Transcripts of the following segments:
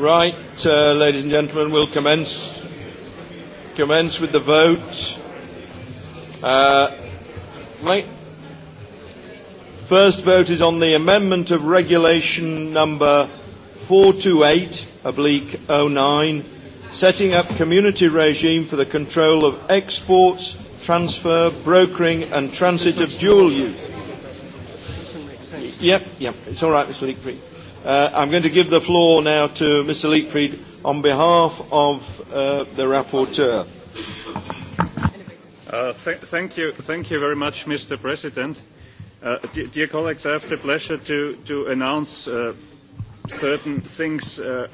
Right, uh, ladies and gentlemen, we'll commence, commence with the vote. Uh, right. First vote is on the amendment of regulation number 428 oblique 09, setting up community regime for the control of exports, transfer, brokering and transit of dual use. Yep, yep, it's all right, Mr. Leakfree. Uh, I'm going to give the floor now to Mr. Leakfried on behalf of uh, the rapporteur. Uh, th- thank you, thank you very much, Mr. President. Uh, d- dear colleagues, I have the pleasure to to announce uh, certain things uh,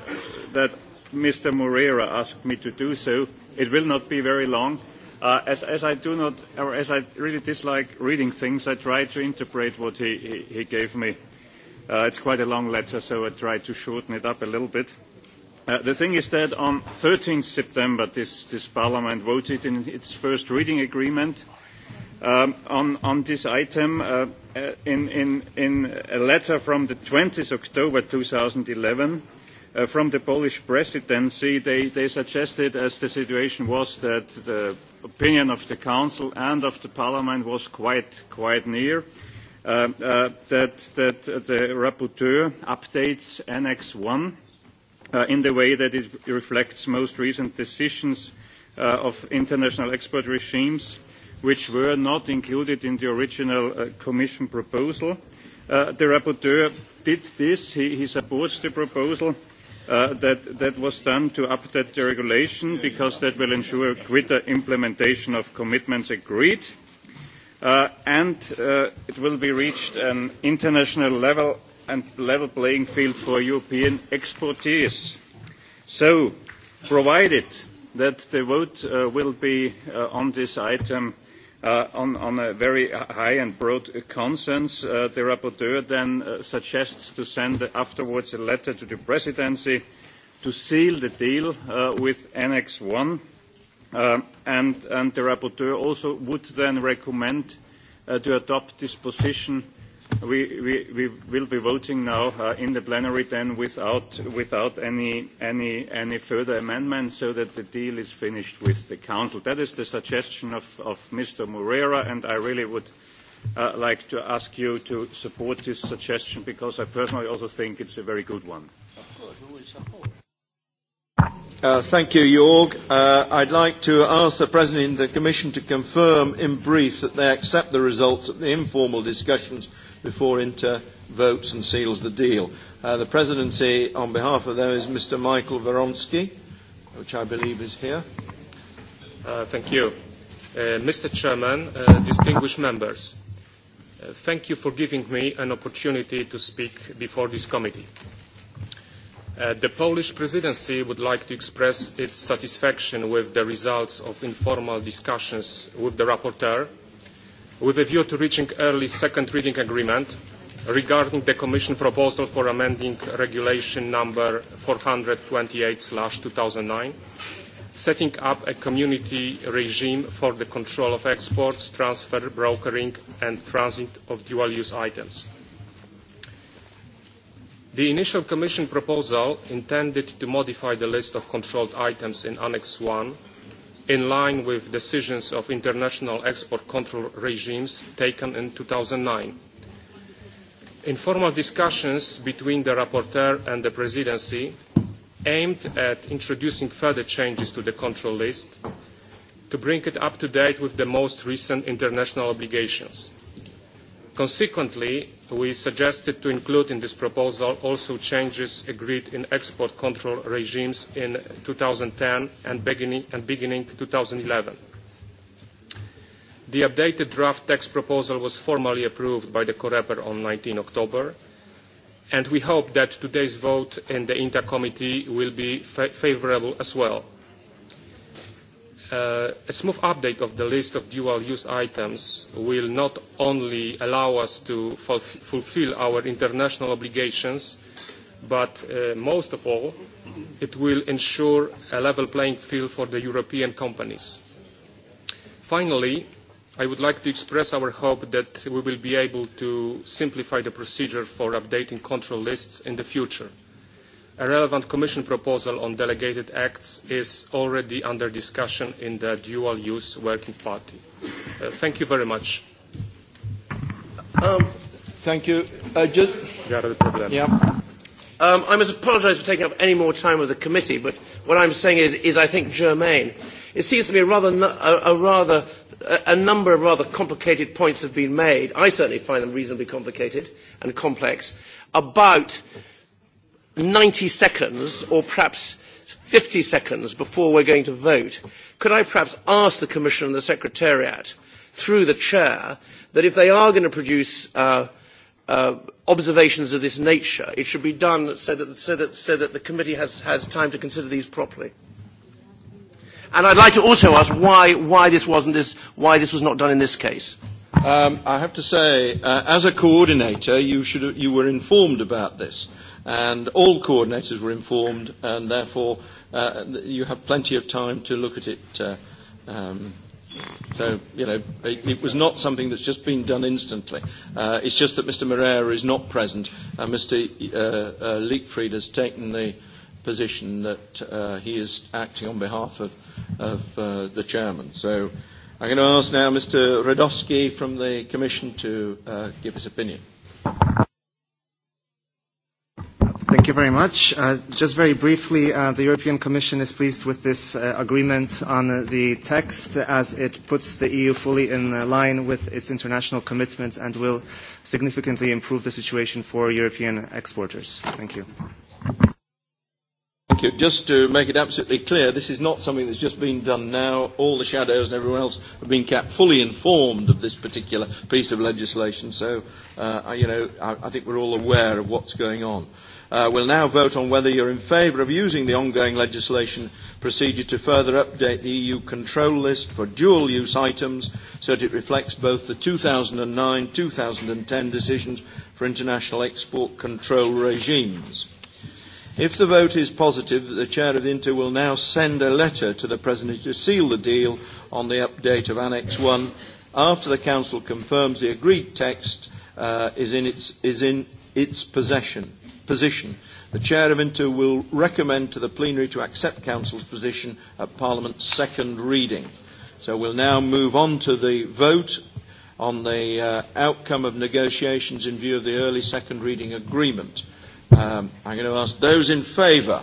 that Mr. Moreira asked me to do. So it will not be very long. Uh, as, as I do not, or as I really dislike reading things, I try to interpret what he, he, he gave me. Uh, It's quite a long letter, so I tried to shorten it up a little bit. The thing is that on 13 September, this parliament voted in its first reading agreement on this item. In a letter from the 20th October 2011, from the Polish presidency, they suggested, as the situation was, that the opinion of the council and of the parliament was quite near, that, the rapporteur updates Annex 1 in the way that it reflects most recent decisions of international export regimes which were not included in the original Commission proposal. the rapporteur did this. He, supports the proposal that, was done to update the regulation because that will ensure greater implementation of commitments agreed and it will be reached an international level and level playing field for European exporters. So, provided that the vote will be on this item on a very high and broad consensus. The rapporteur then suggests to send afterwards a letter to the presidency to seal the deal with Annex I and the rapporteur also would then recommend to adopt this position. We will be voting now in the plenary then without any further amendments so that the deal is finished with the council. That is the suggestion of Mr. Moreira, and I really would like to ask you to support this suggestion because I personally also think it's a very good one. Of course, who will support. Thank you, Jorg. I'd like to ask the President and the Commission to confirm in brief that they accept the results of the informal discussions before Inter votes and seals the deal. The Presidency, on behalf of them, is Mr. Michael Voronsky, which I believe is here. Thank you. Mr. Chairman, distinguished members, thank you for giving me an opportunity to speak before this committee the Polish presidency would like to express its satisfaction with the results of informal discussions with the rapporteur, with a view to reaching early second reading agreement regarding the Commission proposal for amending Regulation number 428/2009, setting up a community regime for the control of exports, transfer, brokering, and transit of dual-use items. The initial Commission proposal intended to modify the list of controlled items in Annex I in line with decisions of international export control regimes taken in two thousand nine. Informal discussions between the rapporteur and the presidency aimed at introducing further changes to the control list to bring it up to date with the most recent international obligations. Consequently, we suggested to include in this proposal also changes agreed in export control regimes in 2010 and beginning, and beginning 2011. The updated draft text proposal was formally approved by the COREPER on 19 October, and we hope that today's vote in the INTA committee will be favourable as well a smooth update of the list of dual-use items will not only allow us to fulfil our international obligations, but most of all, it will ensure a level playing field for the European companies. Finally, I would like to express our hope that we will be able to simplify the procedure for updating control lists in the future A relevant Commission proposal on delegated acts is already under discussion in the dual-use working party. thank you very much. thank you. I just... Yeah. Um, I must apologise for taking up any more time with the committee, but what I'm saying is, is I think germane. It seems to me a rather, a, a rather a number of rather complicated points have been made. I certainly find them reasonably complicated and complex about 90 seconds or perhaps 50 seconds before we're going to vote, could I perhaps ask the Commission and the Secretariat through the chair that if they are going to produce observations of this nature, it should be done so that, the committee has, time to consider these properly. And I'd like to also ask why, why, this, wasn't this, why this was not done in this case. I have to say, as a coordinator, you, should, you were informed about this and all coordinators were informed, and therefore uh, you have plenty of time to look at it. Uh, um, so, you know, it, it was not something that's just been done instantly. Uh, it's just that Mr. Moreira is not present, and Mr. Uh, uh, Leitfried has taken the position that uh, he is acting on behalf of, of uh, the chairman. So I'm going to ask now Mr. Radowski from the Commission to uh, give his opinion. Thank you very much. Uh, just very briefly, uh, the European Commission is pleased with this uh, agreement on uh, the text as it puts the EU fully in uh, line with its international commitments and will significantly improve the situation for European exporters. Thank you. Thank you. Just to make it absolutely clear, this is not something that's just been done now. All the shadows and everyone else have been kept fully informed of this particular piece of legislation. So, uh, you know, I, I think we're all aware of what's going on. Uh, will now vote on whether you're in favour of using the ongoing legislation procedure to further update the EU control list for dual-use items so that it reflects both the 2009-2010 decisions for international export control regimes. If the vote is positive, the Chair of the Inter will now send a letter to the President to seal the deal on the update of Annex 1 after the Council confirms the agreed text uh, is, in its, is in its possession position, the Chair of Inter will recommend to the plenary to accept Council's position at Parliament's second reading. So we'll now move on to the vote on the uh, outcome of negotiations in view of the early second reading agreement. Um, I'm going to ask those in favour.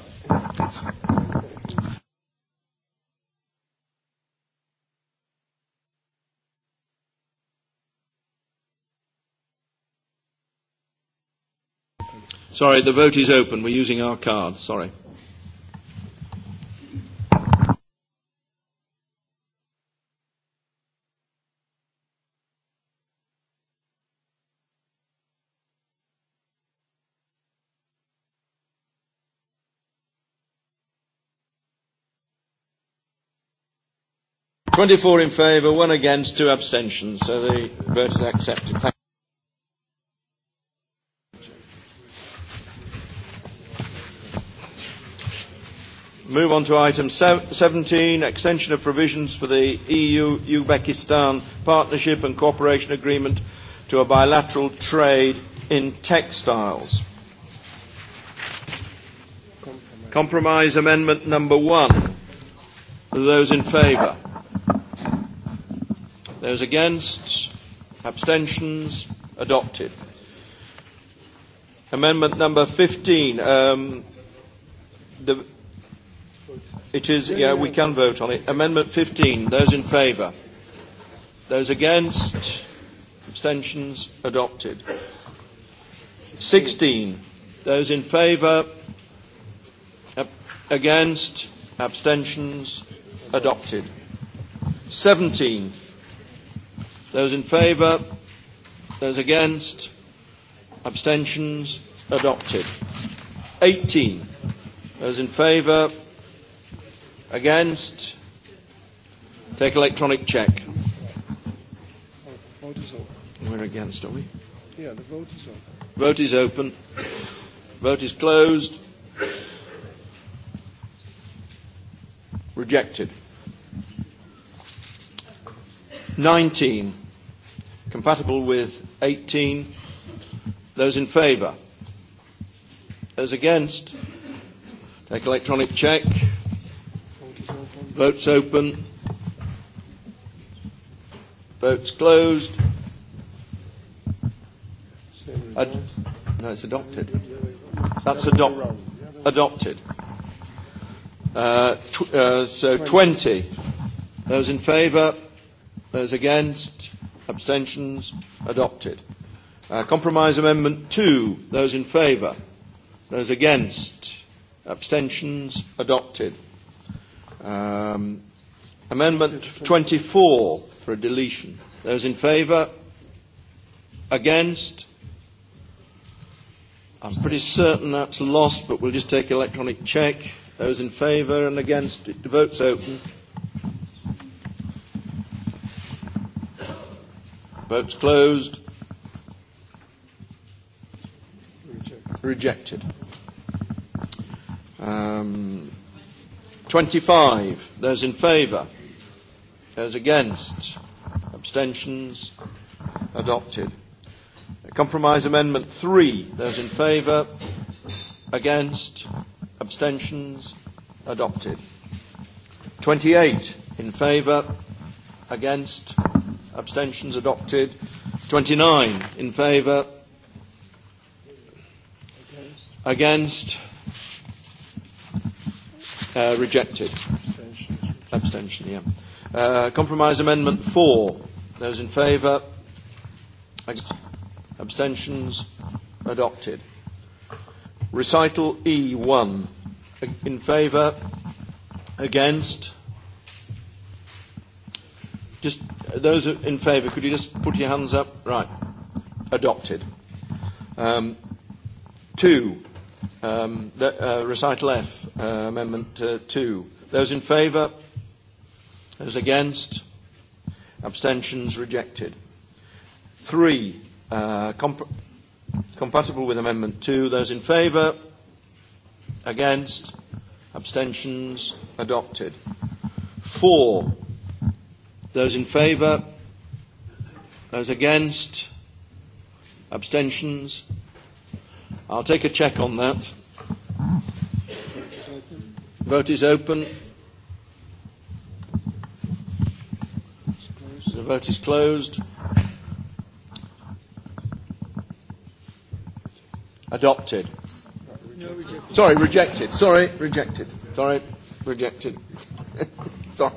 Sorry, the vote is open. We're using our card. Sorry. Twenty four in favour, one against, two abstentions. So the vote is accepted. Thank Move on to item 17, extension of provisions for the EU-Uzbekistan Partnership and Cooperation Agreement to a bilateral trade in textiles. Compromise amendment number one. Those in favour? Those against? Abstentions? Adopted. Amendment number 15. Um, the It is, yeah, we can vote on it. Amendment 15, those in favour. Those against, abstentions, adopted. 16, those in favour, against, abstentions, adopted. 17, those in favour, those against, abstentions, adopted. 18, those in favour, Against? Take electronic check. Vote is open. We're against, are we? Yeah, the vote is open. Vote is open. Vote is closed. Rejected. 19. Compatible with 18. Those in favour? Those against? Take electronic check. Votes open. Votes closed. Ad- no, it's adopted. That's adopt- adopted. Uh, tw- uh, so 20. Those in favour? Those against? Abstentions? Adopted. Uh, compromise Amendment 2. Those in favour? Those against? Abstentions? Adopted. Um, amendment 24 for a deletion. Those in favour? Against? I'm pretty certain that's lost, but we'll just take electronic check. Those in favour and against it, the vote's open. Vote's closed. Rejected. Rejected. Um, 25. Those in favour? Those against? Abstentions? Adopted. Compromise Amendment 3. Those in favour? Against? Abstentions? Adopted. 28. In favour? Against? Abstentions? Adopted. 29. In favour? Against? Uh, rejected. Abstention. Abstention, yeah. Uh, compromise amendment four. Those in favour? Abstentions? Adopted. Recital E1. In favour? Against? Just those in favour, could you just put your hands up? Right. Adopted. Um, two. Um, the, uh, recital F, uh, Amendment uh, 2. Those in favour? Those against? Abstentions rejected. 3. Uh, comp- compatible with Amendment 2. Those in favour? Against? Abstentions adopted. 4. Those in favour? Those against? Abstentions I'll take a check on that. Vote is open. The vote is closed. Adopted. Sorry, rejected. Sorry, rejected. Sorry, rejected. Sorry.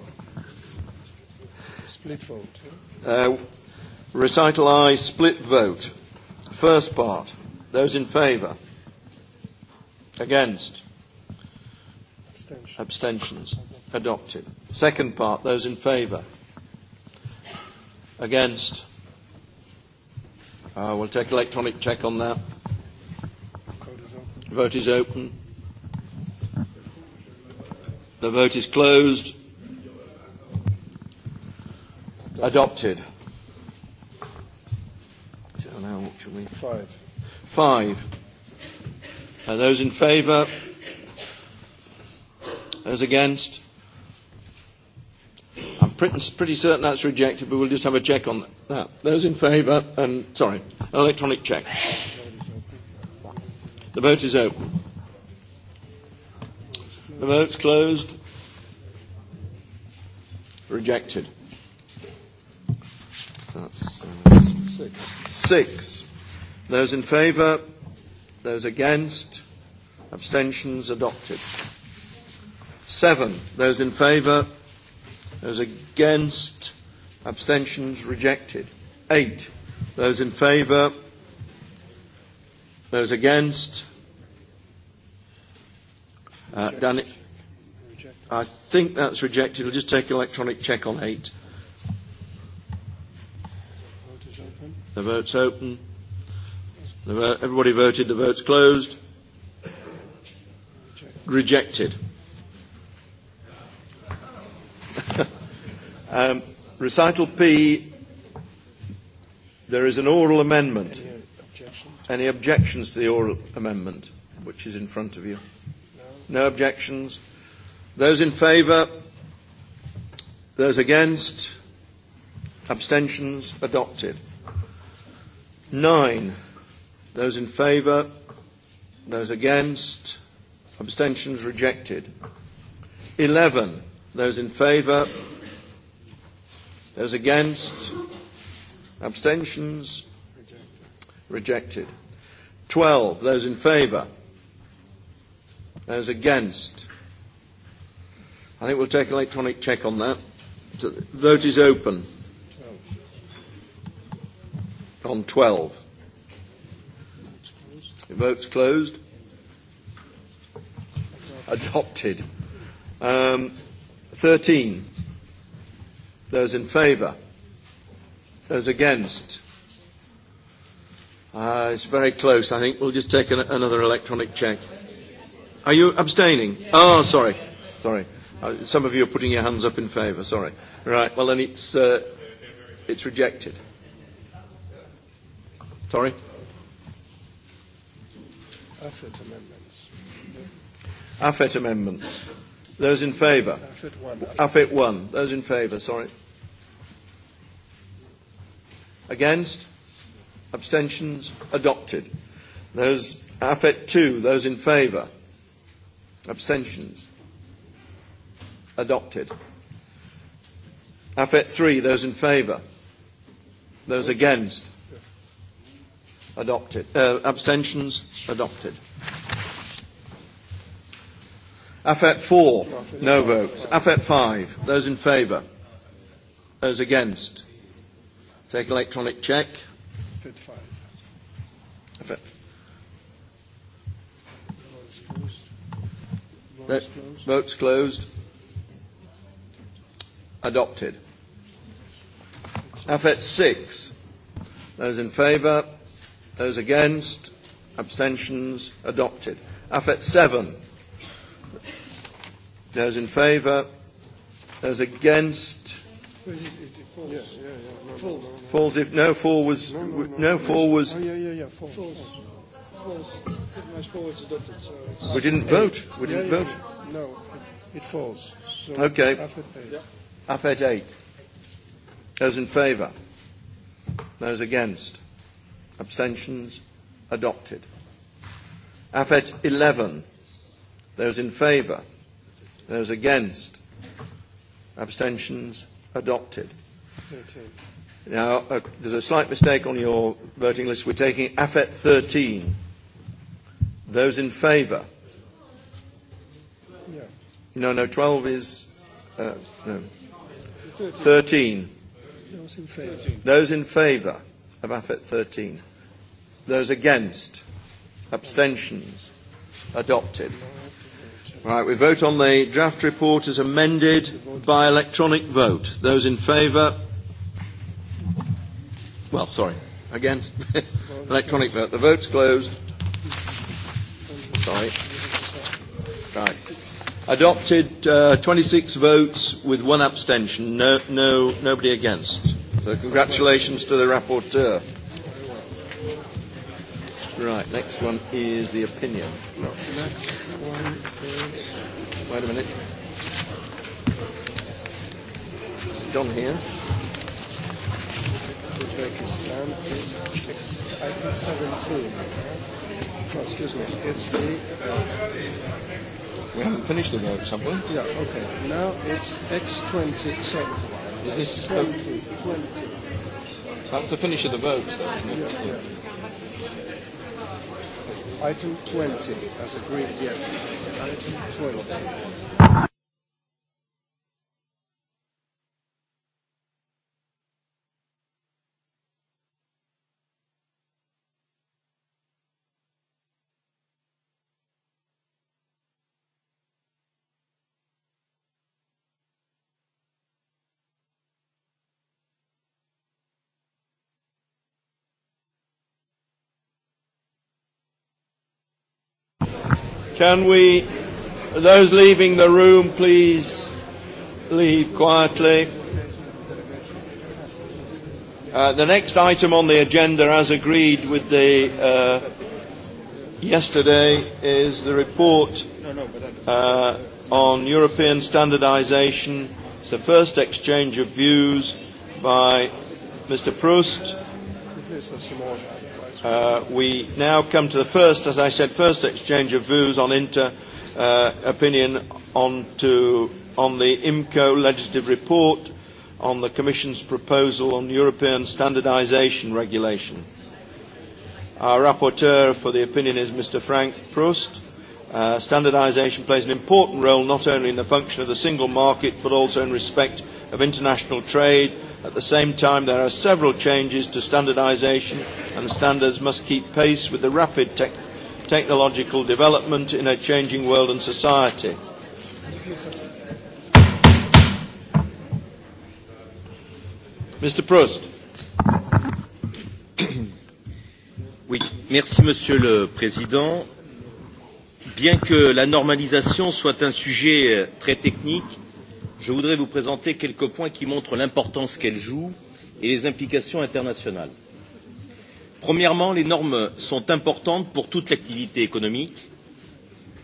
Split vote. Uh, recital I, split vote. First part. Those in favour? Against? Abstentions. Adopted. Second part. Those in favour? Against? Uh, we'll take electronic check on that. Vote is open. The vote is closed. Adopted. So now what should we? Five five. And those in favour? Those against? I'm pretty, pretty certain that's rejected, but we'll just have a check on that. Those in favour? And sorry, an electronic check. The vote is open. The vote's closed. Rejected. That's uh, six. Six. Those in favour? Those against? Abstentions adopted. Seven. Those in favour? Those against? Abstentions rejected. Eight. Those in favour? Those against? Uh, done it. I think that's rejected. We'll just take electronic check on eight. The vote's open. Everybody voted. The vote's closed. Rejected. um, recital P. There is an oral amendment. Any, objections? Any objections to the oral amendment, which is in front of you? No, no objections. Those in favour? Those against? Abstentions? Adopted. Nine. Those in favour? Those against? Abstentions rejected. 11. Those in favour? Those against? Abstentions? Rejected. 12. Those in favour? Those against? I think we'll take an electronic check on that. the vote is open. On 12. The vote's closed. Adopted. Um, 13. Those in favour. Those against. Uh, it's very close, I think. We'll just take an, another electronic check. Are you abstaining? Oh, sorry. Sorry. Uh, some of you are putting your hands up in favour, sorry. Right, well then it's, uh, it's rejected. Sorry? AFET amendments. AFET amendments. Those in favour? AFET one. AFET one. Those in favour, sorry. Against? Abstentions? Adopted. Those AFET two, Those in favour? Abstentions? Adopted. AFET 3. Those in favour? Those against? Adopted. Uh, abstentions? Adopted. AFET 4, no votes. AFET 5, those in favour? Those against? Take electronic check. AFET 5. Votes closed. Votes closed. Adopted. AFET 6, those in favour? Those against? Abstentions? Adopted. AFET 7. Those in favour? Those against? Falls if no four was no, no, no, no was. Oh, yeah, yeah, yeah, four was adopted. So we didn't vote. We didn't yeah, vote. Yeah, no, it falls. So okay. Affet eight. Affet eight. Those in favour. Those against. Abstentions? Adopted. AFET 11. Those in favour? Those against? Abstentions? Adopted. Now, uh, there's a slight mistake on your voting list. We're taking AFET 13. Those in favour? No, no, 12 is. Uh, no. 13. Those in favour. Those in favour of AFET 13. Those against? Abstentions? Adopted. Right, we vote on the draft report as amended by electronic vote. Those in favour? Well, sorry, against? electronic vote. The vote's closed. Sorry. Right. Adopted uh, 26 votes with one abstention. No, no, nobody against. So congratulations to the rapporteur. Right, next one is the opinion. No. Next one is... Wait a minute. Is John here? Uzbekistan is item 17. Oh, excuse me, it's the... Uh, we haven't finished the vote, have we? Yeah, okay. Now it's X20, so Is this vote? That's the finish of the votes, though, isn't Yeah. Item 20, as agreed, yes. Item 20. Can we, those leaving the room, please leave quietly. Uh, the next item on the agenda, as agreed with the uh, yesterday, is the report uh, on European standardisation. It's the first exchange of views by Mr. Proust we now come to the first, as I said, first exchange of views on inter uh, opinion on, to, on the IMCO legislative report on the Commission's proposal on European standardisation regulation. Our rapporteur for the opinion is Mr Frank Proust. Uh, standardisation plays an important role not only in the function of the single market but also in respect of international trade At the same time, there are several changes to standardisation, and standards must keep pace with the rapid te- technological development in a changing world and society. Mr. Proust. Oui, merci Monsieur le Président. Bien que la normalisation soit un sujet très technique, je voudrais vous présenter quelques points qui montrent l'importance qu'elle joue et les implications internationales. Premièrement, les normes sont importantes pour toute l'activité économique.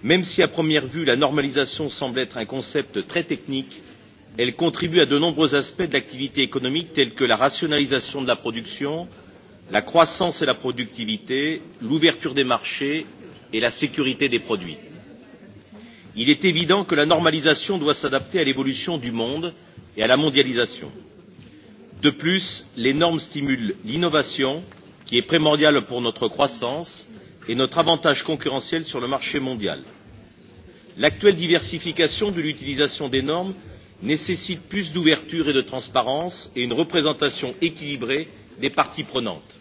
Même si à première vue la normalisation semble être un concept très technique, elle contribue à de nombreux aspects de l'activité économique tels que la rationalisation de la production, la croissance et la productivité, l'ouverture des marchés et la sécurité des produits il est évident que la normalisation doit s'adapter à l'évolution du monde et à la mondialisation. de plus les normes stimulent l'innovation qui est primordiale pour notre croissance et notre avantage concurrentiel sur le marché mondial. l'actuelle diversification de l'utilisation des normes nécessite plus d'ouverture et de transparence et une représentation équilibrée des parties prenantes.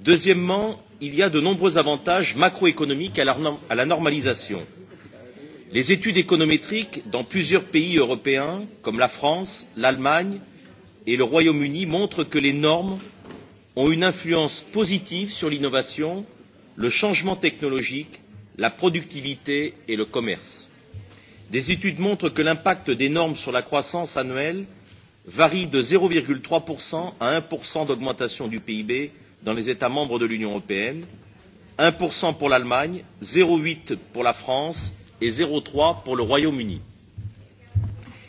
deuxièmement il y a de nombreux avantages macroéconomiques à la normalisation. Les études économétriques dans plusieurs pays européens, comme la France, l'Allemagne et le Royaume-Uni, montrent que les normes ont une influence positive sur l'innovation, le changement technologique, la productivité et le commerce. Des études montrent que l'impact des normes sur la croissance annuelle varie de zéro trois à un d'augmentation du PIB dans les États membres de l'Union européenne, un pour l'Allemagne, zéro huit pour la France et zéro trois pour le Royaume-Uni.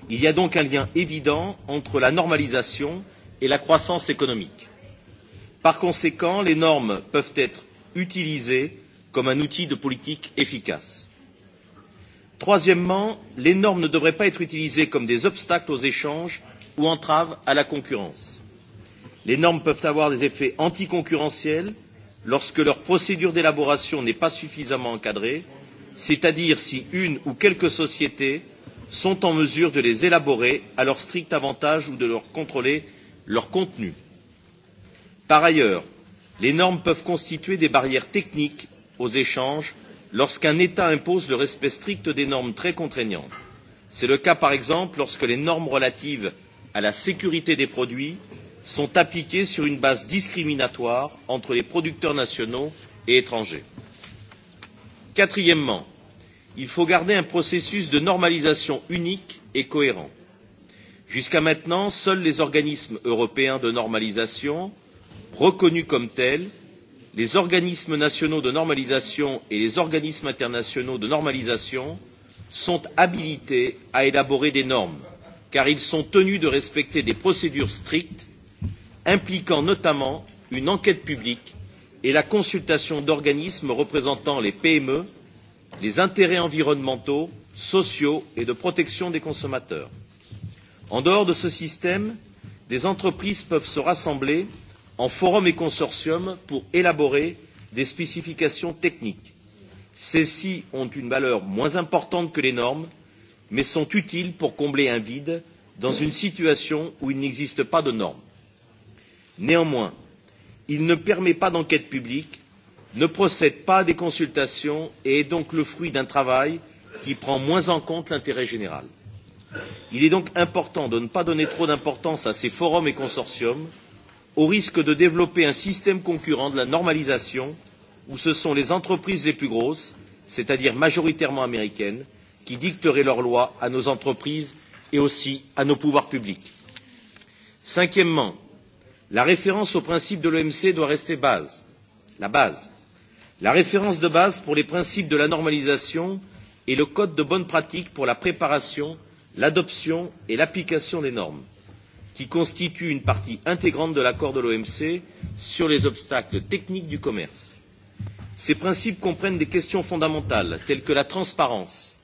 Il y a donc un lien évident entre la normalisation et la croissance économique. Par conséquent, les normes peuvent être utilisées comme un outil de politique efficace. Troisièmement, les normes ne devraient pas être utilisées comme des obstacles aux échanges ou entraves à la concurrence. Les normes peuvent avoir des effets anticoncurrentiels lorsque leur procédure d'élaboration n'est pas suffisamment encadrée c'est-à-dire si une ou quelques sociétés sont en mesure de les élaborer à leur strict avantage ou de leur contrôler leur contenu. Par ailleurs, les normes peuvent constituer des barrières techniques aux échanges lorsqu'un État impose le respect strict des normes très contraignantes. C'est le cas, par exemple, lorsque les normes relatives à la sécurité des produits sont appliquées sur une base discriminatoire entre les producteurs nationaux et étrangers. Quatrièmement, il faut garder un processus de normalisation unique et cohérent. Jusqu'à maintenant, seuls les organismes européens de normalisation, reconnus comme tels, les organismes nationaux de normalisation et les organismes internationaux de normalisation sont habilités à élaborer des normes, car ils sont tenus de respecter des procédures strictes impliquant notamment une enquête publique et la consultation d'organismes représentant les PME, les intérêts environnementaux, sociaux et de protection des consommateurs. En dehors de ce système, des entreprises peuvent se rassembler en forums et consortiums pour élaborer des spécifications techniques. Celles-ci ont une valeur moins importante que les normes, mais sont utiles pour combler un vide dans une situation où il n'existe pas de normes. Néanmoins, Il ne permet pas d'enquête publique, ne procède pas à des consultations et est donc le fruit d'un travail qui prend moins en compte l'intérêt général. Il est donc important de ne pas donner trop d'importance à ces forums et consortiums, au risque de développer un système concurrent de la normalisation où ce sont les entreprises les plus grosses, c'est-à-dire majoritairement américaines, qui dicteraient leurs lois à nos entreprises et aussi à nos pouvoirs publics. Cinquièmement, La référence au principe de l'OMC doit rester base, la base. La référence de base pour les principes de la normalisation et le code de bonne pratique pour la préparation, l'adoption et l'application des normes, qui constituent une partie intégrante de l'accord de l'OMC sur les obstacles techniques du commerce. Ces principes comprennent des questions fondamentales telles que la transparence,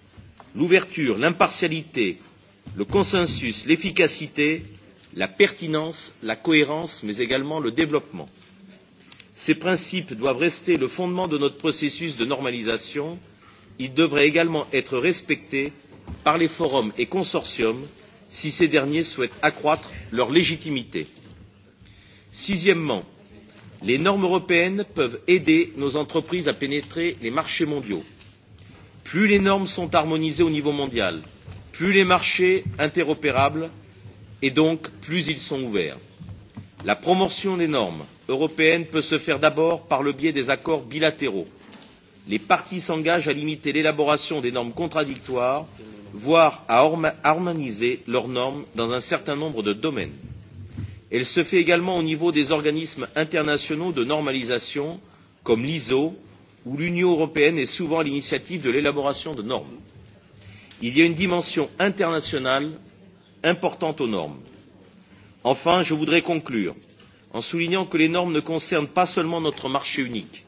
l'ouverture, l'impartialité, le consensus, l'efficacité la pertinence, la cohérence, mais également le développement. Ces principes doivent rester le fondement de notre processus de normalisation. Ils devraient également être respectés par les forums et consortiums si ces derniers souhaitent accroître leur légitimité. Sixièmement, les normes européennes peuvent aider nos entreprises à pénétrer les marchés mondiaux. Plus les normes sont harmonisées au niveau mondial, plus les marchés interopérables et donc plus ils sont ouverts. La promotion des normes européennes peut se faire d'abord par le biais des accords bilatéraux. Les parties s'engagent à limiter l'élaboration des normes contradictoires, voire à harmoniser leurs normes dans un certain nombre de domaines. Elle se fait également au niveau des organismes internationaux de normalisation, comme l'ISO, où l'Union européenne est souvent à l'initiative de l'élaboration de normes. Il y a une dimension internationale importante aux normes. Enfin, je voudrais conclure en soulignant que les normes ne concernent pas seulement notre marché unique.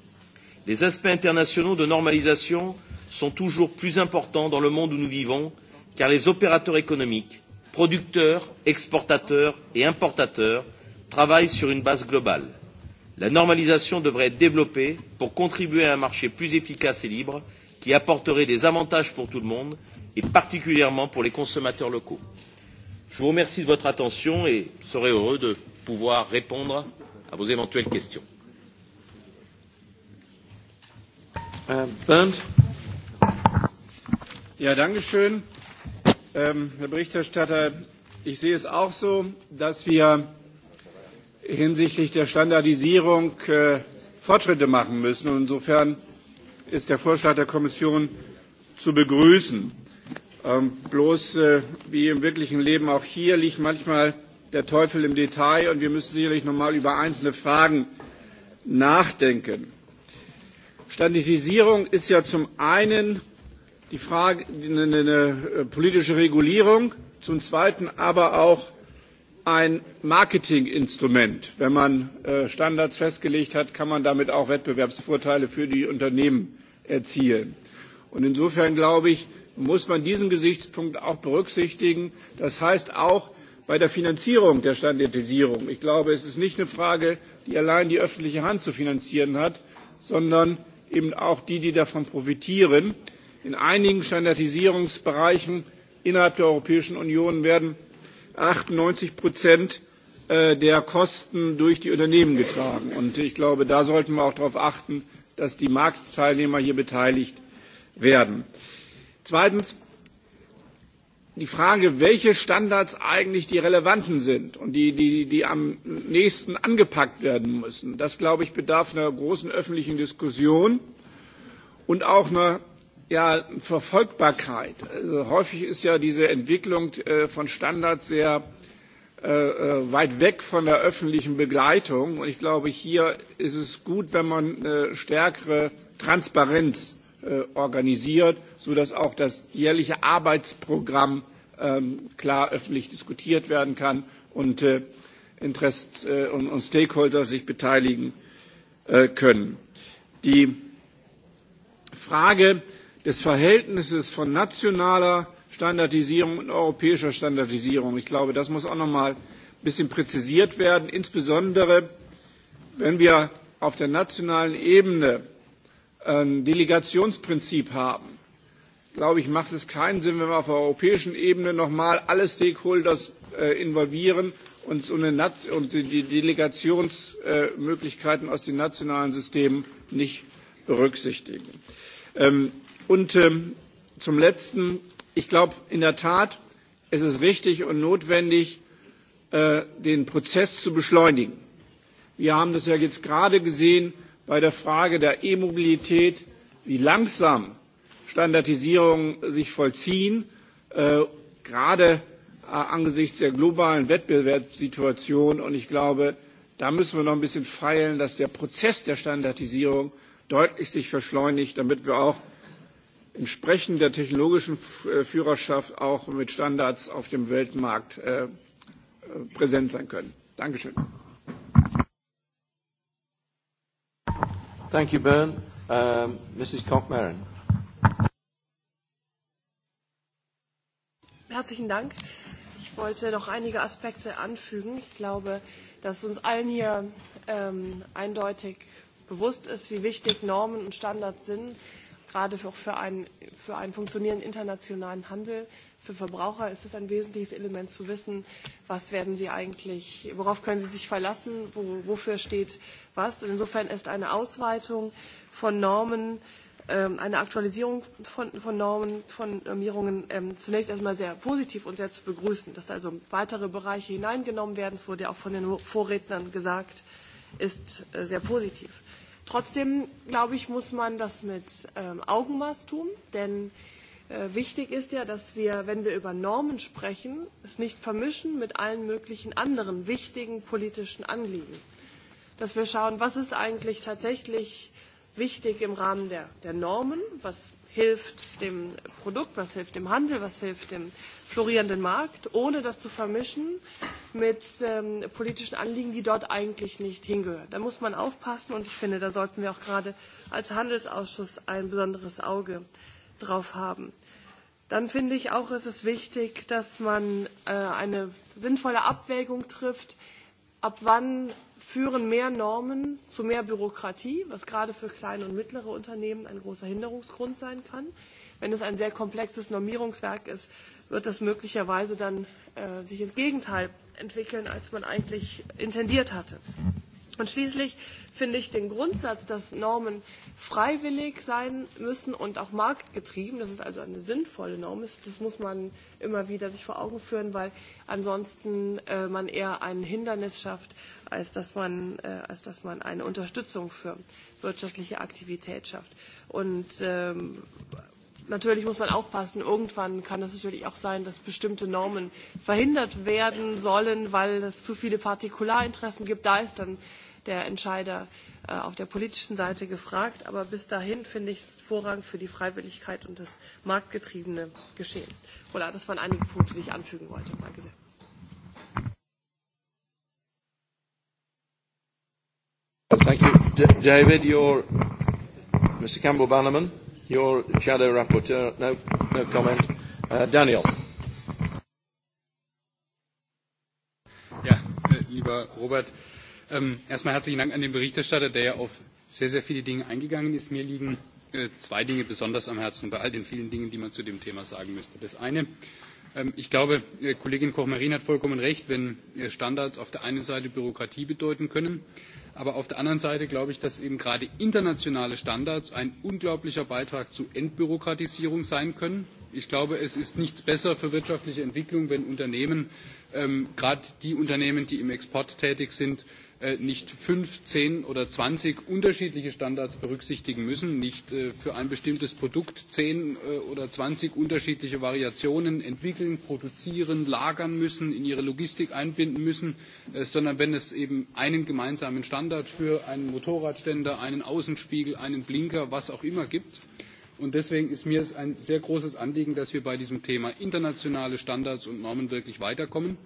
Les aspects internationaux de normalisation sont toujours plus importants dans le monde où nous vivons, car les opérateurs économiques, producteurs, exportateurs et importateurs travaillent sur une base globale. La normalisation devrait être développée pour contribuer à un marché plus efficace et libre qui apporterait des avantages pour tout le monde et particulièrement pour les consommateurs locaux. Je vous remercie de votre attention et serai heureux de pouvoir répondre à vos éventuelles questions. Bernd. Ja, danke schön. Ähm, Herr Berichterstatter, ich sehe es auch so, dass wir hinsichtlich der Standardisierung äh, Fortschritte machen müssen. Und insofern ist der Vorschlag der Kommission zu begrüßen bloß wie im wirklichen Leben auch hier liegt manchmal der Teufel im Detail und wir müssen sicherlich noch mal über einzelne Fragen nachdenken. Standardisierung ist ja zum einen die Frage, eine politische Regulierung, zum Zweiten aber auch ein Marketinginstrument. Wenn man Standards festgelegt hat, kann man damit auch Wettbewerbsvorteile für die Unternehmen erzielen. Und insofern glaube ich, muss man diesen Gesichtspunkt auch berücksichtigen. Das heißt auch bei der Finanzierung der Standardisierung. Ich glaube, es ist nicht eine Frage, die allein die öffentliche Hand zu finanzieren hat, sondern eben auch die, die davon profitieren. In einigen Standardisierungsbereichen innerhalb der Europäischen Union werden 98 Prozent der Kosten durch die Unternehmen getragen. Und ich glaube, da sollten wir auch darauf achten, dass die Marktteilnehmer hier beteiligt werden. Zweitens die Frage, welche Standards eigentlich die relevanten sind und die, die, die am nächsten angepackt werden müssen. Das, glaube ich, bedarf einer großen öffentlichen Diskussion und auch einer ja, Verfolgbarkeit. Also häufig ist ja diese Entwicklung von Standards sehr weit weg von der öffentlichen Begleitung. Und ich glaube, hier ist es gut, wenn man eine stärkere Transparenz organisiert, sodass auch das jährliche Arbeitsprogramm klar öffentlich diskutiert werden kann und Interest und Stakeholder sich beteiligen können. Die Frage des Verhältnisses von nationaler Standardisierung und europäischer Standardisierung, ich glaube, das muss auch noch mal ein bisschen präzisiert werden, insbesondere wenn wir auf der nationalen Ebene ein Delegationsprinzip haben, glaube ich, macht es keinen Sinn, wenn wir auf der europäischen Ebene nochmal alle Stakeholder involvieren und, die Delegationsmöglichkeiten aus den nationalen Systemen nicht berücksichtigen. und zum Letzten, ich glaube in der Tat, es ist richtig und notwendig, den Prozess zu beschleunigen. Wir haben das ja jetzt gerade gesehen, bei der Frage der E-Mobilität, wie langsam Standardisierungen sich vollziehen, gerade angesichts der globalen Wettbewerbssituation. Und ich glaube, da müssen wir noch ein bisschen feilen, dass der Prozess der Standardisierung deutlich sich verschleunigt, damit wir auch entsprechend der technologischen Führerschaft auch mit Standards auf dem Weltmarkt präsent sein können. Dankeschön. Thank you, Bern. Um, Mrs. koch Herzlichen Dank. Ich wollte noch einige Aspekte anfügen. Ich glaube, dass uns allen hier ähm, eindeutig bewusst ist, wie wichtig Normen und Standards sind, gerade auch für einen, für einen funktionierenden internationalen Handel. Für Verbraucher ist es ein wesentliches Element zu wissen, was werden sie eigentlich, worauf können sie sich verlassen, wo, wofür steht was. Und insofern ist eine Ausweitung von Normen, eine Aktualisierung von, von Normen, von Normierungen ähm, zunächst erstmal sehr positiv und sehr zu begrüßen, dass also weitere Bereiche hineingenommen werden. Es wurde ja auch von den Vorrednern gesagt, ist äh, sehr positiv. Trotzdem, glaube ich, muss man das mit ähm, Augenmaß tun, denn äh, wichtig ist ja, dass wir, wenn wir über Normen sprechen, es nicht vermischen mit allen möglichen anderen wichtigen politischen Anliegen. Dass wir schauen, was ist eigentlich tatsächlich wichtig im Rahmen der, der Normen, was hilft dem Produkt, was hilft dem Handel, was hilft dem florierenden Markt, ohne das zu vermischen mit ähm, politischen Anliegen, die dort eigentlich nicht hingehören. Da muss man aufpassen und ich finde, da sollten wir auch gerade als Handelsausschuss ein besonderes Auge drauf haben. Dann finde ich auch, ist es wichtig, dass man eine sinnvolle Abwägung trifft, ab wann führen mehr Normen zu mehr Bürokratie, was gerade für kleine und mittlere Unternehmen ein großer Hinderungsgrund sein kann. Wenn es ein sehr komplexes Normierungswerk ist, wird das möglicherweise dann sich ins Gegenteil entwickeln, als man eigentlich intendiert hatte. Und schließlich finde ich den Grundsatz, dass Normen freiwillig sein müssen und auch marktgetrieben, dass es also eine sinnvolle Norm ist, das muss man immer wieder sich vor Augen führen, weil ansonsten äh, man eher ein Hindernis schafft, als dass man, äh, als dass man eine Unterstützung für wirtschaftliche Aktivität schafft. Und ähm, Natürlich muss man aufpassen. Irgendwann kann es natürlich auch sein, dass bestimmte Normen verhindert werden sollen, weil es zu viele Partikularinteressen gibt. Da ist dann der Entscheider auf der politischen Seite gefragt. Aber bis dahin finde ich es Vorrang für die Freiwilligkeit und das marktgetriebene Geschehen. Voilà, das waren einige Punkte, die ich anfügen wollte. Danke sehr. Thank you. David, you're Mr. Campbell Bannerman. Your shadow rapporteur, no, no comment. Uh, Daniel. Ja, lieber Robert, ähm, erstmal herzlichen Dank an den Berichterstatter, der ja auf sehr, sehr viele Dinge eingegangen ist. Mir liegen äh, zwei Dinge besonders am Herzen bei all den vielen Dingen, die man zu dem Thema sagen müsste. Das eine, Ich glaube, Kollegin Koch-Marin hat vollkommen recht, wenn Standards auf der einen Seite Bürokratie bedeuten können, aber auf der anderen Seite glaube ich, dass eben gerade internationale Standards ein unglaublicher Beitrag zur Entbürokratisierung sein können. Ich glaube, es ist nichts besser für wirtschaftliche Entwicklung, wenn Unternehmen, gerade die Unternehmen, die im Export tätig sind, nicht fünf, zehn oder zwanzig unterschiedliche Standards berücksichtigen müssen, nicht für ein bestimmtes Produkt zehn oder zwanzig unterschiedliche Variationen entwickeln, produzieren, lagern müssen, in ihre Logistik einbinden müssen, sondern wenn es eben einen gemeinsamen Standard für einen Motorradständer, einen Außenspiegel, einen Blinker, was auch immer gibt. Und deswegen ist mir es ein sehr großes Anliegen, dass wir bei diesem Thema internationale Standards und Normen wirklich weiterkommen.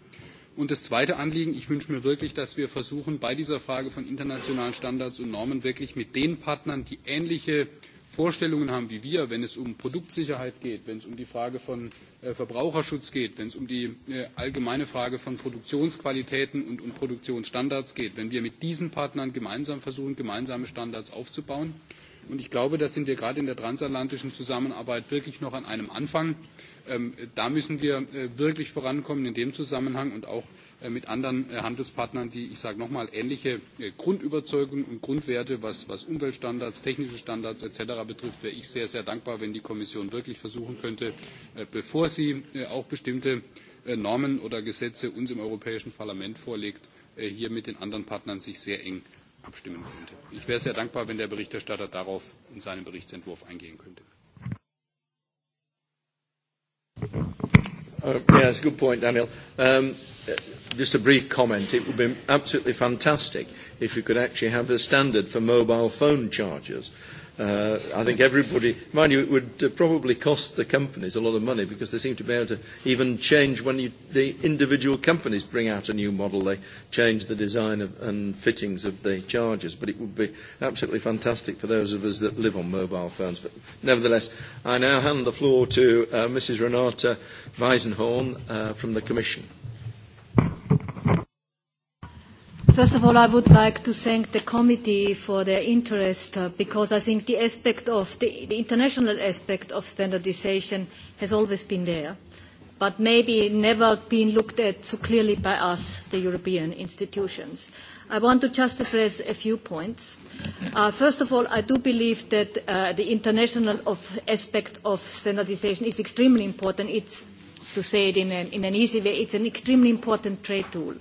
Und das zweite Anliegen, ich wünsche mir wirklich, dass wir versuchen, bei dieser Frage von internationalen Standards und Normen wirklich mit den Partnern, die ähnliche Vorstellungen haben wie wir, wenn es um Produktsicherheit geht, wenn es um die Frage von Verbraucherschutz geht, wenn es um die allgemeine Frage von Produktionsqualitäten und um Produktionsstandards geht, wenn wir mit diesen Partnern gemeinsam versuchen, gemeinsame Standards aufzubauen. Und ich glaube, da sind wir gerade in der transatlantischen Zusammenarbeit wirklich noch an einem Anfang da müssen wir wirklich vorankommen in dem Zusammenhang und auch mit anderen Handelspartnern, die, ich sage nochmal, ähnliche Grundüberzeugungen und Grundwerte, was, Umweltstandards, technische Standards etc. betrifft, wäre ich sehr, sehr dankbar, wenn die Kommission wirklich versuchen könnte, bevor sie auch bestimmte Normen oder Gesetze uns im Europäischen Parlament vorlegt, hier mit den anderen Partnern sich sehr eng abstimmen könnte. Ich wäre sehr dankbar, wenn der Berichterstatter darauf in seinem Berichtsentwurf eingehen könnte. Yeah, that's a good point, Daniel. Um, just a brief comment. It would be absolutely fantastic if you could actually have a standard for mobile phone chargers Uh, I think everybody, mind you, it would uh, probably cost the companies a lot of money because they seem to be able to even change when you, the individual companies bring out a new model. They change the design of, and fittings of the chargers. But it would be absolutely fantastic for those of us that live on mobile phones. But nevertheless, I now hand the floor to uh, Mrs. Renata Weisenhorn uh, from the Commission. First of all, I would like to thank the committee for their interest uh, because I think the aspect of the, the international aspect of standardization has always been there, but maybe never been looked at so clearly by us, the European institutions. I want to just address a few points. Uh, first of all, I do believe that uh, the international of aspect of standardization is extremely important. It's, to say it in an, in an easy way, it's an extremely important trade tool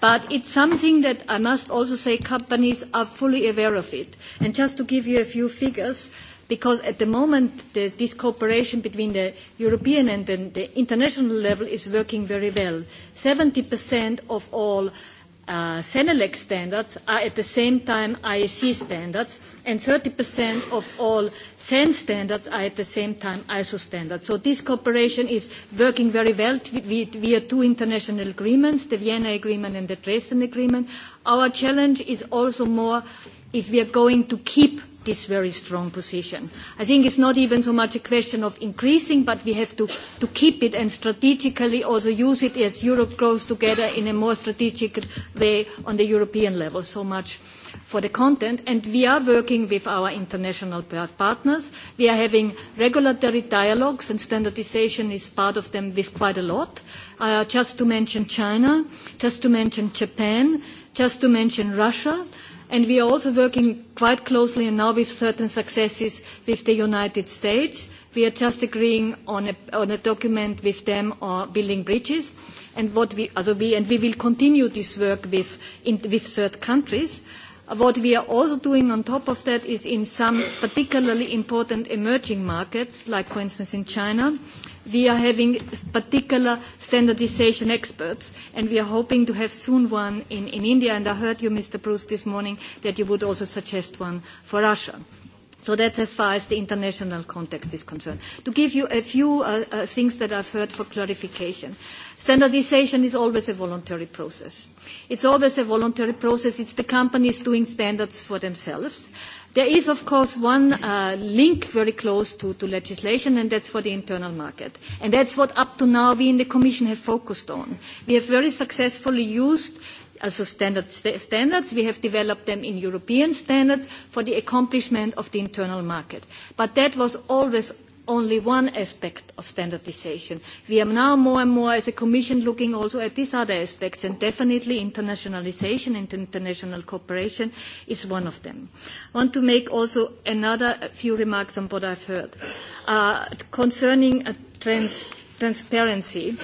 But it's something that I must also say companies are fully aware of it. And just to give you a few figures, because at the moment the, this cooperation between the European and the, the international level is working very well. 70% of all Senelec standards are at the same time IEC standards, and 30% of all SEN standards are at the same time ISO standards. So this cooperation is working very well via two international agreements, the Vienna Agreement and the Dresden Agreement. Our challenge is also more if we are going to keep this very strong position. I think it's not even so much a question of increasing, but we have to, to keep it and strategically also use it as Europe grows together in a more strategic way on the European level. So much for the content. And we are working with our international partners. We are having regulatory dialogues, and standardisation is part of them with quite a lot. Uh, just to mention China, just to mention Japan, just to mention Russia And we are also working quite closely and now with certain successes with the United States. We are just agreeing on a, on a document with them on building bridges. And, what we, also we, and we will continue this work with, in, with third countries. What we are also doing on top of that is in some particularly important emerging markets, like for instance in China, we are having particular standardisation experts, and we are hoping to have soon one in India. and I heard you, Mr. Proust, this morning that you would also suggest one for Russia. So that's as far as the international context is concerned. To give you a few uh, things that I've heard for clarification. Standardization is always a voluntary process. It's always a voluntary process. It's the companies doing standards for themselves. There is, of course, one uh, link very close to, to legislation, and that's for the internal market. And that's what up to now we in the Commission have focused on. We have very successfully used also standard, standards. We have developed them in European standards for the accomplishment of the internal market. But that was always only one aspect of standardisation. We are now more and more as a commission looking also at these other aspects and definitely internationalisation and international cooperation is one of them. I want to make also another few remarks on what I have heard. concerning trans transparency.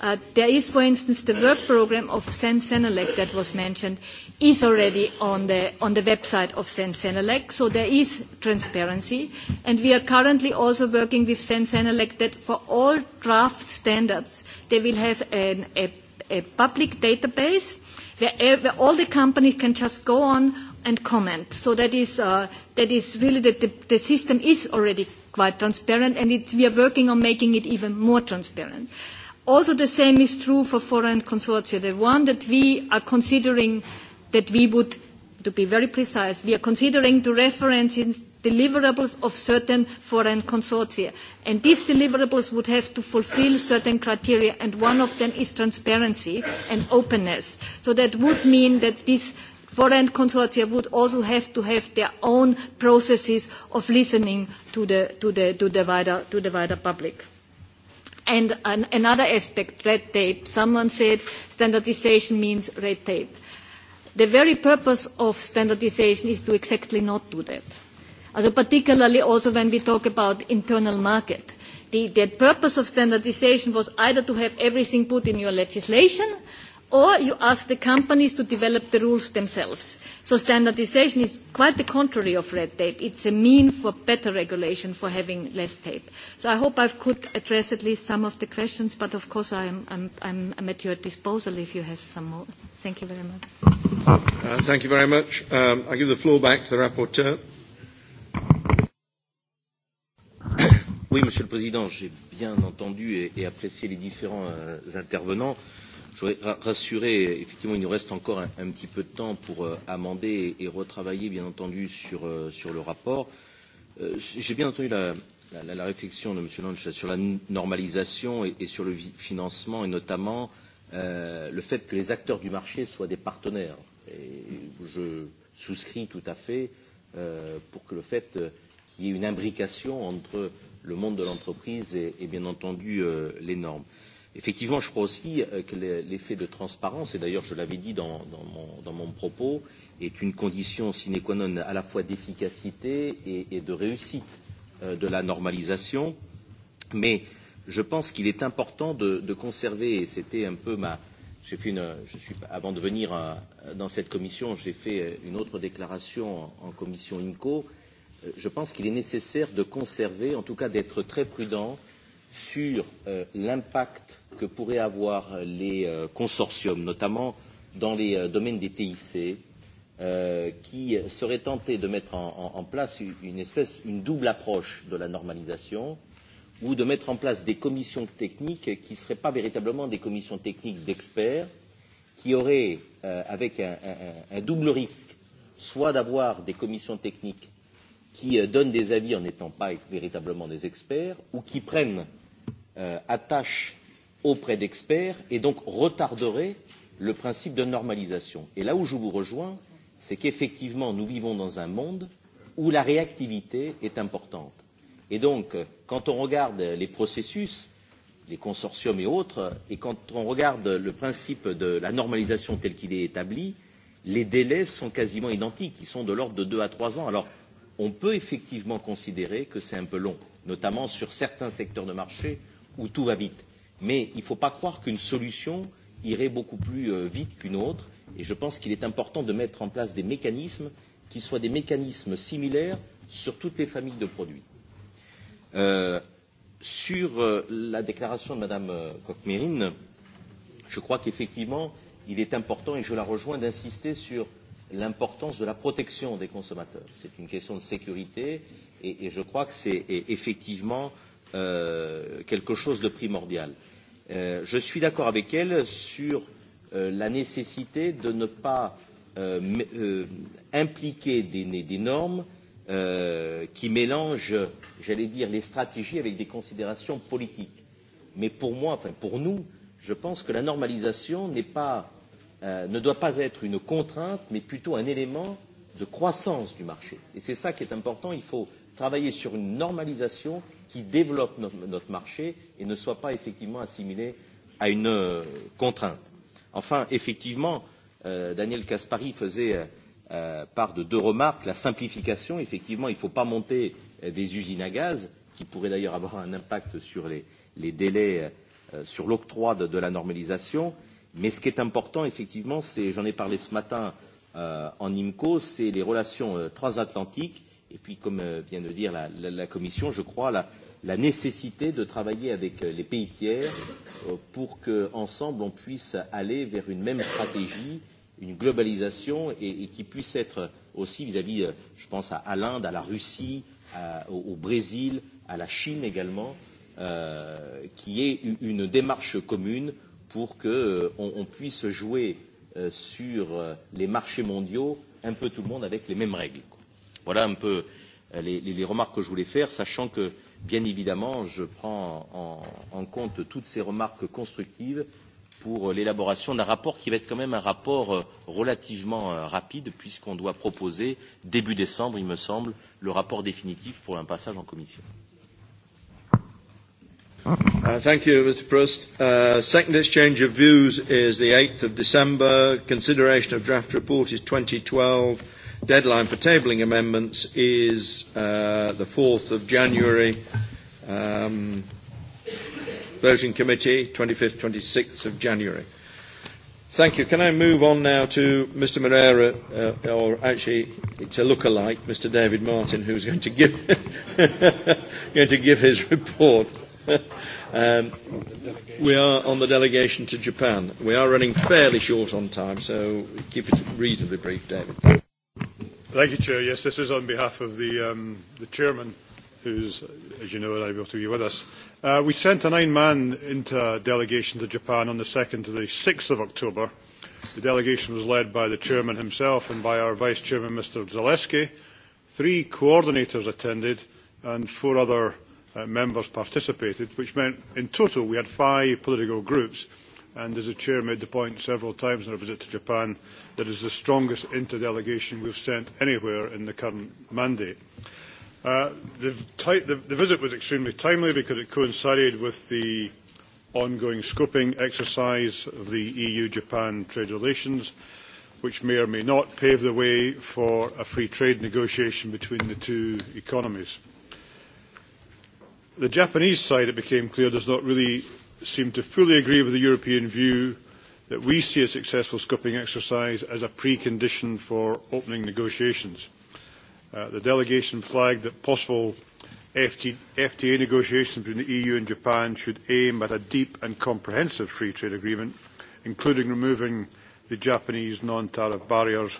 Uh, there is, for instance, the work program of Sen Senelec that was mentioned is already on the, on the website of Sen Senelec, so there is transparency. And we are currently also working with Sen Senelec that for all draft standards, they will have an, a, a public database where all the companies can just go on and comment. So that is, uh, that is really the, the, the system is already quite transparent, and it, we are working on making it even more transparent. Also, the same is true for foreign consortia. The one that we are considering that we would, to be very precise, we are considering to reference in deliverables of certain foreign consortia. And these deliverables would have to fulfill certain criteria, and one of them is transparency and openness. So that would mean that these foreign consortia would also have to have their own processes of listening to the, to the, to the, wider, to the wider public. And an, another aspect, red tape. Someone said standardization means red tape. The very purpose of standardization is to exactly not do that. particularly also when we talk about internal market. The, the purpose of standardization was either to have everything put in your legislation or you ask the companies to develop the rules themselves. So standardisation is quite the contrary of red tape. It's a mean for better regulation, for having less tape. So I hope I could address at least some of the questions, but of course I am, I'm, I'm, I'm at your disposal if you have some more. Thank you very much. Uh, thank you very much. Um, I give the floor back to the rapporteur. Oui, Monsieur le Président, j'ai bien entendu et, et apprécié les différents euh, intervenants. Je voudrais rassurer, effectivement, il nous reste encore un, un petit peu de temps pour euh, amender et, et retravailler, bien entendu, sur, euh, sur le rapport. Euh, J'ai bien entendu la, la, la, réflexion de M. Lange sur la normalisation et, et sur le financement, et notamment euh, le fait que les acteurs du marché soient des partenaires. Et je souscris tout à fait euh, pour que le fait qu'il y ait une imbrication entre le monde de l'entreprise et, et bien entendu euh, les normes. Euh, Effectivement, je crois aussi que l'effet de transparence, et d'ailleurs je l'avais dit dans, dans, mon, dans mon propos, est une condition sine qua non à la fois d'efficacité et, et de réussite de la normalisation. Mais je pense qu'il est important de, de conserver, et c'était un peu ma. J'ai fait une, je suis, avant de venir dans cette commission, j'ai fait une autre déclaration en commission INCO. Je pense qu'il est nécessaire de conserver, en tout cas d'être très prudent sur l'impact que pourraient avoir les consortiums, notamment dans les domaines des TIC, qui seraient tentés de mettre en, place une espèce, une double approche de la normalisation, ou de mettre en place des commissions techniques qui ne seraient pas véritablement des commissions techniques d'experts, qui auraient, avec un double risque, soit d'avoir des commissions techniques qui donnent des avis en n'étant pas véritablement des experts, ou qui prennent euh, attachent auprès d'experts et donc retarderait le principe de normalisation. Et là où je vous rejoins, c'est qu'effectivement, nous vivons dans un monde où la réactivité est importante. Et donc, quand on regarde les processus, les consortiums et autres, et quand on regarde le principe de la normalisation tel qu'il est établi, les délais sont quasiment identiques, ils sont de l'ordre de deux à trois ans. Alors, on peut effectivement considérer que c'est un peu long, notamment sur certains secteurs de marché où tout va vite. Mais il ne faut pas croire qu'une solution irait beaucoup plus vite qu'une autre. Et je pense qu'il est important de mettre en place des mécanismes qui soient des mécanismes similaires sur toutes les familles de produits. sur la déclaration de Mme Kochmerin, je crois qu'effectivement, il est important, et je la rejoins, d'insister sur l'importance de la protection des consommateurs. C'est une question de sécurité et, je crois que c'est effectivement euh, quelque chose de primordial. Euh, je suis d'accord avec elle sur euh, la nécessité de ne pas euh, euh, impliquer des, des normes euh, qui mélangent, j'allais dire, les stratégies avec des considérations politiques. Mais pour moi, enfin pour nous, je pense que la normalisation pas, euh, ne doit pas être une contrainte, mais plutôt un élément de croissance du marché. Et c'est ça qui est important. Il faut euh, travailler sur une normalisation qui développe notre, marché et ne soit pas effectivement assimilée à une contrainte. Enfin, effectivement, euh, Daniel Caspari faisait euh, part de deux remarques. La simplification, effectivement, il ne faut pas monter des usines à gaz, qui pourraient d'ailleurs avoir un impact sur les, les délais, euh, sur l'octroi de, de la normalisation. Mais ce qui est important, effectivement, c'est, j'en ai parlé ce matin euh, en IMCO, c'est les relations euh, transatlantiques et puis, comme vient de dire la, la, la Commission, je crois la, la nécessité de travailler avec les pays tiers pour qu'ensemble on puisse aller vers une même stratégie, une globalisation et, et qui puisse être aussi vis-à-vis, -vis, je pense, à, à l'Inde, à la Russie, à, au, au Brésil, à la Chine également, euh, qui est une démarche commune pour qu'on on puisse jouer sur les marchés mondiaux un peu tout le monde avec les mêmes règles. Quoi Voilà un peu les, les, remarques que je voulais faire, sachant que, bien évidemment, je prends en, en compte toutes ces remarques constructives pour l'élaboration d'un rapport qui va être quand même un rapport relativement rapide, puisqu'on doit proposer, début décembre, il me semble, le rapport définitif pour un passage en commission. Thank you, Mr. Proust. Second exchange of views is the 8th of December. Consideration of draft report is 2012. Deadline for tabling amendments is uh, the 4th of January. Um, voting committee, 25th, 26th of January. Thank you. Can I move on now to Mr. Moreira, uh, or actually it's a look-alike, Mr. David Martin, who's going to give going to give his report. um, we are on the delegation to Japan. We are running fairly short on time, so keep it reasonably brief, David. Thank you, Chair. Yes, this is on behalf of the, um, the Chairman, who's, as you know, unable to be with us. Uh, we sent a nine-man INTA delegation to Japan on the 2nd to the 6th of October. The delegation was led by the Chairman himself and by our Vice Chairman, Mr. Zaleski. Three coordinators attended and four other uh, members participated, which meant in total we had five political groups – And as the Chair made the point several times on our visit to Japan, that is the strongest interdelegation have sent anywhere in the current mandate. the, visit was extremely timely because it coincided with the ongoing scoping exercise of the EU-Japan trade relations, which may or may not pave the way for a free trade negotiation between the two economies the Japanese side, it became clear, does not really seem to fully agree with the European view that we see a successful scoping exercise as a precondition for opening negotiations. the delegation flagged that possible FTA negotiations between the EU and Japan should aim at a deep and comprehensive free trade agreement, including removing the Japanese non-tariff barriers,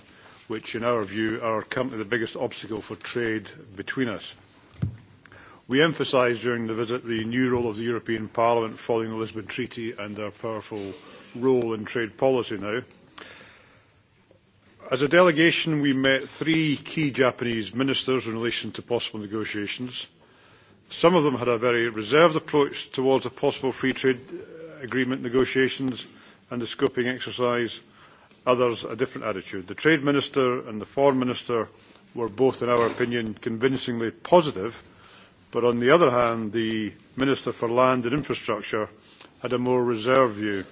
which in our view are currently the biggest obstacle for trade between us. We emphasised during the visit the new role of the European Parliament following the Lisbon Treaty and our powerful role in trade policy now. As a delegation, we met three key Japanese ministers in relation to possible negotiations. Some of them had a very reserved approach towards the possible free trade agreement negotiations and the scoping exercise, others a different attitude. The trade minister and the foreign minister were both, in our opinion, convincingly positive – But on the other hand, the Minister for Land and Infrastructure had a more reserved view.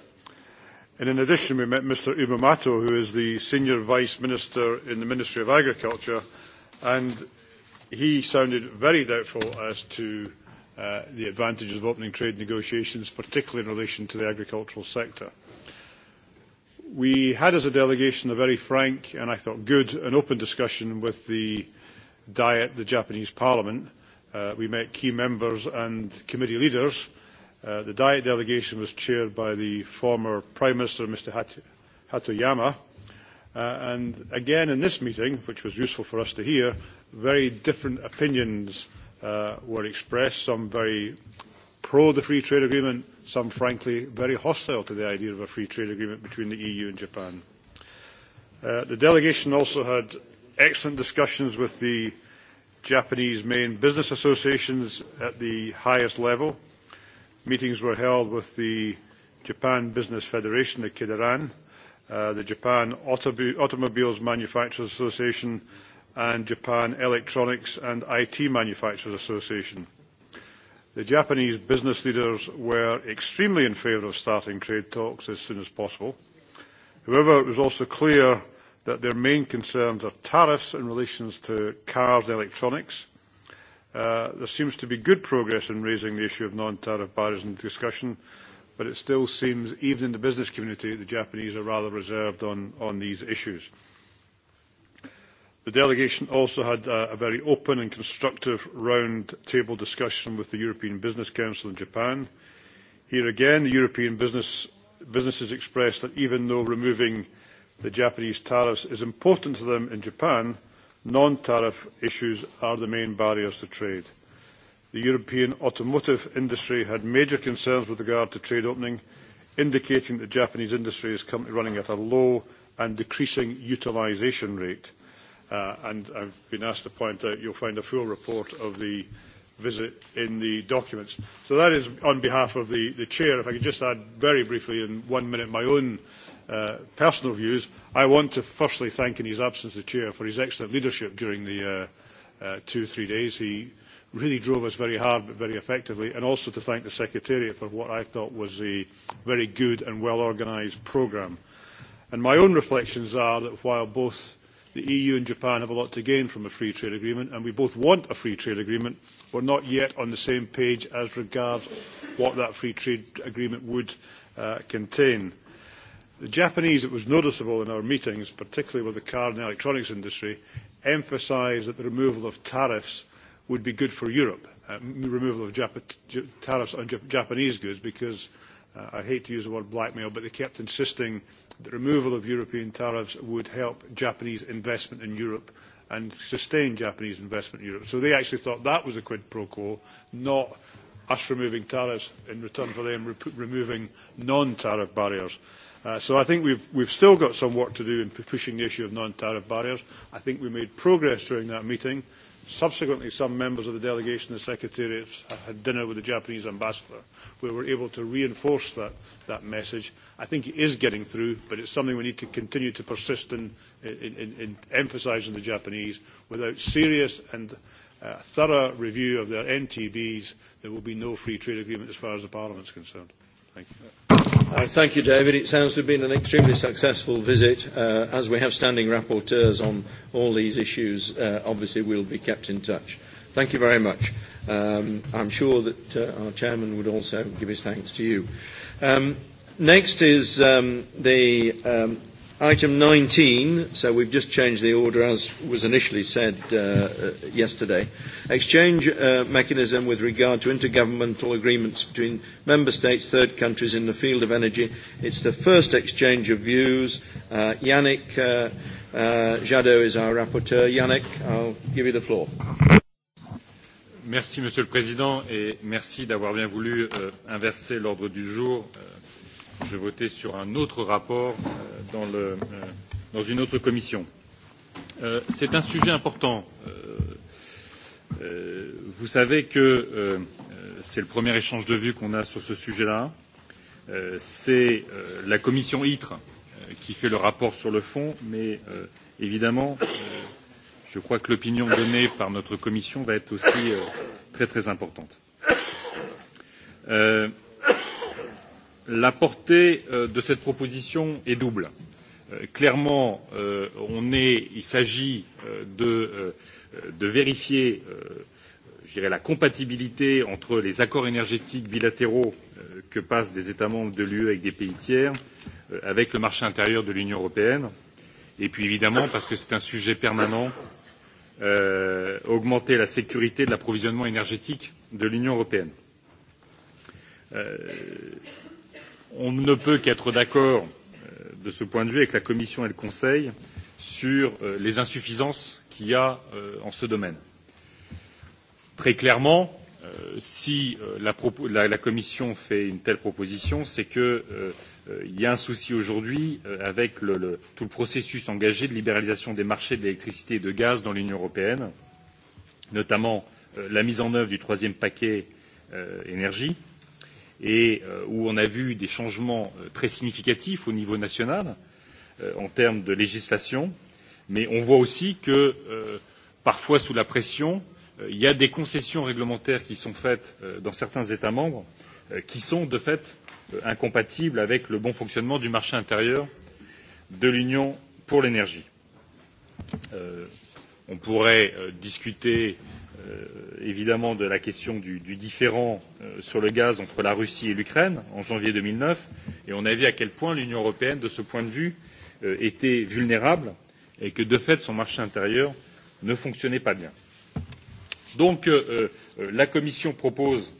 And in addition, we met Mr Umamato, who is the Senior Vice Minister in the Ministry of Agriculture, and he sounded very doubtful as to uh, the advantages of opening trade negotiations, particularly in relation to the agricultural sector. We had as a delegation a very frank and I thought good and open discussion with the Diet, the Japanese Parliament, we met key members and committee leaders. the Diet delegation was chaired by the former Prime Minister, Mr. Hatoyama. and again, in this meeting, which was useful for us to hear, very different opinions were expressed, some very pro the free trade agreement, some frankly very hostile to the idea of a free trade agreement between the EU and Japan. the delegation also had excellent discussions with the Japanese main business associations at the highest level. Meetings were held with the Japan Business Federation, the Kidaran, the Japan Automobiles Manufacturers Association, and Japan Electronics and IT Manufacturers Association. The Japanese business leaders were extremely in favour of starting trade talks as soon as possible. However, it was also clear that their main concerns are tariffs in relation to cars and electronics. there seems to be good progress in raising the issue of non-tariff barriers in discussion, but it still seems, even in the business community, the Japanese are rather reserved on, these issues. The delegation also had a very open and constructive round-table discussion with the European Business Council in Japan. Here again, the European businesses expressed that even though removing the Japanese tariffs is important to them in Japan, non-tariff issues are the main barriers to trade. The European automotive industry had major concerns with regard to trade opening, indicating that Japanese industry is currently running at a low and decreasing utilisation rate. Uh, and I've been asked to point out you'll find a full report of the visit in the documents. So that is on behalf of the, the Chair. If I could just add very briefly in one minute my own uh, personal views, I want to firstly thank in his absence the Chair for his excellent leadership during the two, three days. He really drove us very hard but very effectively, and also to thank the Secretariat for what I thought was a very good and well organised programme. And my own reflections are that while both the EU and Japan have a lot to gain from a free trade agreement, and we both want a free trade agreement, we are not yet on the same page as regards what that free trade agreement would contain The Japanese, it was noticeable in our meetings, particularly with the car and electronics industry, emphasised that the removal of tariffs would be good for Europe, uh, removal of Jap- tariffs on Jap- Japanese goods, because uh, I hate to use the word blackmail, but they kept insisting that removal of European tariffs would help Japanese investment in Europe and sustain Japanese investment in Europe. So they actually thought that was a quid pro quo, not us removing tariffs in return for them removing non-tariff barriers so I think we've, have still got some work to do in pushing the issue of non-tariff barriers. I think we made progress during that meeting. Subsequently, some members of the delegation and secretariat had dinner with the Japanese ambassador. We were able to reinforce that, message. I think it is getting through, but it's something we need to continue to persist in, in, emphasising the Japanese. Without serious and thorough review of their NTBs, there will be no free trade agreement as far as the Parliament is concerned. Thank you. Thank you, David. It sounds to have been an extremely successful visit. As we have standing rapporteurs on all these issues, obviously we'll be kept in touch. Thank you very much. I'm sure that our chairman would also give his thanks to you. Next is the Item 19, so we've just changed the order as was initially said uh, yesterday. Exchange uh, mechanism with regard to intergovernmental agreements between member states, third countries in the field of energy. It's the first exchange of views. Uh, Yannick uh, uh, Jadot is our rapporteur. Yannick, I'll give you the floor. Merci, Monsieur le Président, et merci d'avoir bien voulu euh, inverser l'ordre du jour. Euh, je votais sur un autre rapport dans, une autre commission. c'est un sujet important. vous savez que c'est le premier échange de vues qu'on a sur ce sujet-là. c'est la commission ITRE qui fait le rapport sur le fond, mais évidemment, je crois que l'opinion donnée par notre commission va être aussi très très importante la portée de cette proposition est double. clairement, il s'agit de, vérifier la compatibilité entre les accords énergétiques bilatéraux que passent des États membres de l'UE avec des pays tiers, avec le marché intérieur de l'Union européenne, et puis évidemment, parce que c'est un sujet permanent, augmenter la sécurité de l'approvisionnement énergétique de l'Union européenne on ne peut qu'être d'accord de ce point de vue avec la Commission et le Conseil sur les insuffisances qu'il y a en ce domaine. Très clairement, si la, Commission fait une telle proposition, c'est qu'il y a un souci aujourd'hui avec tout le processus engagé de libéralisation des marchés de l'électricité et de gaz dans l'Union européenne, notamment la mise en œuvre du troisième paquet énergie et où on a vu des changements très significatifs au niveau national en termes de législation, mais on voit aussi que parfois sous la pression, il y a des concessions réglementaires qui sont faites dans certains États membres qui sont de fait incompatibles avec le bon fonctionnement du marché intérieur de l'Union pour l'énergie. on pourrait discuter euh, évidemment de la question du, différend sur le gaz entre la Russie et l'Ukraine en janvier deux mille neuf, et on a vu à quel point l'Union européenne, de ce point de vue, était vulnérable et que, de fait, son marché intérieur ne fonctionnait pas bien. Donc, la Commission propose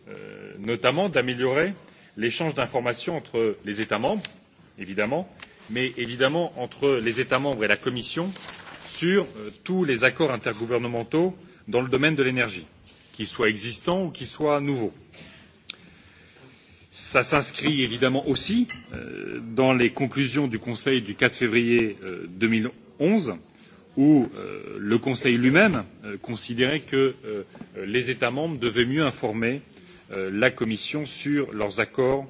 notamment d'améliorer l'échange d'informations entre les États membres, évidemment, mais évidemment entre les États membres et la Commission sur tous les accords intergouvernementaux dans le domaine de l'énergie, qu'il soit existant ou qu'il soit nouveau. Cela s'inscrit évidemment aussi dans les conclusions du Conseil du quatre février deux mille onze, où le Conseil lui-même considérait que les États membres devaient mieux informer la Commission sur leurs accords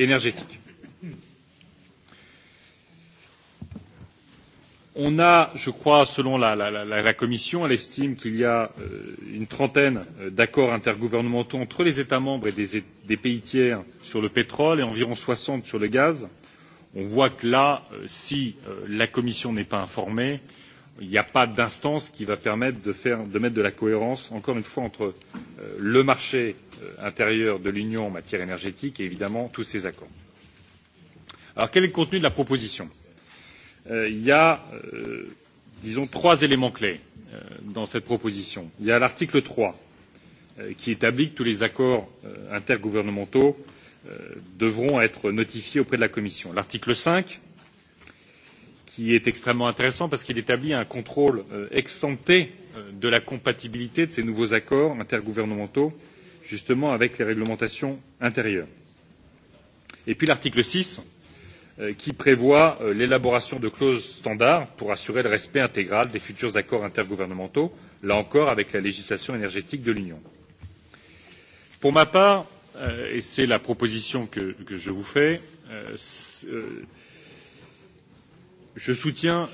énergétiques. On a, je crois, selon la, la, la, la Commission, elle estime qu'il y a une trentaine d'accords intergouvernementaux entre les États membres et des, des pays tiers sur le pétrole et environ 60 sur le gaz. On voit que là, si la Commission n'est pas informée, il n'y a pas d'instance qui va permettre de, faire, de mettre de la cohérence, encore une fois, entre le marché intérieur de l'Union en matière énergétique et évidemment tous ces accords. Alors quel est le contenu de la proposition il y a, disons, trois éléments clés dans cette proposition. Il y a l'article trois qui établit que tous les accords intergouvernementaux devront être notifiés auprès de la Commission. L'article cinq, qui est extrêmement intéressant parce qu'il établit un contrôle ex ante de la compatibilité de ces nouveaux accords intergouvernementaux justement avec les réglementations intérieures. Et puis l'article six qui prévoit l'élaboration de clauses standards pour assurer le respect intégral des futurs accords intergouvernementaux, là encore avec la législation énergétique de l'Union. Pour ma part, et c'est la proposition que, je vous fais, je soutiens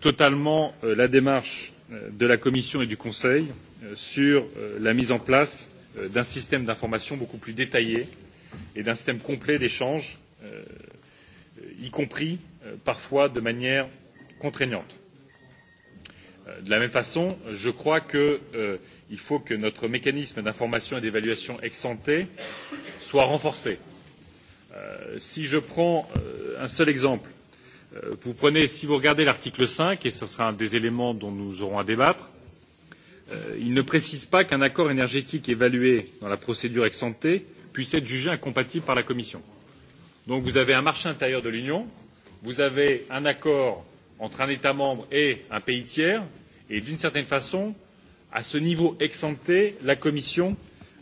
totalement la démarche de la Commission et du Conseil sur la mise en place d'un système d'information beaucoup plus détaillé et d'un système complet d'échange y compris parfois de manière contraignante. De la même façon, je crois qu'il faut que notre mécanisme d'information et d'évaluation ex ante soit renforcé. si je prends un seul exemple, vous prenez, si vous regardez l'article cinq, et ce sera un des éléments dont nous aurons à débattre, il ne précise pas qu'un accord énergétique évalué dans la procédure ex ante puisse être jugé incompatible par la Commission. Donc vous avez un marché intérieur de l'Union, vous avez un accord entre un État membre et un pays tiers, et d'une certaine façon, à ce niveau ex ante, la Commission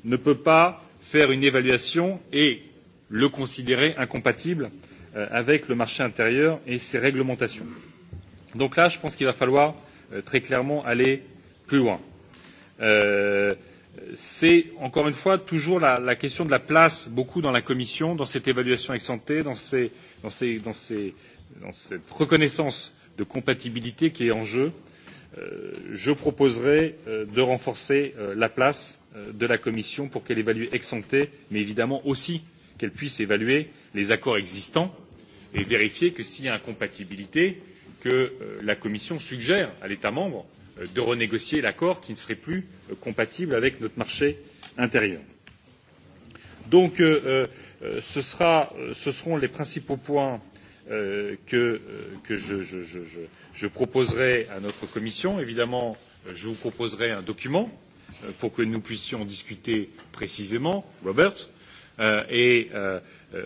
ne peut pas faire une évaluation et le considérer incompatible avec le marché intérieur et ses réglementations. Donc là, je pense qu'il va falloir très clairement aller plus loin. Euh, c'est encore une fois toujours la, la question de la place beaucoup dans la Commission, dans cette évaluation ex ante, dans, ces, dans, ces, dans, ces, dans cette reconnaissance de compatibilité qui est en jeu. Euh, je proposerai euh, de renforcer euh, la place euh, de la Commission pour qu'elle évalue ex ante, mais évidemment aussi qu'elle puisse évaluer les accords existants et vérifier que s'il y a incompatibilité, que euh, la Commission suggère à l'État membre euh, de renégocier l'accord qui ne serait plus compatible avec notre marché intérieur. Donc, ce, seront les principaux points que, je, proposerai à notre commission. Évidemment, je vous proposerai un document pour que nous puissions discuter précisément, Robert. et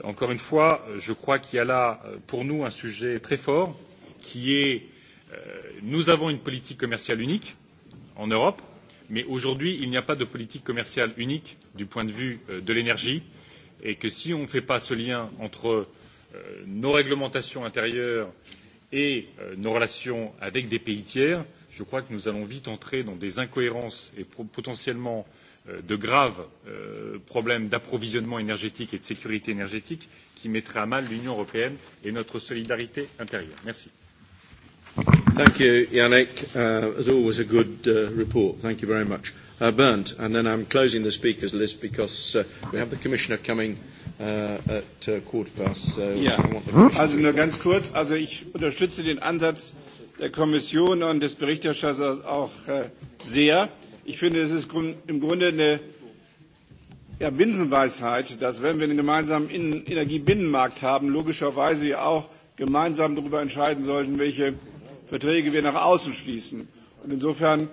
encore une fois, je crois qu'il y a là pour nous un sujet très fort qui est nous avons une politique commerciale unique en Europe, mais aujourd'hui, il n'y a pas de politique commerciale unique du point de vue de l'énergie, et que si on ne fait pas ce lien entre nos réglementations intérieures et nos relations avec des pays tiers, je crois que nous allons vite entrer dans des incohérences et potentiellement de graves problèmes d'approvisionnement énergétique et de sécurité énergétique qui mettraient à mal l'Union européenne et notre solidarité intérieure. Merci. Thank you, Yannick. Uh, as always, a good uh, report. Thank you very much. Uh, Bernd, and then I'm closing the speakers list because uh, we have the Commissioner coming uh, at uh, quarter past. So I want the also nur ganz kurz. Also ich unterstütze den Ansatz der Kommission und des Berichterstatters auch äh, sehr. Ich finde, es ist im Grunde eine ja, Binsenweisheit, dass wenn wir einen gemeinsamen Energiebinnenmarkt haben, logischerweise auch gemeinsam darüber entscheiden sollten, welche Verträge wir nach außen schließen. Und insofern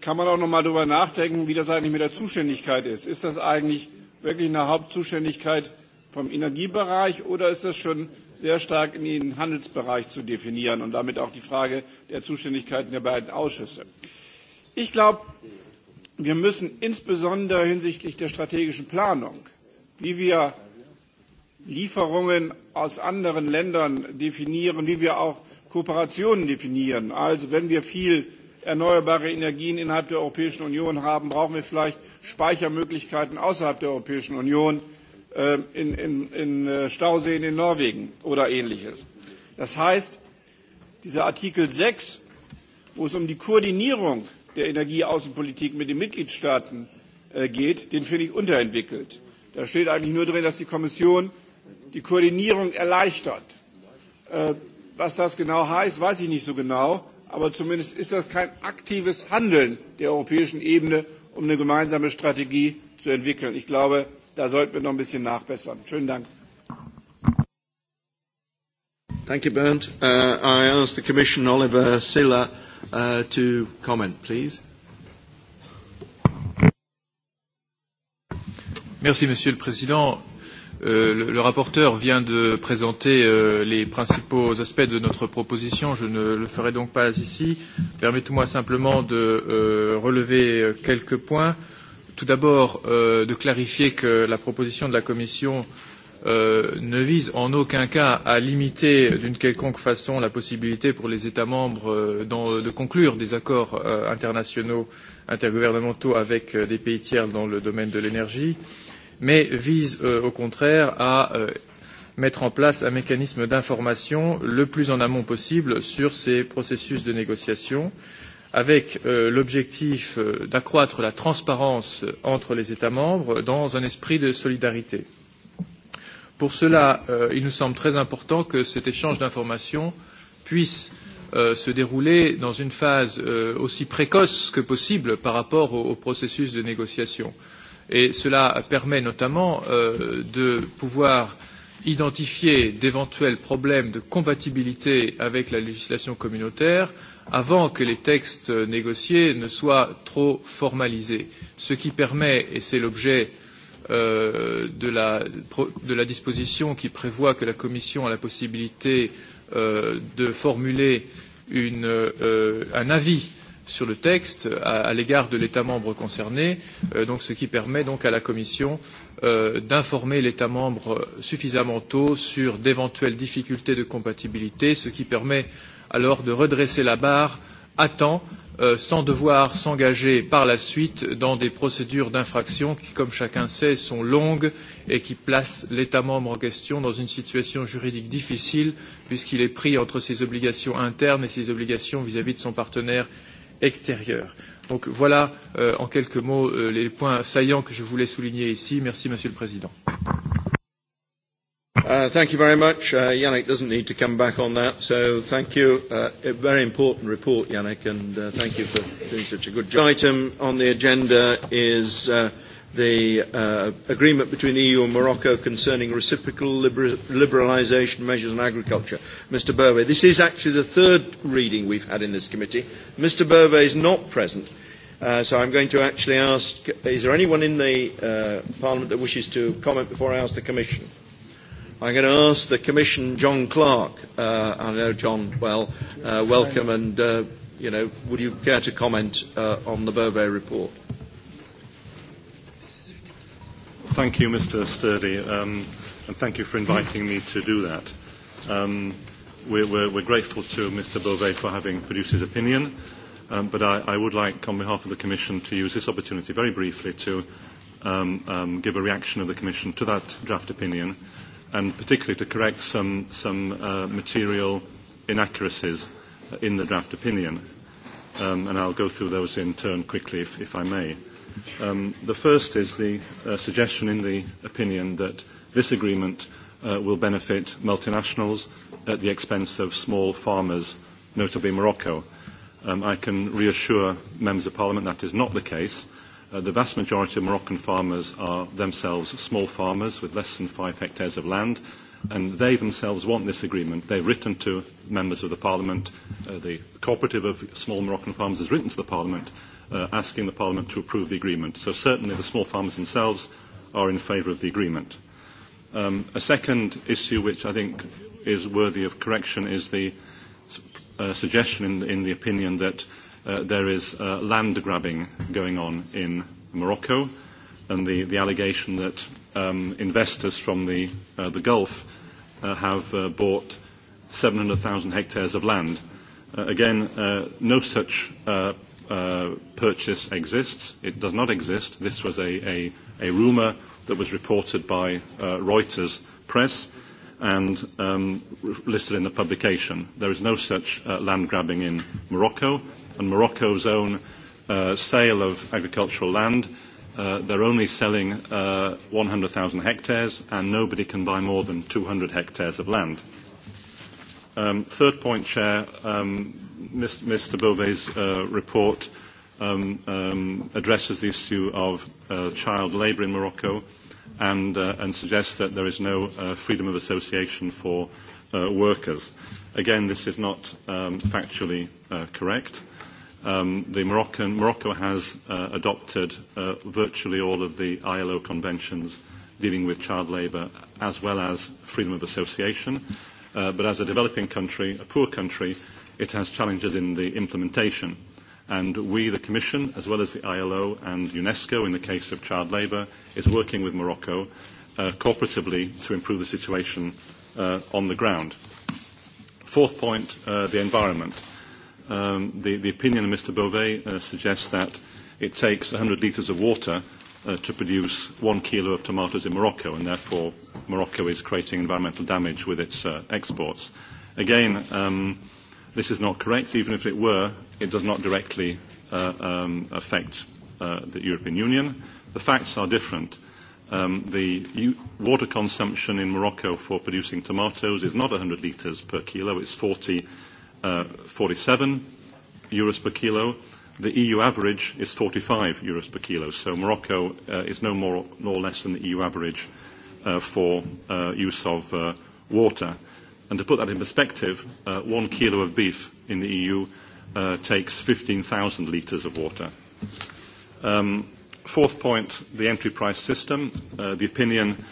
kann man auch noch mal darüber nachdenken, wie das eigentlich mit der Zuständigkeit ist. Ist das eigentlich wirklich eine Hauptzuständigkeit vom Energiebereich oder ist das schon sehr stark in den Handelsbereich zu definieren und damit auch die Frage der Zuständigkeiten der beiden Ausschüsse? Ich glaube, wir müssen insbesondere hinsichtlich der strategischen Planung, wie wir Lieferungen aus anderen Ländern definieren, wie wir auch Kooperationen definieren. Also wenn wir viel erneuerbare Energien innerhalb der Europäischen Union haben, brauchen wir vielleicht Speichermöglichkeiten außerhalb der Europäischen Union in, Stauseen in Norwegen oder ähnliches. Das heißt, dieser Artikel sechs, wo es um die Koordinierung der Energieaußenpolitik mit den Mitgliedstaaten geht, den finde ich unterentwickelt. Da steht eigentlich nur drin, dass die Kommission die Koordinierung erleichtert. Was das genau heißt, weiß ich nicht so genau, aber zumindest ist das kein aktives Handeln der europäischen Ebene, um eine gemeinsame Strategie zu entwickeln. Ich glaube, da sollten wir noch ein bisschen nachbessern. Schönen Dank. Thank you, Bernd. Uh, I ask the Oliver Silla, uh, to comment, please. Merci, Monsieur le Président le, le rapporteur vient de présenter euh, les principaux aspects de notre proposition. Je ne le ferai donc pas ici. Permettez-moi simplement de euh, relever quelques points. Tout d'abord, euh, de clarifier que la proposition de la Commission euh, ne vise en aucun cas à limiter d'une quelconque façon la possibilité pour les États membres euh, de conclure des accords euh, internationaux intergouvernementaux avec euh, des pays tiers dans le domaine de l'énergie. Euh, mais vise au contraire à mettre en place un mécanisme d'information le plus en amont possible sur ces processus de négociation, avec l'objectif d'accroître la transparence entre les États membres dans un esprit de solidarité. Pour cela, il nous semble très important que cet échange d'informations puisse se dérouler dans une phase aussi précoce que possible par rapport au, processus de négociation. Euh, et cela permet notamment de pouvoir identifier d'éventuels problèmes de compatibilité avec la législation communautaire avant que les textes négociés ne soient trop formalisés, ce qui permet et c'est l'objet de la disposition qui prévoit que la Commission a la possibilité de formuler un avis sur le texte à, à l'égard de l'État membre concerné, euh, donc ce qui permet donc à la Commission euh, d'informer l'État membre suffisamment tôt sur d'éventuelles difficultés de compatibilité, ce qui permet alors de redresser la barre à temps sans devoir s'engager par la suite dans des procédures d'infraction qui, comme chacun sait, sont longues et qui placent l'État membre en question dans une situation juridique difficile puisqu'il est pris entre ses obligations internes et ses obligations vis-à-vis de son partenaire extérieure. Donc voilà euh, en quelques mots euh, les points saillants que je voulais souligner ici. Merci Monsieur le Président. Uh, thank you very much. Uh, Yannick doesn't need to come back on that, so thank you. Uh, a very important report, Yannick, and uh, thank you for doing such a good job. The Item on the agenda is uh, the uh, agreement between the EU and Morocco concerning reciprocal liber- liberalisation measures on agriculture. Mr. Burway, this is actually the third reading we've had in this committee. Mr. Burway is not present, uh, so I'm going to actually ask, is there anyone in the uh, Parliament that wishes to comment before I ask the Commission? I'm going to ask the Commission, John Clark, uh, I know John well, uh, welcome and, uh, you know, would you care to comment uh, on the Burway report? Thank you, Mr. Sturdy, um, and thank you for inviting me to do that. Um, we're, we're, we're grateful to Mr. Beauvais for having produced his opinion, um, but I, I would like, on behalf of the Commission, to use this opportunity very briefly to um, um, give a reaction of the Commission to that draft opinion, and particularly to correct some, some uh, material inaccuracies in the draft opinion. Um, and I'll go through those in turn quickly, if, if I may. Um, the first is the uh, suggestion in the opinion that this agreement uh, will benefit multinationals at the expense of small farmers, notably Morocco. Um, I can reassure members of parliament that is not the case. Uh, the vast majority of Moroccan farmers are themselves small farmers with less than five hectares of land, and they themselves want this agreement. They've written to members of the parliament. Uh, the cooperative of small Moroccan farmers has written to the parliament uh, asking the Parliament to approve the agreement. So certainly the small farmers themselves are in favour of the agreement. Um, a second issue which I think is worthy of correction is the uh, suggestion in, in the opinion that uh, there is uh, land grabbing going on in Morocco and the, the allegation that um, investors from the, uh, the Gulf uh, have uh, bought 700,000 hectares of land. Uh, again, uh, no such uh, uh, purchase exists. It does not exist. This was a, a, a rumour that was reported by uh, Reuters press and um, listed in the publication. There is no such uh, land grabbing in Morocco, and Morocco's own uh, sale of agricultural land, uh, they're only selling uh, 100,000 hectares, and nobody can buy more than 200 hectares of land. Um, third point, Chair, um, Mr. Bove's uh, report um, um, addresses the issue of uh, child labour in Morocco and, uh, and suggests that there is no uh, freedom of association for uh, workers. Again, this is not um, factually uh, correct. Um, the Moroccan, Morocco has uh, adopted uh, virtually all of the ILO conventions dealing with child labour as well as freedom of association. Uh, but as a developing country, a poor country, it has challenges in the implementation. And we, the Commission, as well as the ILO and UNESCO in the case of child labour, is working with Morocco uh, cooperatively to improve the situation uh, on the ground. Fourth point, uh, the environment. Um, the, the opinion of Mr Beauvais uh, suggests that it takes 100 litres of water uh, to produce one kilo of tomatoes in Morocco, and therefore Morocco is creating environmental damage with its uh, exports. Again, um, This is not correct. Even if it were, it does not directly uh, um, affect uh, the European Union. The facts are different. Um, the u- water consumption in Morocco for producing tomatoes is not 100 litres per kilo, it's 40, uh, 47 euros per kilo. The EU average is 45 euros per kilo, so Morocco uh, is no more nor less than the EU average uh, for uh, use of uh, water. And to put that in perspective, uh, one kilo of beef in the EU uh, takes 15,000 litres of water. Um, fourth point, the entry price system. Uh, the opinion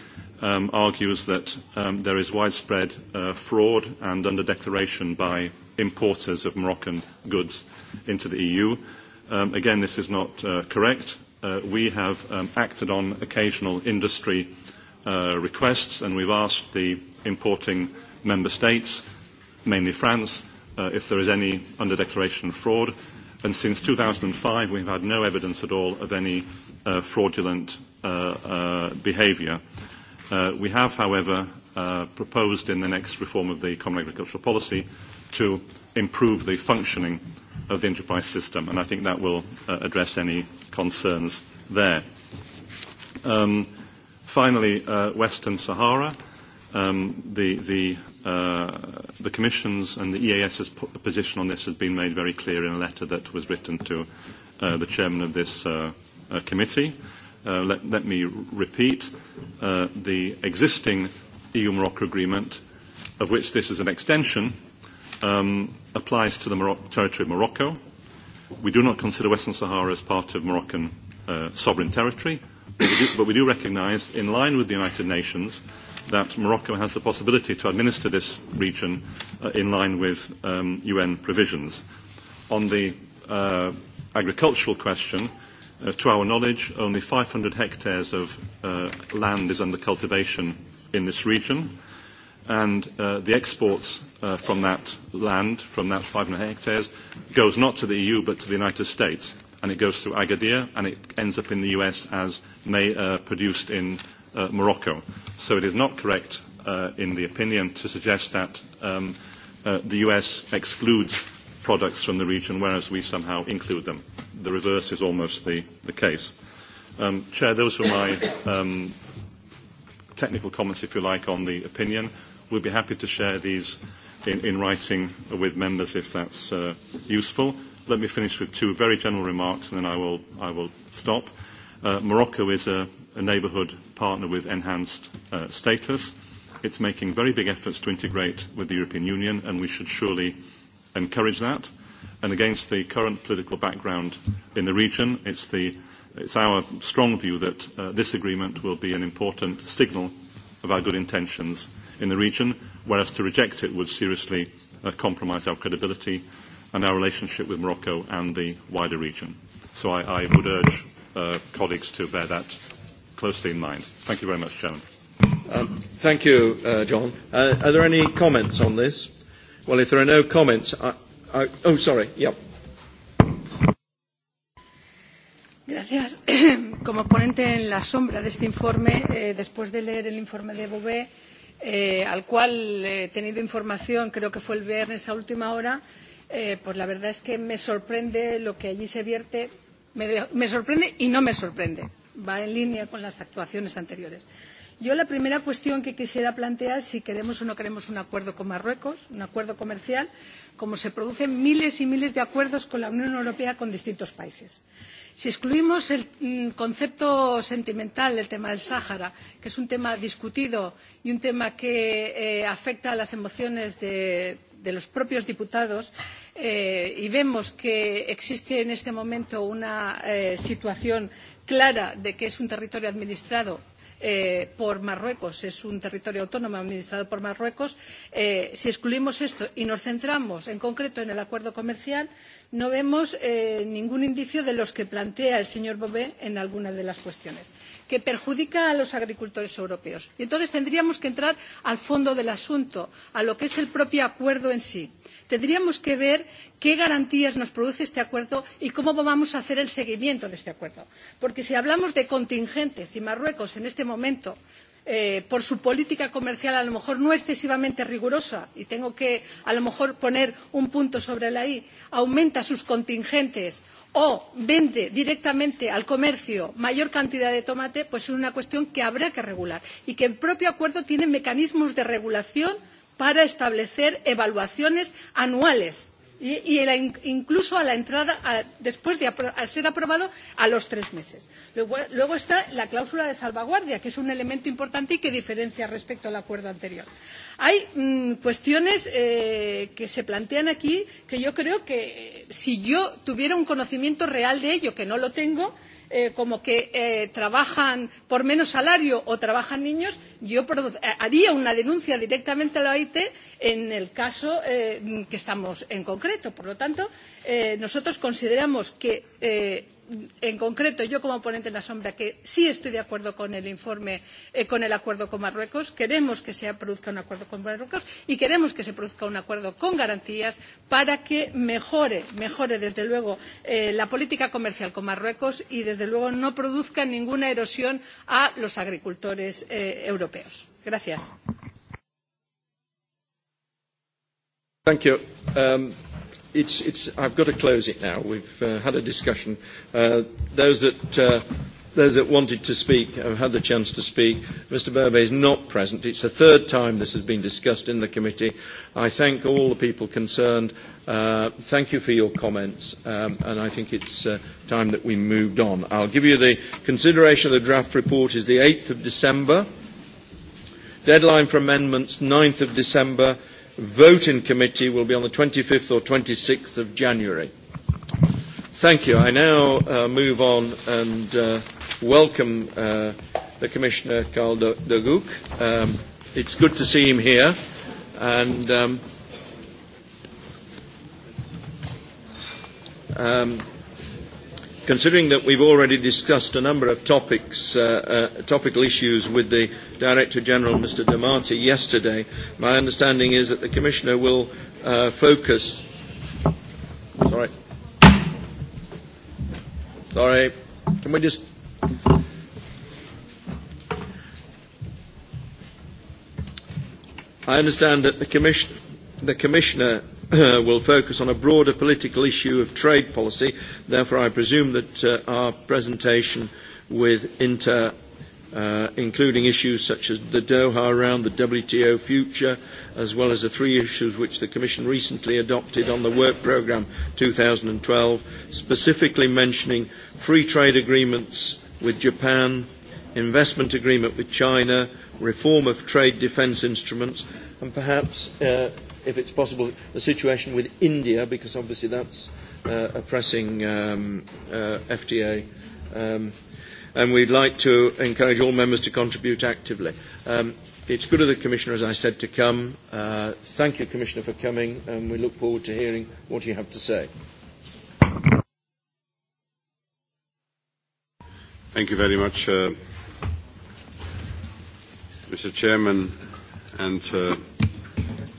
um, argues that um, there is widespread uh, fraud and under-declaration by importers of Moroccan goods into the EU. Um, again, this is not uh, correct. Uh, we have um, acted on occasional industry uh, requests, and we've asked the importing member states, mainly France, uh, if there is any under-declaration fraud. And since 2005, we've had no evidence at all of any uh, fraudulent uh, uh, behaviour. Uh, we have, however, uh, proposed in the next reform of the Common Agricultural Policy to improve the functioning of the enterprise system, and I think that will uh, address any concerns there. Um, finally, uh, Western Sahara. Um, the the uh, the Commission's and the EAS's position on this has been made very clear in a letter that was written to uh, the chairman of this uh, uh, committee. Uh, let, let me repeat, uh, the existing EU-Morocco agreement, of which this is an extension, um, applies to the Moro- territory of Morocco. We do not consider Western Sahara as part of Moroccan uh, sovereign territory, but we do, but we do recognise, in line with the United Nations, that Morocco has the possibility to administer this region uh, in line with um, UN provisions. On the uh, agricultural question, uh, to our knowledge, only 500 hectares of uh, land is under cultivation in this region, and uh, the exports uh, from that land, from that 500 hectares, goes not to the EU but to the United States, and it goes through Agadir, and it ends up in the US as may, uh, produced in uh, Morocco. So it is not correct uh, in the opinion to suggest that um, uh, the US excludes products from the region, whereas we somehow include them. The reverse is almost the, the case. Um, Chair, those were my um, technical comments, if you like, on the opinion. We'll be happy to share these in, in writing with members if that's uh, useful. Let me finish with two very general remarks, and then I will, I will stop. Uh, Morocco is a, a neighbourhood partner with enhanced uh, status. It's making very big efforts to integrate with the European Union, and we should surely encourage that. And against the current political background in the region, it's, the, it's our strong view that uh, this agreement will be an important signal of our good intentions in the region, whereas to reject it would seriously uh, compromise our credibility and our relationship with Morocco and the wider region. So I, I would urge colleagues to bear that closely in mind. Thank you very much, Chairman. Um, thank you, uh, John. Uh, are there any comments on this? Well, if there are no comments, I, I, oh, sorry, yep. Gracias. Como ponente en la sombra de este informe, eh, después de leer el informe de Bové, eh, al cual he tenido información, creo que fue el viernes a última hora, eh, pues la verdad es que me sorprende lo que allí se vierte me, sorprende y no me sorprende. Va en línea con las actuaciones anteriores. Yo la primera cuestión que quisiera plantear es si queremos o no queremos un acuerdo con Marruecos, un acuerdo comercial, como se producen miles y miles de acuerdos con la Unión Europea con distintos países. Si excluimos el concepto sentimental del tema del Sáhara, que es un tema discutido y un tema que afecta a las emociones de de los propios diputados y vemos que existe en este momento una situación clara de que es un territorio administrado por Marruecos, es un territorio autónomo administrado por Marruecos, si excluimos esto y nos centramos en concreto en el acuerdo comercial, no vemos ningún indicio de los que plantea el señor Bové en alguna de las cuestiones que perjudica a los agricultores europeos. Y entonces tendríamos que entrar al fondo del asunto, a lo que es el propio acuerdo en sí. Tendríamos que ver qué garantías nos produce este acuerdo y cómo vamos a hacer el seguimiento de este acuerdo. Porque si hablamos de contingentes y Marruecos en este momento por su política comercial a lo mejor no excesivamente rigurosa y tengo que a lo mejor poner un punto sobre la i aumenta sus contingentes o vende directamente al comercio mayor cantidad de tomate, pues es una cuestión que habrá que regular y que el propio acuerdo tiene mecanismos de regulación para establecer evaluaciones anuales y, incluso a la entrada, después de ser aprobado, a los tres meses. Luego, está la cláusula de salvaguardia, que es un elemento importante y que diferencia respecto al acuerdo anterior. Hay cuestiones que se plantean aquí que yo creo que si yo tuviera un conocimiento real de ello, que no lo tengo, como que trabajan por menos salario o trabajan niños, yo haría una denuncia directamente a la OIT en el caso que estamos en concreto. Por lo tanto, nosotros consideramos que en concreto, yo como ponente en la sombra, que sí estoy de acuerdo con el informe, con el acuerdo con Marruecos, queremos que se produzca un acuerdo con Marruecos y queremos que se produzca un acuerdo con garantías para que mejore, desde luego la política comercial con Marruecos y desde luego no produzca ninguna erosión a los agricultores europeos it's, it's, I've got to close it now. We've uh, had a discussion. Uh, those that uh, those that wanted to speak have had the chance to speak. Mr Burbe is not present. It's the third time this has been discussed in the committee. I thank all the people concerned. Uh, thank you for your comments, um, and I think it's uh, time that we moved on. I'll give you the consideration of the draft report is the 8th of December. Deadline for amendments 9th of December Vote in committee will be on the 25th or 26th of January. Thank you. I now uh, move on and uh, welcome uh, the Commissioner Carl de, de It Um, it's good to see him here. And um, um, considering that we've already discussed a number of topics, uh, uh, topical issues with the Director General, Mr. Damati, yesterday, my understanding is that the Commissioner will uh, focus. Sorry. Sorry. Can we just. I understand that the, commission, the Commissioner will focus on a broader political issue of trade policy. Therefore, I presume that uh, our presentation with Inter, uh, including issues such as the Doha round, the WTO future, as well as the three issues which the Commission recently adopted on the Work Programme 2012, specifically mentioning free trade agreements with Japan, investment agreement with China, reform of trade defence instruments, and perhaps uh, if it's possible, the situation with India, because obviously that's uh, a pressing um, uh, FTA. Um, and we'd like to encourage all members to contribute actively. Um, it's good of the Commissioner, as I said, to come. Uh, thank you, Commissioner, for coming, and we look forward to hearing what you have to say. Thank you very much, uh, Mr. Chairman, and uh,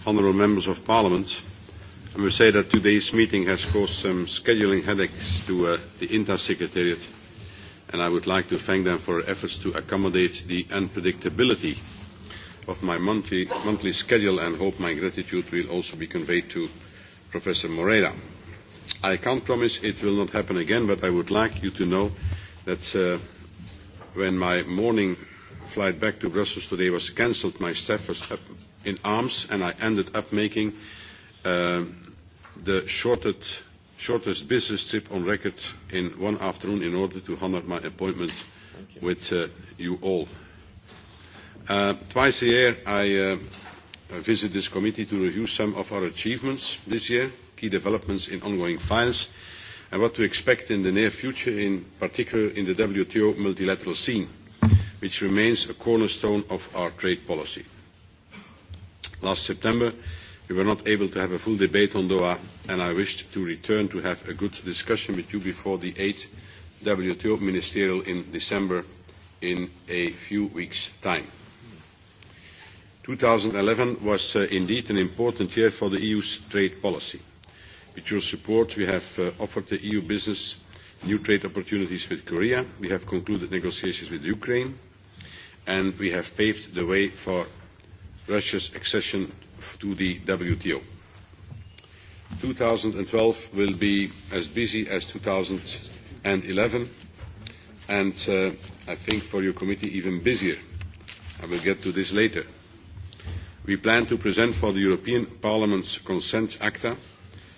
honourable members of parliament. I must say that today's meeting has caused some scheduling headaches to the INTA Secretariat, and I would like to thank them for their efforts to accommodate the unpredictability of my monthly, schedule and hope my gratitude will also be conveyed to Professor Moreira. I can't promise it will not happen again, but I would like you to know that uh, when my morning flight back to Brussels today was cancelled, my staff was in arms, and I ended up making the shortest business trip on record in one afternoon in order to honor my appointment with you all. Twice a year, I visit this committee to review some of our achievements this year, key developments in ongoing files, and what to expect in the near future, in particular in the WTO multilateral scene, which remains a cornerstone of our trade policy. Last September, we were not able to have a full debate on Doha, and I wished to return to have a good discussion with you before the eight WTO ministerial in December in a few weeks' time. eleven was indeed an important year for the EU's trade policy. With your support, we have offered the EU business new trade opportunities with Korea, we have concluded negotiations with Ukraine, and we have paved the way for Russia's accession to the WTO. 2012 will be as busy as 2011, and uh, I think for your committee even busier. I will get to this later. We plan to present for the European Parliament's Consent Acta,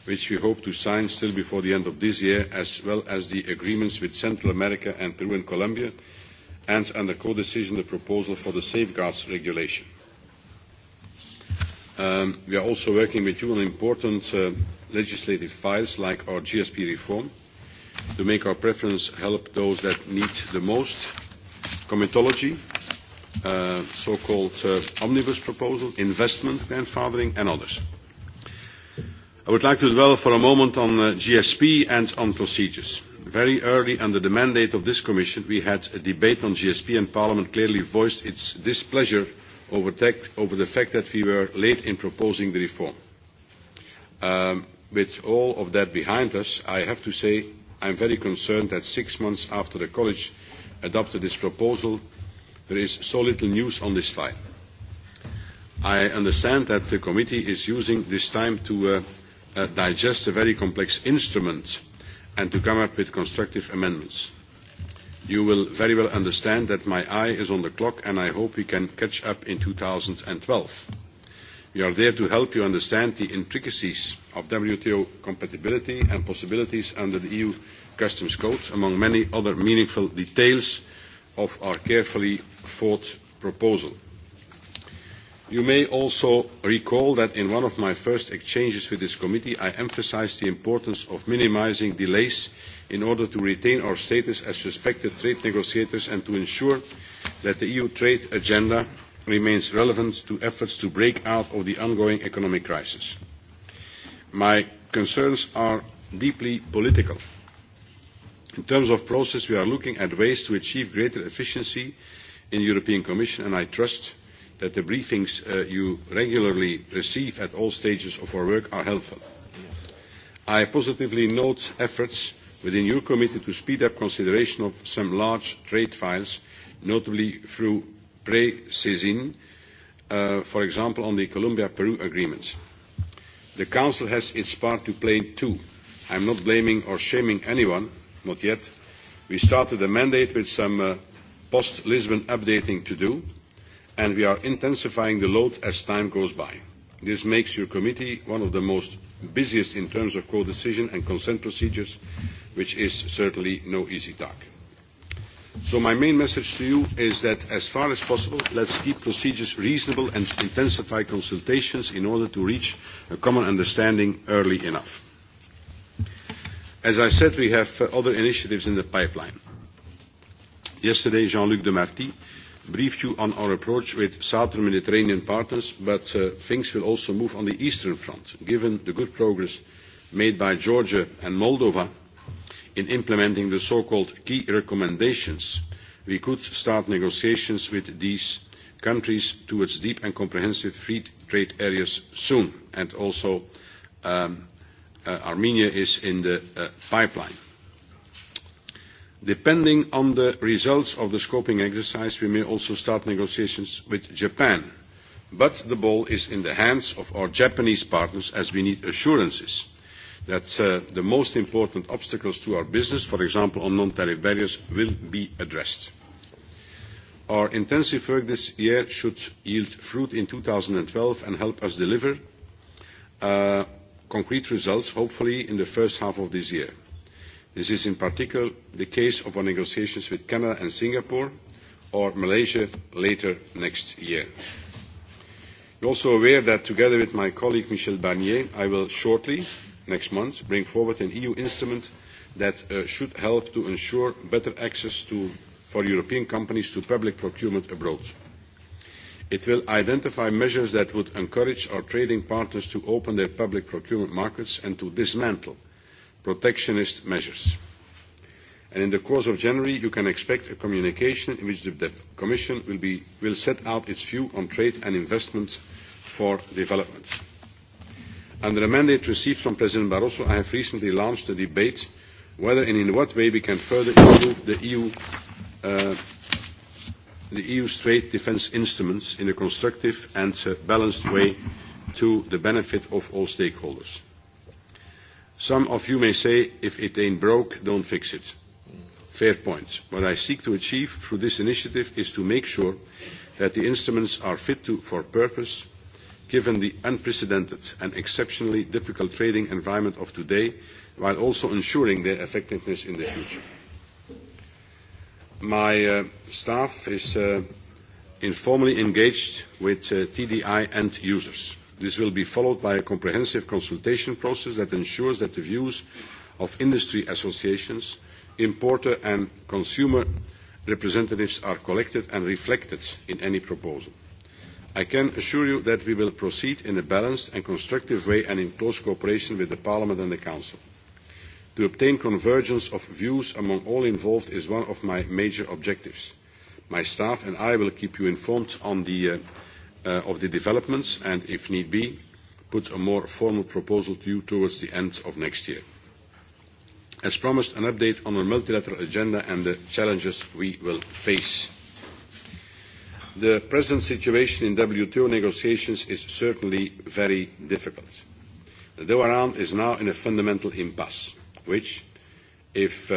which we hope to sign still before the end of this year, as well as the agreements with Central America and Peru and Colombia, and under codecision the proposal for the Safeguards Regulation. We are also working with you on important legislative files like our GSP reform to make our preference help those that need the most, comitology, so-called omnibus proposal, investment grandfathering, and others. I would like to dwell for a moment on GSP and on procedures. Very early under the mandate of this Commission, we had a debate on GSP, and Parliament clearly voiced its displeasure over the fact that we were late in proposing the reform. With all of that behind us, I have to say I am very concerned that six months after the college adopted this proposal, there is so little news on this file. I understand that the committee is using this time to digest a very complex instrument and to come up with constructive amendments. You will very well understand that my eye is on the clock, and I hope we can catch up in 2012. We are there to help you understand the intricacies of WTO compatibility and possibilities under the EU Customs Code, among many other meaningful details of our carefully thought proposal. You may also recall that in one of my first exchanges with this committee, I emphasised the importance of minimising delays in order to retain our status as respected trade negotiators and to ensure that the EU trade agenda remains relevant to efforts to break out of the ongoing economic crisis. My concerns are deeply political. In terms of process, we are looking at ways to achieve greater efficiency in the European Commission, and I trust that the briefings you regularly receive at all stages of our work are helpful. I positively note efforts within your committee to speed up consideration of some large trade files, notably through pre-CESIN, for example on the Colombia-Peru agreement. The Council has its part to play too. I am not blaming or shaming anyone, not yet. We started the mandate with some post-Lisbon updating to do, and we are intensifying the load as time goes by. This makes your committee one of the most busiest in terms of codecision and consent procedures, which is certainly no easy task. So my main message to you is that as far as possible, let's keep procedures reasonable and intensify consultations in order to reach a common understanding early enough. As I said, we have other initiatives in the pipeline. Yesterday, Jean-Luc Demarty briefed you on our approach with southern Mediterranean partners, but things will also move on the eastern front. Given the good progress made by Georgia and Moldova, in implementing the so-called key recommendations, we could start negotiations with these countries towards deep and comprehensive free trade areas soon, and also Armenia is in the pipeline. Depending on the results of the scoping exercise, we may also start negotiations with Japan, but the ball is in the hands of our Japanese partners as we need assurances that the most important obstacles to our business, for example, on non-tariff barriers, will be addressed. Our intensive work this year should yield fruit in thousand and help us deliver concrete results, hopefully in the first half of this year. This is in particular the case of our negotiations with Canada and Singapore or Malaysia later next year. are also aware that together with my colleague, Michel Barnier, I will shortly next month, bring forward an EU instrument that should help to ensure better access for European companies to public procurement abroad. It will identify measures that would encourage our trading partners to open their public procurement markets and to dismantle protectionist measures. In the course of January, you can expect a communication in which the Commission will set out its view on trade and investment for development. Under a mandate received from President Barroso, I have recently launched a debate on whether and in what way we can further improve the EU's trade defence instruments in a constructive and balanced way to the benefit of all stakeholders. Some of you may say, if it ain't broke, don't fix it. Fair point. What I seek to achieve through this initiative is to make sure that the instruments are fit for purpose given the unprecedented and exceptionally difficult trading environment of today, while also ensuring their effectiveness in the future. My staff is informally engaged with TDI end users. This will be followed by a comprehensive consultation process that ensures that the views of industry associations, importer and consumer representatives are collected and reflected in any proposal. I can assure you that we will proceed in a balanced and constructive way and in close cooperation with Parliament and the Council. To obtain convergence of views among all involved is one of my major objectives. My staff and I will keep you informed of the developments and, if need be, put a more formal proposal to you towards the end of next year. As promised, an update on our multilateral agenda and the challenges we will face the present situation in WTO negotiations is certainly very difficult. The Doha round is now in a fundamental impasse, which, if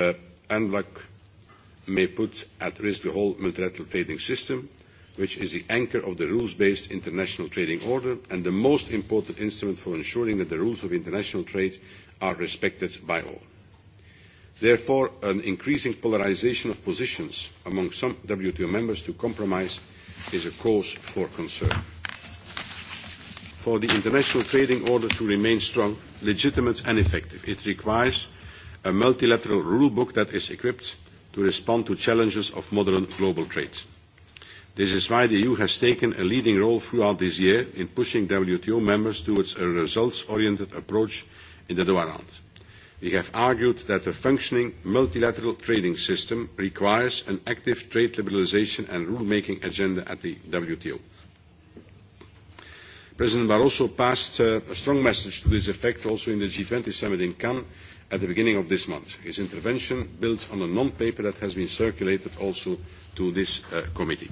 unlocked, may put at risk the whole multilateral trading system, which is the anchor of the rules-based international trading order and the most important instrument for ensuring that the rules of international trade are respected by all. Therefore, an increasing polarisation of positions among some WTO members to compromise is a cause for concern. For the international trading order to remain strong, legitimate and effective, it requires a multilateral rule book that is equipped to respond to challenges of modern global trade. This is why the EU has taken a leading role throughout this year in pushing WTO members towards a results-oriented approach in the Doha round. We have argued that a functioning multilateral trading system requires an active trade liberalisation and rule making agenda at the WTO. President Barroso passed a strong message to this effect also in the g twenty summit in Cannes at the beginning of this month. His intervention builds on a non-paper that has been circulated also to this committee.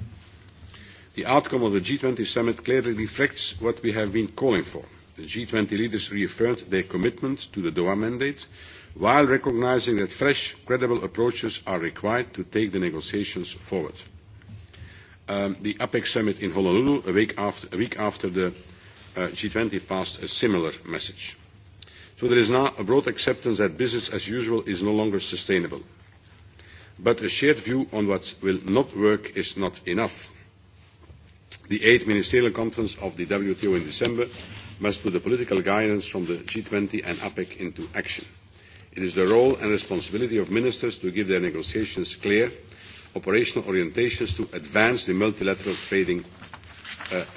The outcome of the g twenty summit clearly reflects what we have been calling for The g twenty leaders reaffirmed their commitment to the Doha mandate while recognising that fresh, credible approaches are required to take the negotiations forward. the APEC summit in Honolulu a week after, a week after the g twenty passed a similar message. So there is now a broad acceptance that business as usual is no longer sustainable. But a shared view on what will not work is not enough. The eighth ministerial conference of the WTO in December must put the political guidance from the g twenty and APEC into action. It is the role and responsibility of ministers to give their negotiations clear, operational orientations to advance the multilateral trading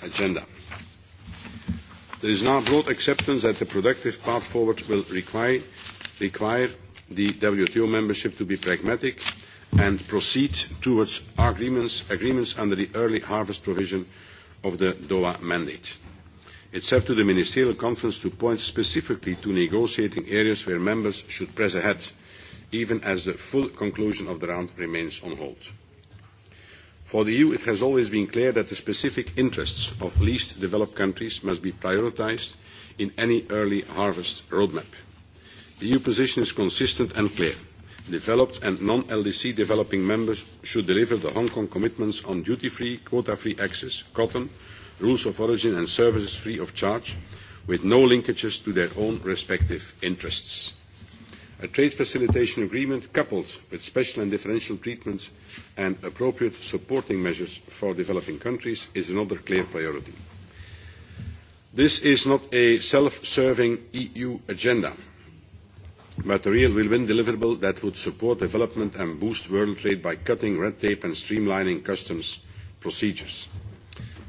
agenda. There is now broad acceptance that the productive path forward will require, the WTO membership to be pragmatic and proceed towards agreements, under the early harvest provision of the Doha mandate. It is up to the ministerial conference to point specifically to negotiating areas where members should press ahead, even as the full conclusion of the round remains on hold. For the EU, it has always been clear that the specific interests of least developed countries must be prioritised in any early harvest roadmap. The EU position is consistent and clear. Developed and non-LDC developing members should deliver the Hong Kong commitments on duty-free, quota-free access, cotton, rules of origin and services free of charge, with no linkages to their own respective interests. A trade facilitation agreement coupled with special and differential treatment and appropriate supporting measures for developing countries is another clear priority. This is not a self-serving EU agenda, but a real win-win deliverable that would support development and boost world trade by cutting red tape and streamlining customs procedures.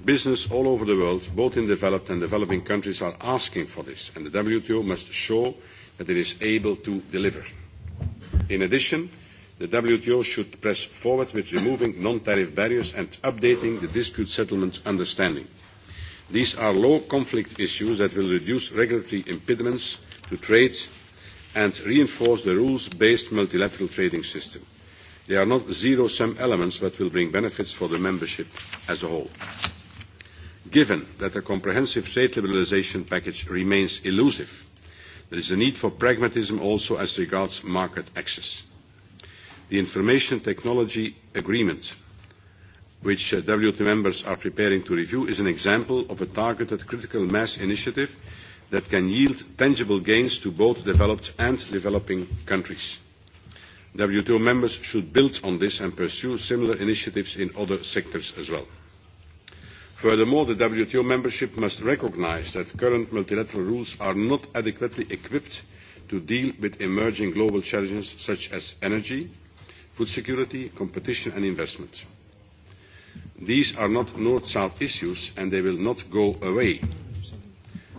Business all over the world, both in developed and developing countries, are asking for this, and the WTO must show that it is able to deliver. In addition, the WTO should press forward with removing non-tariff barriers and updating the dispute settlement understanding. These are low-conflict issues that will reduce regulatory impediments to trade and reinforce the rules-based multilateral trading system. They are not zero-sum elements, but will bring benefits for the membership as a whole. Given that a comprehensive trade liberalisation package remains elusive, there is a need for pragmatism also as regards market access. The Information Technology Agreement, which WTO members are preparing to review, is an example of a targeted critical mass initiative that can yield tangible gains to both developed and developing countries. WTO members should build on this and pursue similar initiatives in other sectors as well. Furthermore, the WTO membership must recognise that current multilateral rules are not adequately equipped to deal with emerging global challenges such as energy, food security, competition and investment. These are not north-south issues and they will not go away.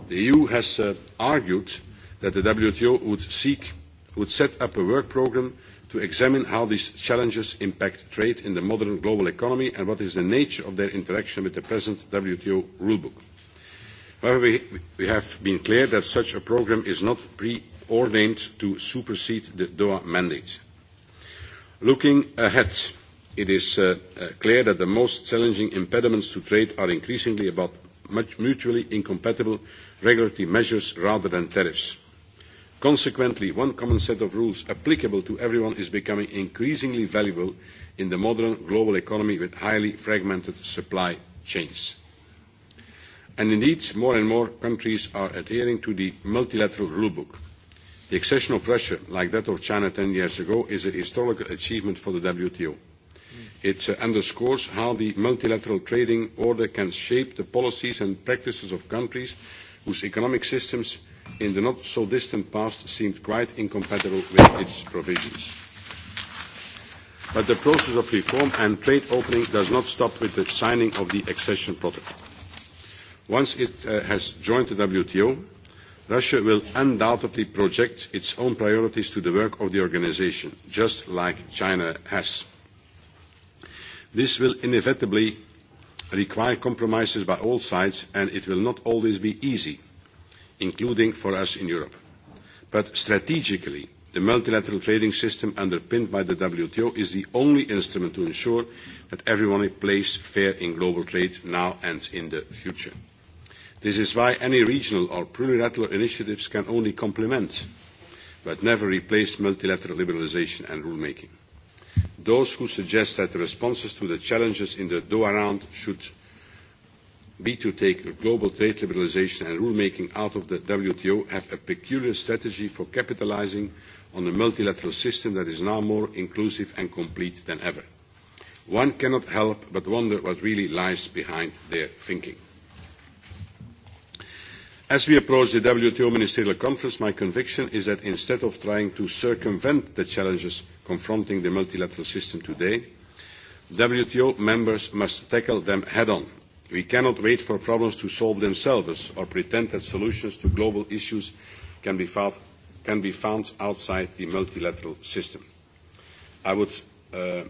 The EU has argued that the WTO would seek would set up a work programme to examine how these challenges impact trade in the modern global economy and what is the nature of their interaction with the present WTO rule book. However, we have been clear that such a programme is not preordained to supersede the Doha mandate. Looking ahead, it is clear that the most challenging impediments to trade are increasingly about mutually incompatible regulatory measures rather than tariffs. Consequently, one common set of rules applicable to everyone is becoming increasingly valuable in the modern global economy with highly fragmented supply chains. And indeed, more and more countries are adhering to the multilateral rule book. The accession of Russia, like that of China ten years ago, is a historical achievement for the WTO. It underscores how the multilateral trading order can shape the policies and practices of countries whose economic systems in the not-so-distant past seemed quite incompatible with its provisions. But the process of reform and trade opening does not stop with the signing of the accession protocol. Once it has joined the WTO, Russia will undoubtedly project its own priorities to the work of the organisation, just like China has. This will inevitably require compromises by all sides, and it will not always be easy including for us in Europe. But strategically, the multilateral trading system underpinned by the WTO is the only instrument to ensure that everyone plays fair in global trade now and in the future. This is why any regional or plurilateral initiatives can only complement, but never replace multilateral liberalisation and rulemaking. Those who suggest that the responses to the challenges in the Doha round should be to take global trade liberalisation and rulemaking out of the WTO, have a peculiar strategy for capitalising on a multilateral system that is now more inclusive and complete than ever. One cannot help but wonder what really lies behind their thinking. As we approach the WTO Ministerial Conference, my conviction is that instead of trying to circumvent the challenges confronting the multilateral system today, WTO members must tackle them head on We cannot wait for problems to solve themselves or pretend that solutions to global issues can be found, can be found outside the multilateral system. I would uh,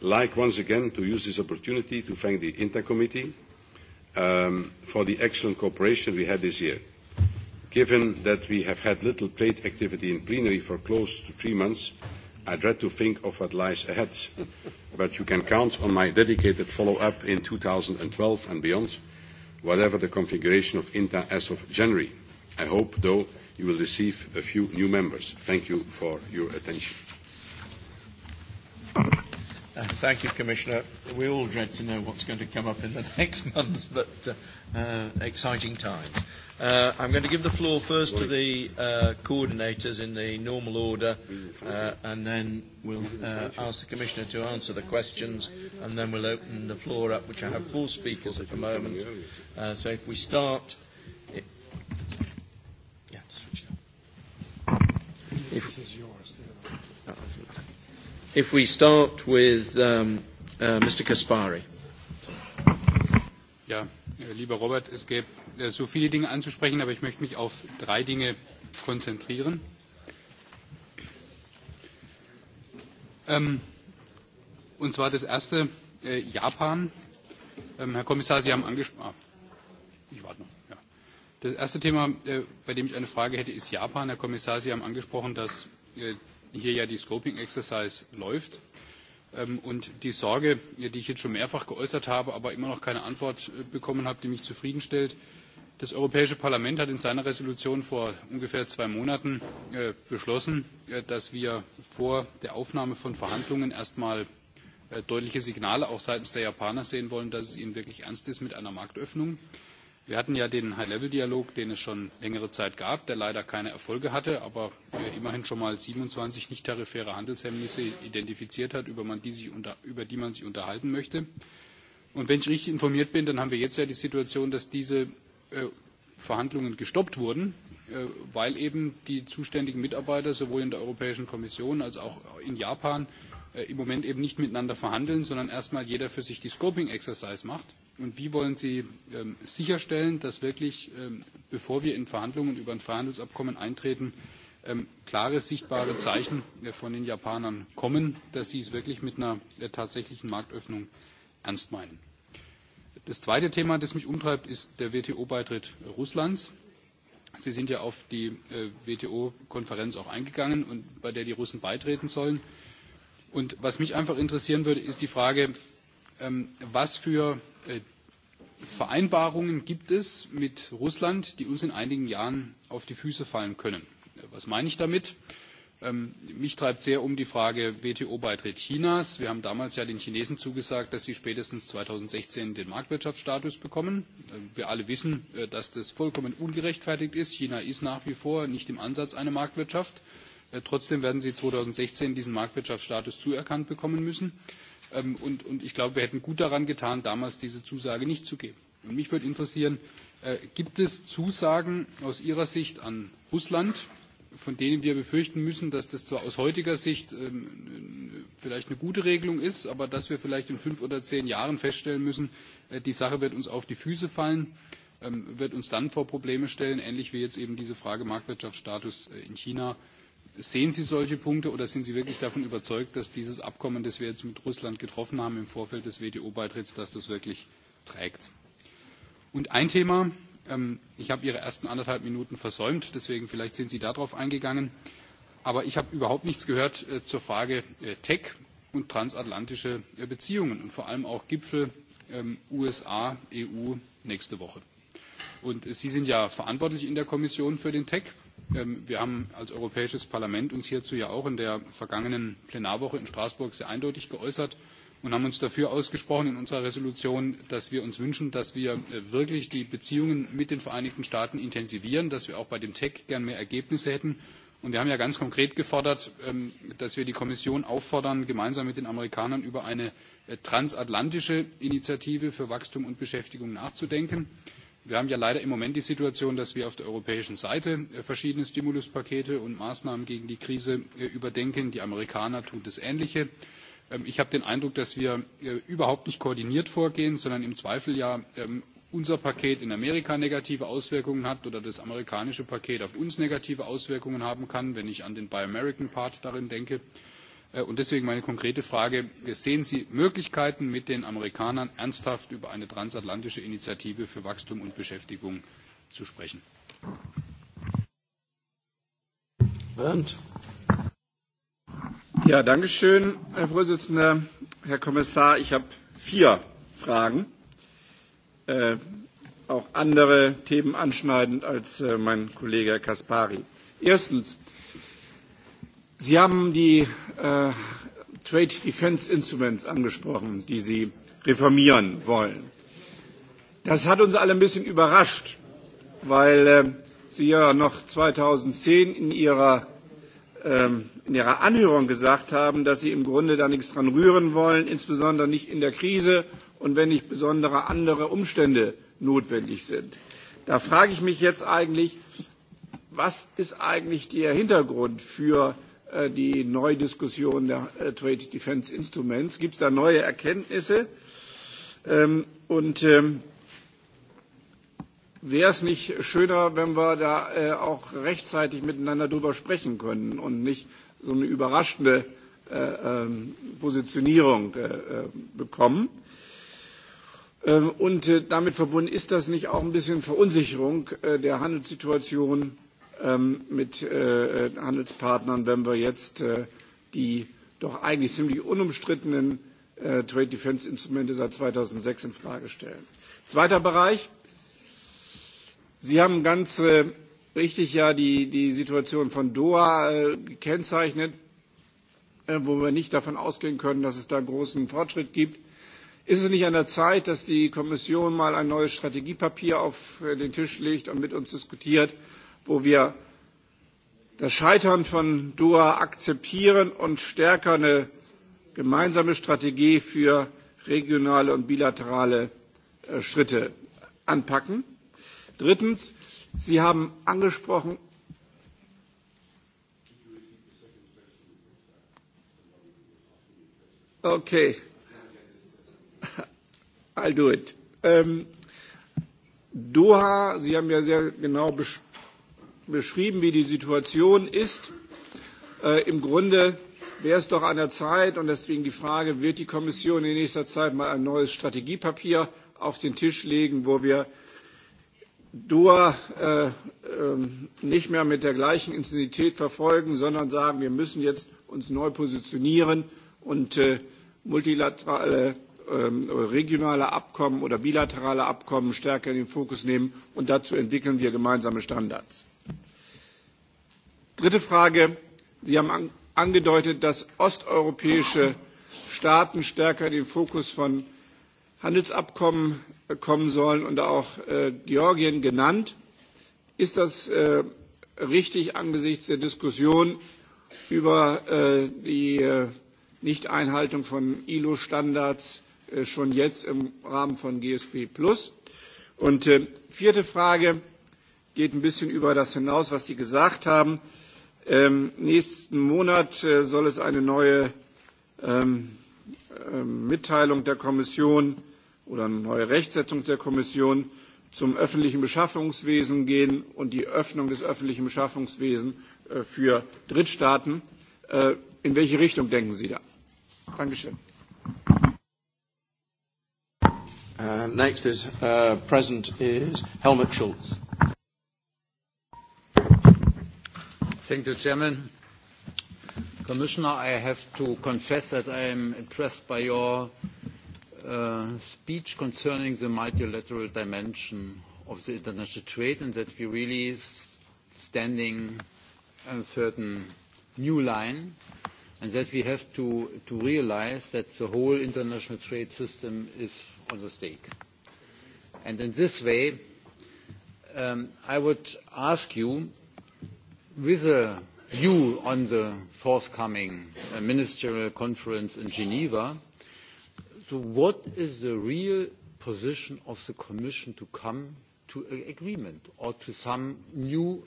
like once again to use this opportunity to thank the INTA Committee um, for the excellent cooperation we had this year. Given that we have had little trade activity in plenary for close to three months, I dread to think of what lies ahead, but you can count on my dedicated follow-up in 2012 and beyond, whatever the configuration of INTA as of January. I hope, though, you will receive a few new members. Thank you for your attention. Thank you, Commissioner. We all dread to know what's going to come up in the next months, but uh, exciting times. Uh, I'm going to give the floor first to the uh, coordinators in the normal order, uh, and then we'll uh, ask the Commissioner to answer the questions, and then we'll open the floor up, which I have four speakers at the moment. Uh, so if we start. If, if we start with um, uh, Mr. Kaspari. Yeah, lieber Robert, es gäbe so viele Dinge anzusprechen, aber ich möchte mich auf drei Dinge konzentrieren. und zwar das erste, Japan. Herr Kommissar, Sie haben angesprochen. ich warte noch. Das erste Thema, bei dem ich eine Frage hätte, ist Japan. Herr Kommissar, Sie haben angesprochen, dass hier ja die Scoping Exercise läuft. Und die Sorge, die ich jetzt schon mehrfach geäußert habe, aber immer noch keine Antwort bekommen habe, die mich zufriedenstellt, das europäische parlament hat in seiner entschließung vor ungefähr zwei monaten beschlossen dass wir vor der aufnahme von verhandlungen erst einmal deutliche signale auch seitens der japaner sehen wollen dass es ihnen wirklich ernst ist mit einer marktöffnung. wir hatten ja den high level dialog den es schon längere zeit gab der leider keine erfolge hatte aber immerhin schon mal siebenundzwanzig nichttarifäre handelshemmnisse identifiziert hat über die man sich unterhalten möchte. und wenn ich richtig informiert bin dann haben wir jetzt ja die situation dass diese Verhandlungen gestoppt wurden, weil eben die zuständigen Mitarbeiter sowohl in der Europäischen Kommission als auch in Japan im Moment eben nicht miteinander verhandeln, sondern erst einmal jeder für sich die Scoping Exercise macht. Und wie wollen Sie sicherstellen, dass wirklich, bevor wir in Verhandlungen über ein Freihandelsabkommen eintreten, klare, sichtbare Zeichen von den Japanern kommen, dass sie es wirklich mit einer tatsächlichen Marktöffnung ernst meinen? Das zweite Thema, das mich umtreibt, ist der WTO-Beitritt Russlands. Sie sind ja auf die WTO-Konferenz auch eingegangen, und bei der die Russen beitreten sollen. Und was mich einfach interessieren würde, ist die Frage, was für Vereinbarungen gibt es mit Russland, die uns in einigen Jahren auf die Füße fallen können? Was meine ich damit? Mich treibt sehr um die Frage WTO-Beitritt Chinas. Wir haben damals ja den Chinesen zugesagt, dass sie spätestens 2016 den Marktwirtschaftsstatus bekommen. Wir alle wissen, dass das vollkommen ungerechtfertigt ist. China ist nach wie vor nicht im Ansatz eine Marktwirtschaft. Trotzdem werden sie 2016 diesen Marktwirtschaftsstatus zuerkannt bekommen müssen. Und ich glaube, wir hätten gut daran getan, damals diese Zusage nicht zu geben. Und mich würde interessieren, gibt es Zusagen aus Ihrer Sicht an Russland, von denen wir befürchten müssen, dass das zwar aus heutiger Sicht vielleicht eine gute Regelung ist, aber dass wir vielleicht in fünf oder zehn Jahren feststellen müssen, die Sache wird uns auf die Füße fallen, wird uns dann vor Probleme stellen, ähnlich wie jetzt eben diese Frage Marktwirtschaftsstatus in China. Sehen Sie solche Punkte oder sind Sie wirklich davon überzeugt, dass dieses Abkommen, das wir jetzt mit Russland getroffen haben im Vorfeld des WTO-Beitritts, dass das wirklich trägt? Und ein Thema, ich habe Ihre ersten anderthalb Minuten versäumt, deswegen vielleicht sind Sie darauf eingegangen. Aber ich habe überhaupt nichts gehört zur Frage Tech und transatlantische Beziehungen und vor allem auch Gipfel USA, EU nächste Woche. Und Sie sind ja verantwortlich in der Kommission für den Tech. Wir haben als Europäisches Parlament uns hierzu ja auch in der vergangenen Plenarwoche in Straßburg sehr eindeutig geäußert und haben uns dafür ausgesprochen in unserer Entschließung, dass wir uns wünschen, dass wir wirklich die Beziehungen mit den Vereinigten Staaten intensivieren, dass wir auch bei dem TEC gern mehr Ergebnisse hätten. Und wir haben ja ganz konkret gefordert, dass wir die Kommission auffordern, gemeinsam mit den Amerikanern über eine transatlantische Initiative für Wachstum und Beschäftigung nachzudenken. Wir haben ja leider im Moment die Situation, dass wir auf der europäischen Seite verschiedene Stimuluspakete und Maßnahmen gegen die Krise überdenken. Die Amerikaner tun das Ähnliche ich habe den Eindruck, dass wir überhaupt nicht koordiniert vorgehen, sondern im Zweifel ja unser Paket in Amerika negative Auswirkungen hat oder das amerikanische Paket auf uns negative Auswirkungen haben kann, wenn ich an den Buy American Part darin denke. Und deswegen meine konkrete Frage, sehen Sie Möglichkeiten, mit den Amerikanern ernsthaft über eine transatlantische Initiative für Wachstum und Beschäftigung zu sprechen? Bernd? Herr Präsident, Herr Kommissar. Ich habe vier Fragen, auch andere Themen anschneidend als mein Kollege Herr caspary. Erstens, Sie haben die Trade Defence Instruments angesprochen, die Sie reformieren wollen. Das hat uns alle ein bisschen überrascht, weil Sie ja noch zweitausendzehn in Ihrer in ihrer Anhörung gesagt haben, dass sie im Grunde da nichts dran rühren wollen, insbesondere nicht in der Krise und wenn nicht besondere andere Umstände notwendig sind. Da frage ich mich jetzt eigentlich, was ist eigentlich der Hintergrund für die Neudiskussion der Trade Defence Instruments? Gibt es da neue Erkenntnisse? und wäre es nicht schöner, wenn wir da auch rechtzeitig miteinander darüber sprechen können und nicht so eine überraschende Positionierung bekommen. Und damit verbunden ist das nicht auch ein bisschen Verunsicherung der Handelssituation mit Handelspartnern, wenn wir jetzt die doch eigentlich ziemlich unumstrittenen Trade Defense Instrumente seit 2006 in Frage stellen. Zweiter Bereich. Sie haben ganz richtig ja die, die Situation von Doha äh, gekennzeichnet, äh, wo wir nicht davon ausgehen können, dass es da großen Fortschritt gibt. Ist es nicht an der Zeit, dass die Kommission mal ein neues Strategiepapier auf den Tisch legt und mit uns diskutiert, wo wir das Scheitern von Doha akzeptieren und stärker eine gemeinsame Strategie für regionale und bilaterale Schritte anpacken? Drittens, Sie haben angesprochen, Okay. I'll do it. Ähm, Doha, Sie haben ja sehr genau besch beschrieben, wie die Situation ist. Äh, Im Grunde wäre es doch an der Zeit, und deswegen die Frage, wird die Kommission in nächster Zeit mal ein neues Strategiepapier auf den Tisch legen, wo wir DUA nicht mehr mit der gleichen Intensität verfolgen, sondern sagen, wir müssen jetzt uns neu positionieren und multilaterale, regionale Abkommen oder bilaterale Abkommen stärker in den Fokus nehmen. Und dazu entwickeln wir gemeinsame Standards. Dritte Frage. Sie haben angedeutet, dass osteuropäische Staaten stärker in den Fokus von Handelsabkommen kommen sollen und auch Georgien genannt. Ist das richtig angesichts der Diskussion über die Nichteinhaltung von ILO-Standards schon jetzt im Rahmen von GSP Und vierte Frage geht ein bisschen über das hinaus, was Sie gesagt haben. nächsten Monat soll es eine neue Mitteilung der Kommission oder eine neue Rechtsetzung der Kommission zum öffentlichen Beschaffungswesen gehen und die Öffnung des öffentlichen Beschaffungswesens für Drittstaaten. In welche Richtung denken Sie da? Dankeschön. next is present is Helmut Schulz. Thank you, Chairman. Commissioner, I have to confess that I am impressed by your speech concerning the multilateral dimension of the international trade and that we really standing on a certain new line and that we have to, to realize that the whole international trade system is on the stake. And in this way, um, I would ask you, with a view on the forthcoming uh, ministerial conference in Geneva, what is the real position of the Commission to come to an agreement or to some new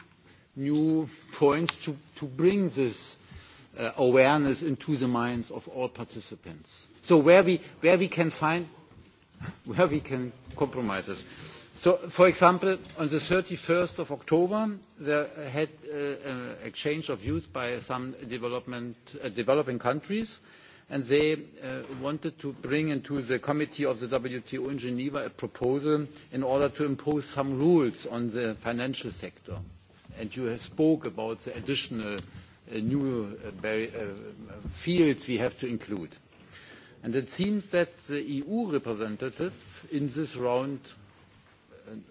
new points to, to bring this uh, awareness into the minds of all participants. So where we, where we can find, where we can compromise this. So, for example, on the 31st of October, there had uh, exchange of views by some development, uh, developing countries uh, and they wanted to bring into the committee of the WTO in Geneva a proposal in order to impose some rules on the financial sector. And you spoke about the additional new fields we have to include. it seems that the EU representative in this round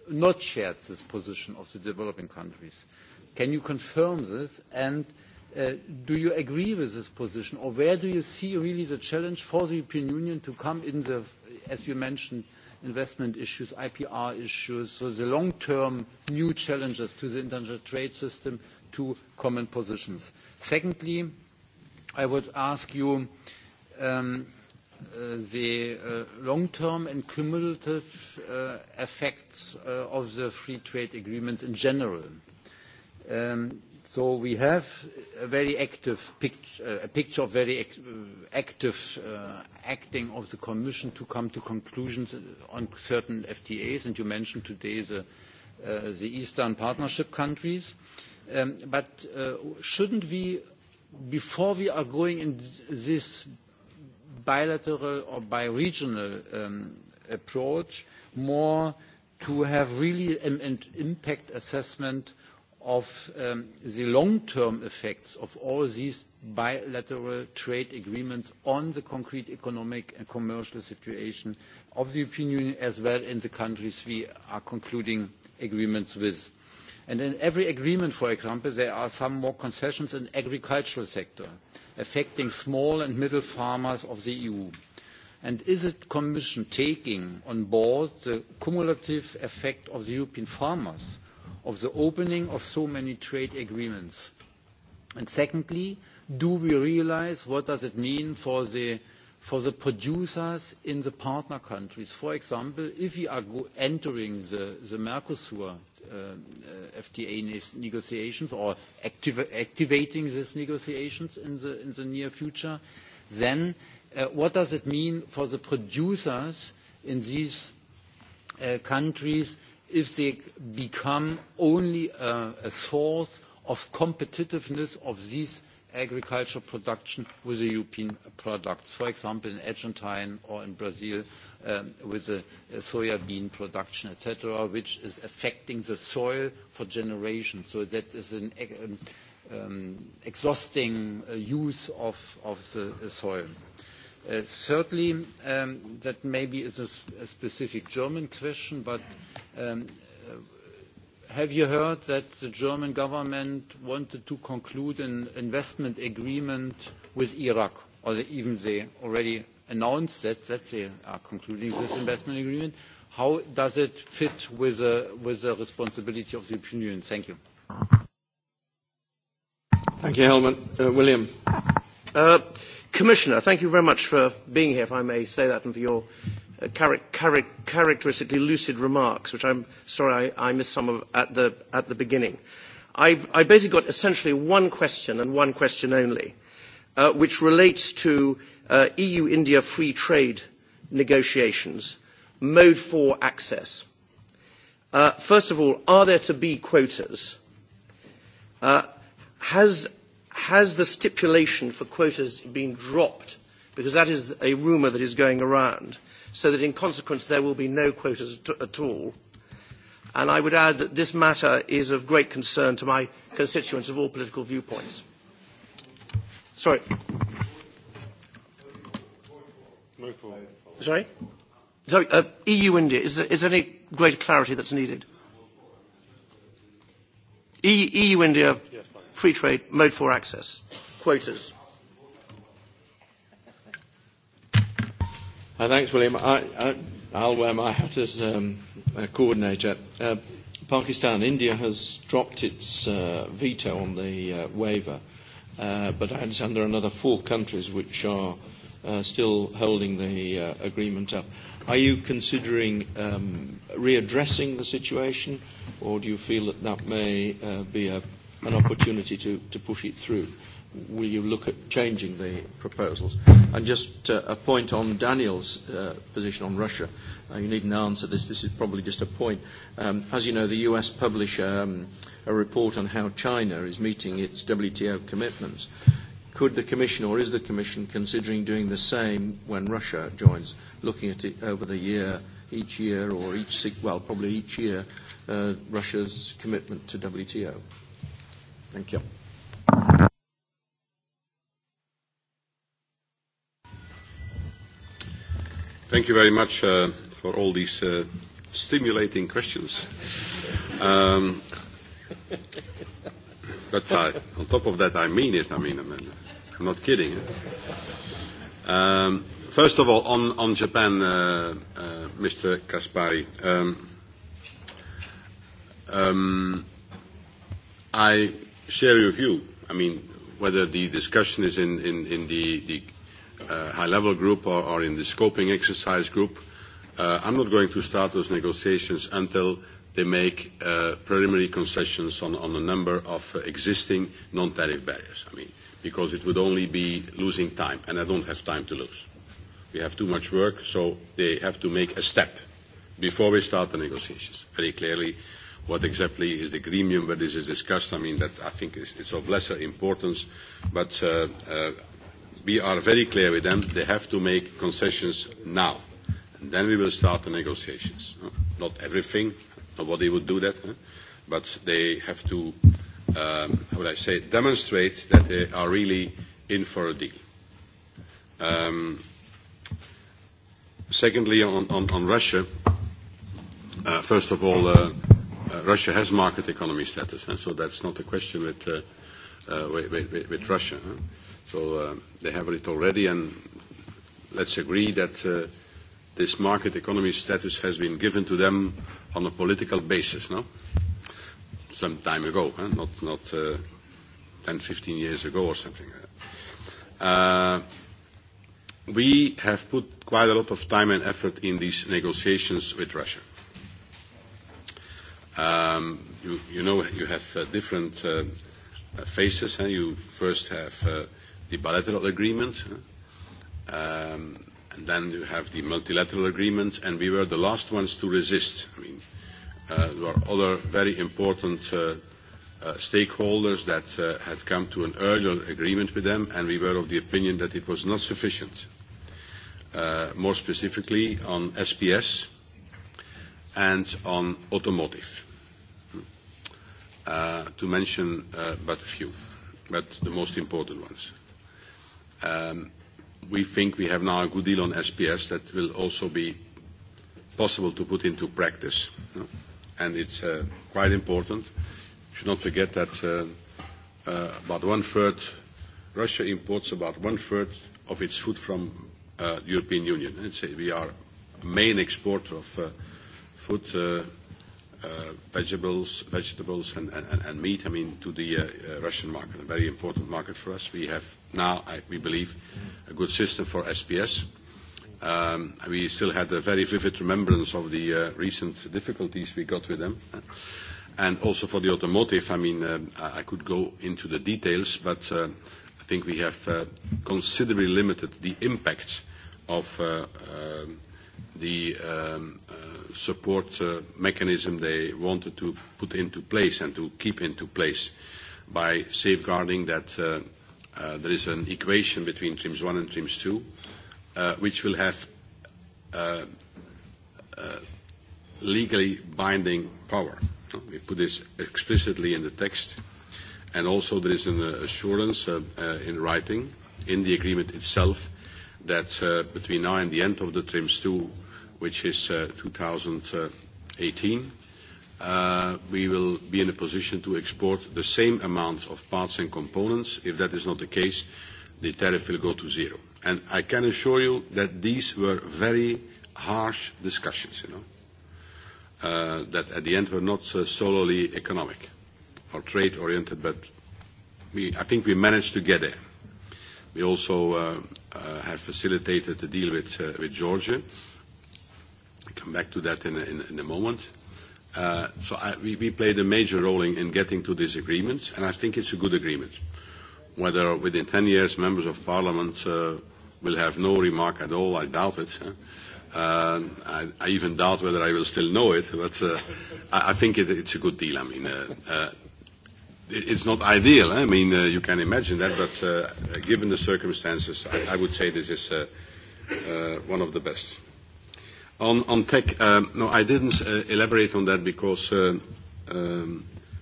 not shared this position of the developing countries. Can you confirm this? And do you agree with this position, or where do you see really the challenge for the European Union to come in the, as you mentioned, investment issues, IPR issues, so the long-term new challenges to the international trade system to common positions? Secondly, I would ask you, the long-term and cumulative effects of the free trade agreements in general. So we have a very active a picture of very active acting of the Commission to come to conclusions on certain FTAs, and you mentioned today the Eastern Partnership countries. But shouldn't we, before we are going in this bilateral or bi-regional approach, more to have really an impact assessment of the long-term effects of all these bilateral trade agreements on the concrete economic and commercial situation of the European Union as well in the countries we are concluding agreements with. In every agreement, for example, there are some more concessions in the agricultural sector affecting small and middle farmers of the EU. And Is the Commission taking on board the cumulative effect of the European farmers of the opening of so many trade agreements? And secondly, do we realise what does it mean for the for the producers in the partner countries? For example, if we are entering the the Mercosur FTA negotiations or activating these negotiations in the near future, then what does it mean for the producers in these countries if they become only a source of competitiveness of these agricultural production with the European products, for example, in Argentina or in Brazil, with the soybean production, et cetera, which is affecting the soil for generations. So That is an exhausting use of the soil. Thirdly, that maybe is a specific German question, but have you heard that the German government wanted to conclude an investment agreement with Iraq, or even they already announced that they are concluding this investment agreement? How does it fit with the responsibility of the European Union? Thank you. Thank you, Helmut. William. Commissioner, thank you very much for being here, if I may say that, and for your characteristically lucid remarks, which I'm sorry I, I missed some of at the, at the beginning. I've, I basically got essentially one question and one question only, which relates to EU-India free trade negotiations, mode four access. first of all, are there to be quotas? has has the stipulation for quotas been dropped? Because that is a rumour that is going around, so that in consequence there will be no quotas at all. And I would add that this matter is of great concern to my constituents of all political viewpoints. Sorry. Sorry? Sorry, uh, EU-India, is, there is there any greater clarity that's needed? EU-India free trade, mode four access, quotas. Uh, thanks, William. I, I, I'll wear my hat as um, a coordinator. Uh, Pakistan, India has dropped its uh, veto on the uh, waiver, uh, but I understand there are another four countries which are uh, still holding the uh, agreement up. Are you considering um, readdressing the situation, or do you feel that that may uh, be a an opportunity to, to push it through. Will you look at changing the proposals? And just uh, a point on Daniel's uh, position on Russia. Uh, you needn't answer this. This is probably just a point. Um, as you know, the US published um, a report on how China is meeting its WTO commitments. Could the Commission or is the Commission considering doing the same when Russia joins, looking at it over the year, each year or each, well, probably each year, uh, Russia's commitment to WTO? Thank you. Thank you very much uh, for all these uh, stimulating questions. Um, but I, on top of that, I mean it. I mean, I'm, I'm not kidding. Um, first of all, on, on Japan, uh, uh, Mr. Kaspari, um, um, I share your view. I mean, whether the discussion is in, in, in the, the uh, high-level group or, or in the scoping exercise group, uh, I'm not going to start those negotiations until they make uh, preliminary concessions on, on a number of uh, existing non-tariff barriers. I mean, because it would only be losing time, and I don't have time to lose. We have too much work, so they have to make a step before we start the negotiations. Very clearly, What exactly is the gremium where this is discussed? I mean, that I think is, is of lesser importance, but uh, uh, we are very clear with them. They have to make concessions now, and then we will start the negotiations. Not everything, nobody would do that, but they have to, um, how would I say, demonstrate that they are really in for a deal. Um, secondly, on, on, on Russia, uh, first of all, uh, Russia has market economy status, and so that's not a question with, uh, uh, with, with, with Russia. Huh? So uh, they have it already, and let's agree that uh, this market economy status has been given to them on a political basis, no? Some time ago, huh? not, not uh, 10, 15 years ago or something. Uh, we have put quite a lot of time and effort in these negotiations with Russia Um, you, you know you have uh, different uh, phases. Huh? You first have uh, the bilateral agreement, huh? um, and then you have the multilateral agreement, and we were the last ones to resist. I mean, uh, there were other very important uh, uh, stakeholders that uh, had come to an earlier agreement with them, and we were of the opinion that it was not sufficient. Uh, more specifically on SPS and on automotive uh, to mention uh, but a few, but the most important ones. Um, we think we have now a good deal on SPS that will also be possible to put into practice. And it's uh, quite important. You should not forget that uh, uh, about one-third, Russia imports about one-third of its food from uh, the European Union. It's, we are a main exporter of uh, food uh, vegetables, vegetables and, and, and meat, I mean, to the uh, Russian market, a very important market for us. We have now, I, we believe, a good system for SPS. we still had a very vivid remembrance of the recent difficulties we got with them. And also for the automotive, I mean, I, I could go into the details, but uh, I think we have uh, considerably limited the impact of uh, uh, the uh, support uh, mechanism they wanted to put into place and to keep into place by safeguarding that uh, uh, there is an equation between TRIMS 1 and TRIMS 2, uh, which will have uh, uh, legally binding power. We put this explicitly in the text, and also there is an assurance uh, uh, in writing in the agreement itself that uh, between now and the end of the TRIMS 2 which is 2018, we will be in a position to export the same amount of parts and components. If that is not the case, the tariff will go to zero. And I can assure you that these were very harsh discussions, you know, that at the end were not solely economic or trade-oriented, but we, I think we managed to get there. We also have facilitated the deal with, with Georgia. I come back to that in a, in, in a moment. Uh, so I, we, we played a major role in, in getting to this agreement, and I think it's a good agreement. Whether within 10 years members of parliament uh, will have no remark at all, I doubt it. Uh, I, I even doubt whether I will still know it, but uh, I, I think it, it's a good deal. I mean, uh, uh, it, it's not ideal. I mean, uh, you can imagine that, but uh, given the circumstances, I, I would say this is uh, uh, one of the best. On tech, no, I didn't elaborate on that because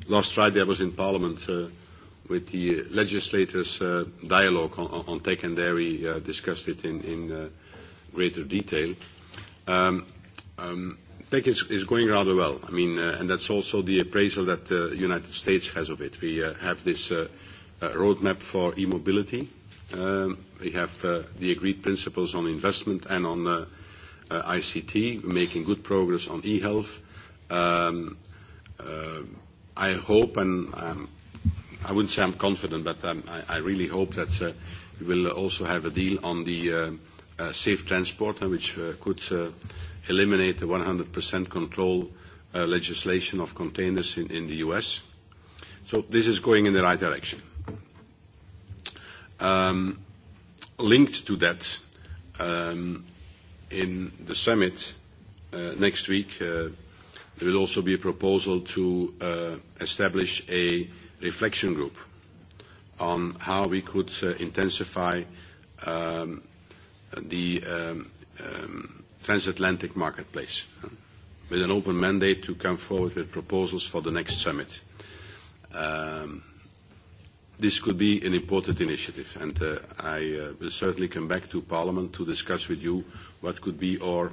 last Friday I was in Parliament with the legislators' dialogue on tech, and there we discussed it in greater detail. Tech is going rather well. I mean, and that's also the appraisal that the United States has of it. We have this roadmap for e-mobility. We have the agreed principles on investment and on ICT, we're making good progress on e-health. I hope, and I wouldn't say I'm confident, but I really hope that we will also have a deal on the safe transport, which could eliminate the 100% control legislation of containers in the U.S. So this is going in the right direction. Linked to that, in the summit uh, next week, uh, there will also be a proposal to uh, establish a reflection group on how we could uh, intensify um, the um, um, transatlantic marketplace with an open mandate to come forward with proposals for the next summit. Um, this could be an important initiative, and uh, I uh, will certainly come back to Parliament to discuss with you what could be our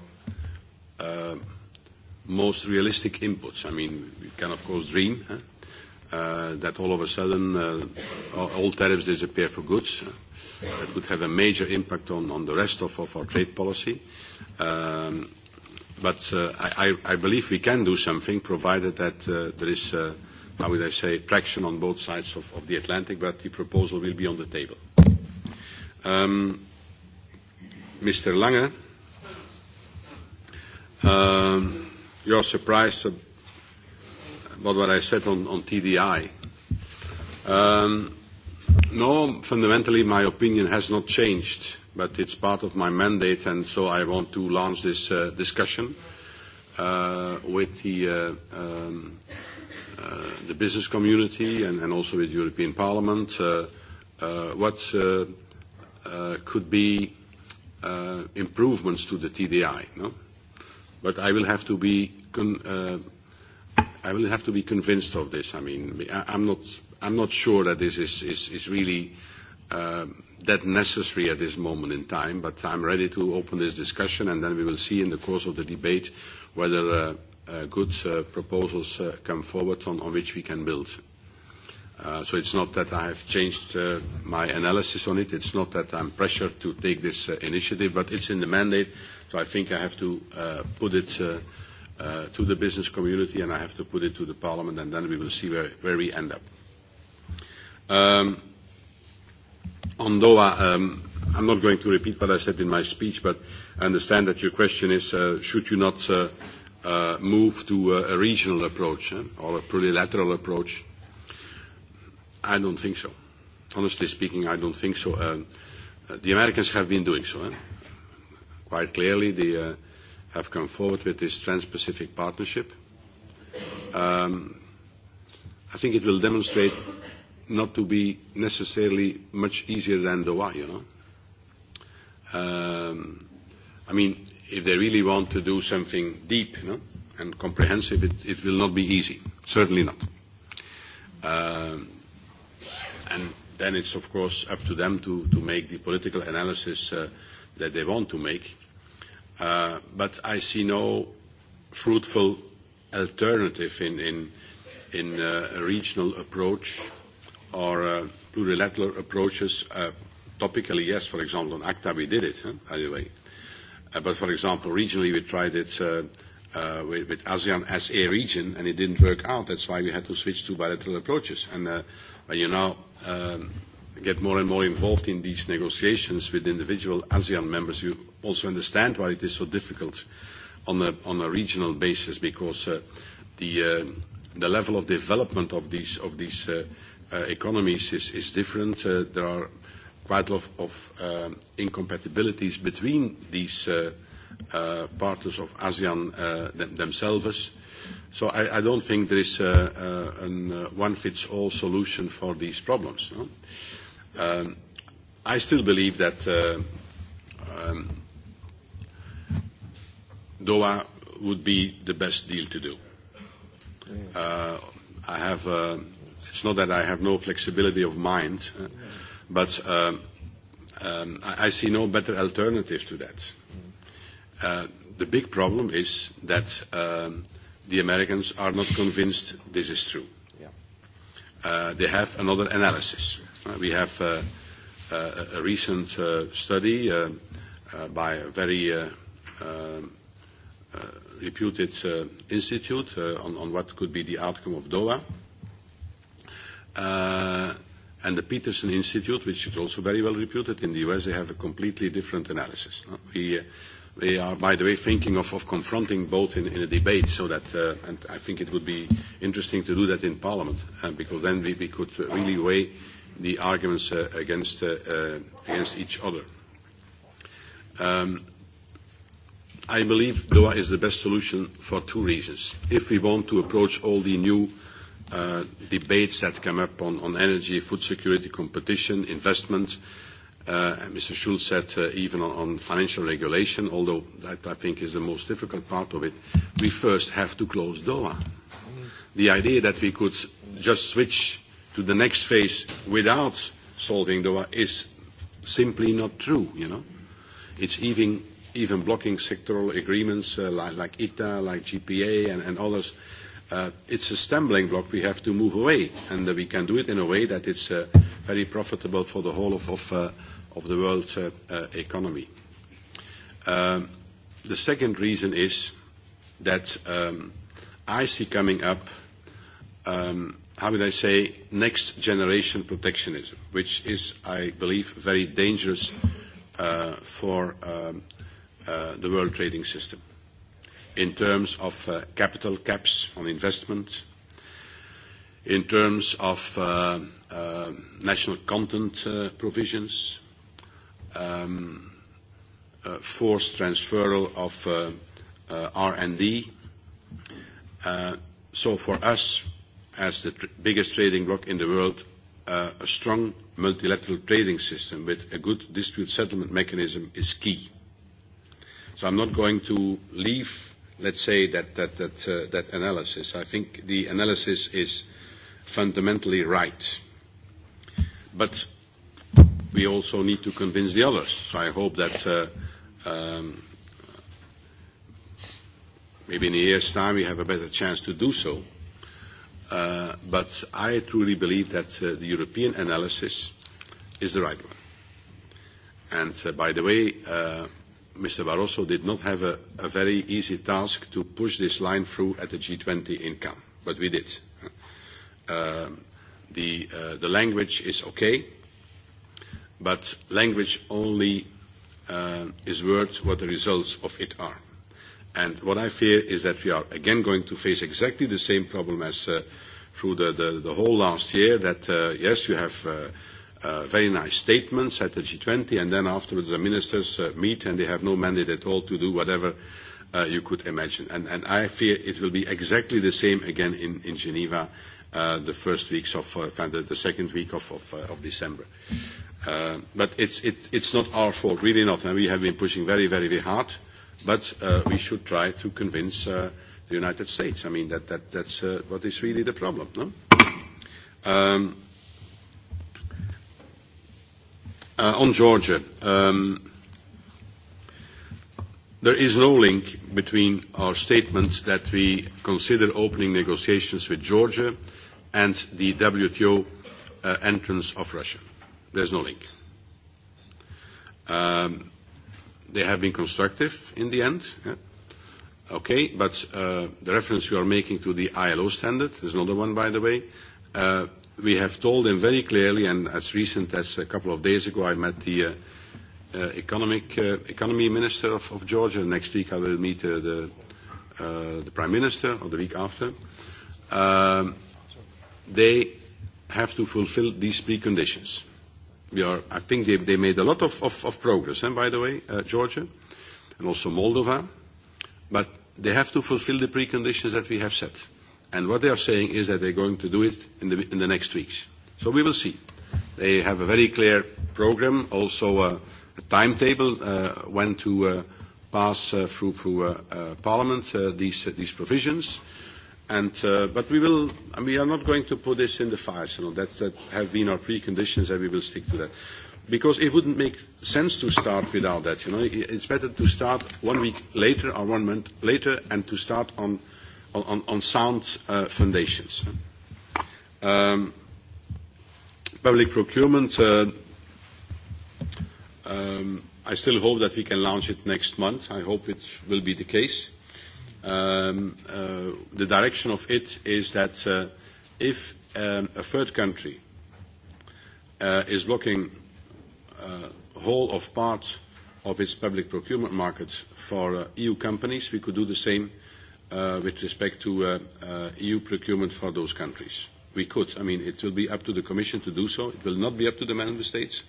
uh, most realistic inputs. I mean, we can of course dream huh? uh, that all of a sudden uh, all tariffs disappear for goods. That would have a major impact on, on the rest of, of our trade policy. Um, but uh, I, I believe we can do something, provided that uh, there is. Uh, how would I say, traction on both sides of, of the Atlantic, but the proposal will be on the table. Um, Mr. Lange, um, you're surprised about what I said on, on TDI. Um, no, fundamentally my opinion has not changed, but it's part of my mandate and so I want to launch this uh, discussion uh, with the uh, um, uh, the business community and, and also with European Parliament, uh, uh, what uh, uh, could be uh, improvements to the TDI. No? But I will have to be con- uh, I will have to be convinced of this. I mean, I, I'm not I'm not sure that this is is, is really uh, that necessary at this moment in time. But I'm ready to open this discussion, and then we will see in the course of the debate whether. Uh, uh, good uh, proposals uh, come forward on, on which we can build. so it's not that I have changed uh, my analysis on it. It's not that I'm pressured to take this initiative, but it's in the mandate. So I think I have to uh, put it uh, uh, to the business community and I have to put it to the parliament, and then we will see where, where we end up. on Doha, I'm not going to repeat what I said in my speech, but I understand that your question is, uh, should you not uh, uh, move to a, a regional approach eh, or a plurilateral approach? I don't think so. Honestly speaking, I don't think so. the Americans have been doing so. Eh? Quite clearly, they uh, have come forward with this Trans-Pacific Partnership. Um, I think it will demonstrate not to be necessarily much easier than the why, you know. Um, I mean, if they really want to do something deep no? and comprehensive, it, it will not be easy. Certainly not. Uh, and then it's, of course, up to them to, to make the political analysis uh, that they want to make. Uh, but I see no fruitful alternative in, in, in uh, a regional approach or uh, plurilateral approaches. Uh, topically, yes, for example, on ACTA we did it, huh, by the way But for example, regionally, we tried it with with ASEAN as a region, and it didn't work out. That's why we had to switch to bilateral approaches. And when you now get more and more involved in these negotiations with individual ASEAN members, you also understand why it is so difficult on a on a regional basis, because the the level of development of these of these economies is is different. There are quite a lot of um, incompatibilities between these uh, uh, partners of ASEAN uh, them, themselves. So I, I don't think there is a, a, a one-fits-all solution for these problems. No? Um, I still believe that uh, um, Doha would be the best deal to do. Uh, I have, uh, it's not that I have no flexibility of mind. Uh, But I see no better alternative to that. The big problem is that the Americans are not convinced this is true. They have another analysis. We have a recent study by a very reputed institute on what could be the outcome of Doha and the Peterson Institute, which is also very well reputed in the US, they have a completely different analysis. We, uh, we are, by the way, thinking of, of confronting both in, in a debate, so that, uh, and I think it would be interesting to do that in Parliament, uh, because then we, we could really weigh the arguments uh, against, uh, uh, against each other. Um, I believe Doha is the best solution for two reasons. If we want to approach all the new debates that come up on energy, food security, competition, investment, and Mr. Schulz said even on financial regulation, although that I think is the most difficult part of it, we first have to close Doha. The idea that we could just switch to the next phase without solving Doha is simply not true, you know. It's even even blocking sectoral agreements like ITA, like GPA, and others uh, it's a stumbling block. We have to move away, and uh, we can do it in a way that it's uh, very profitable for the whole of, of, uh, of the world uh, uh, economy. Um, the second reason is that um, I see coming up, um, how would I say, next generation protectionism, which is, I believe, very dangerous uh, for um, uh, the world trading system in terms of uh, capital caps on investment, in terms of uh, uh, national content uh, provisions, um, uh, forced transferal of uh, uh, R&D. Uh, so for us, as the tr- biggest trading bloc in the world, uh, a strong multilateral trading system with a good dispute settlement mechanism is key. So I'm not going to leave let's say, that, that, that, uh, that analysis. I think the analysis is fundamentally right. But we also need to convince the others. So I hope that uh, um, maybe in a year's time we have a better chance to do so. Uh, but I truly believe that uh, the European analysis is the right one. And uh, by the way, uh, Mr. Barroso did not have a, a very easy task to push this line through at the G20 in Cannes, but we did. Um, the, uh, the language is okay, but language only uh, is worth what the results of it are. And what I fear is that we are again going to face exactly the same problem as uh, through the, the, the whole last year, that uh, yes, you have uh, uh, very nice statements at the G20, and then afterwards the ministers uh, meet and they have no mandate at all to do whatever uh, you could imagine. And, and I fear it will be exactly the same again in, in Geneva uh, the first weeks of, uh, the, the second week of, of, uh, of December. Uh, but it's, it, it's not our fault, really not. And we have been pushing very, very, very hard, but uh, we should try to convince uh, the United States. I mean, that, that, that's uh, what is really the problem, no? Um, On Georgia, there is no link between our statement that we consider opening negotiations with Georgia and the WTO entrance of Russia. There's no link. They have been constructive in the end. Okay, but the reference you are making to the ILO standard, there's another one, by the way, we have told him very clearly, and as recent as a couple of days ago, I met the uh, uh, economic, uh, economy minister of, of Georgia. Next week I will meet uh, the, uh, the prime minister, or the week after. Um, they have to fulfill these preconditions. We are, I think they, they made a lot of, of, of progress, and by the way, uh, Georgia, and also Moldova, but they have to fulfill the preconditions that we have set And what they are saying is that they're going to do it in the, in the next weeks. So we will see. They have a very clear program, also a, a timetable uh, when to uh, pass uh, through, through uh, uh, Parliament uh, these, uh, these provisions. And, uh, but we, will, and we are not going to put this in the fire. You that, that have been our preconditions, and we will stick to that because it wouldn't make sense to start without that. You know, it's better to start one week later or one month later and to start on on, on sound uh, foundations. Um, public procurement, uh, um, I still hope that we can launch it next month. I hope it will be the case. Um, uh, the direction of it is that uh, if um, a third country uh, is blocking uh, whole of part of its public procurement market for uh, EU companies, we could do the same uh, with respect to uh, uh, EU procurement for those countries. We could. I mean, it will be up to the Commission to do so. It will not be up to the member states,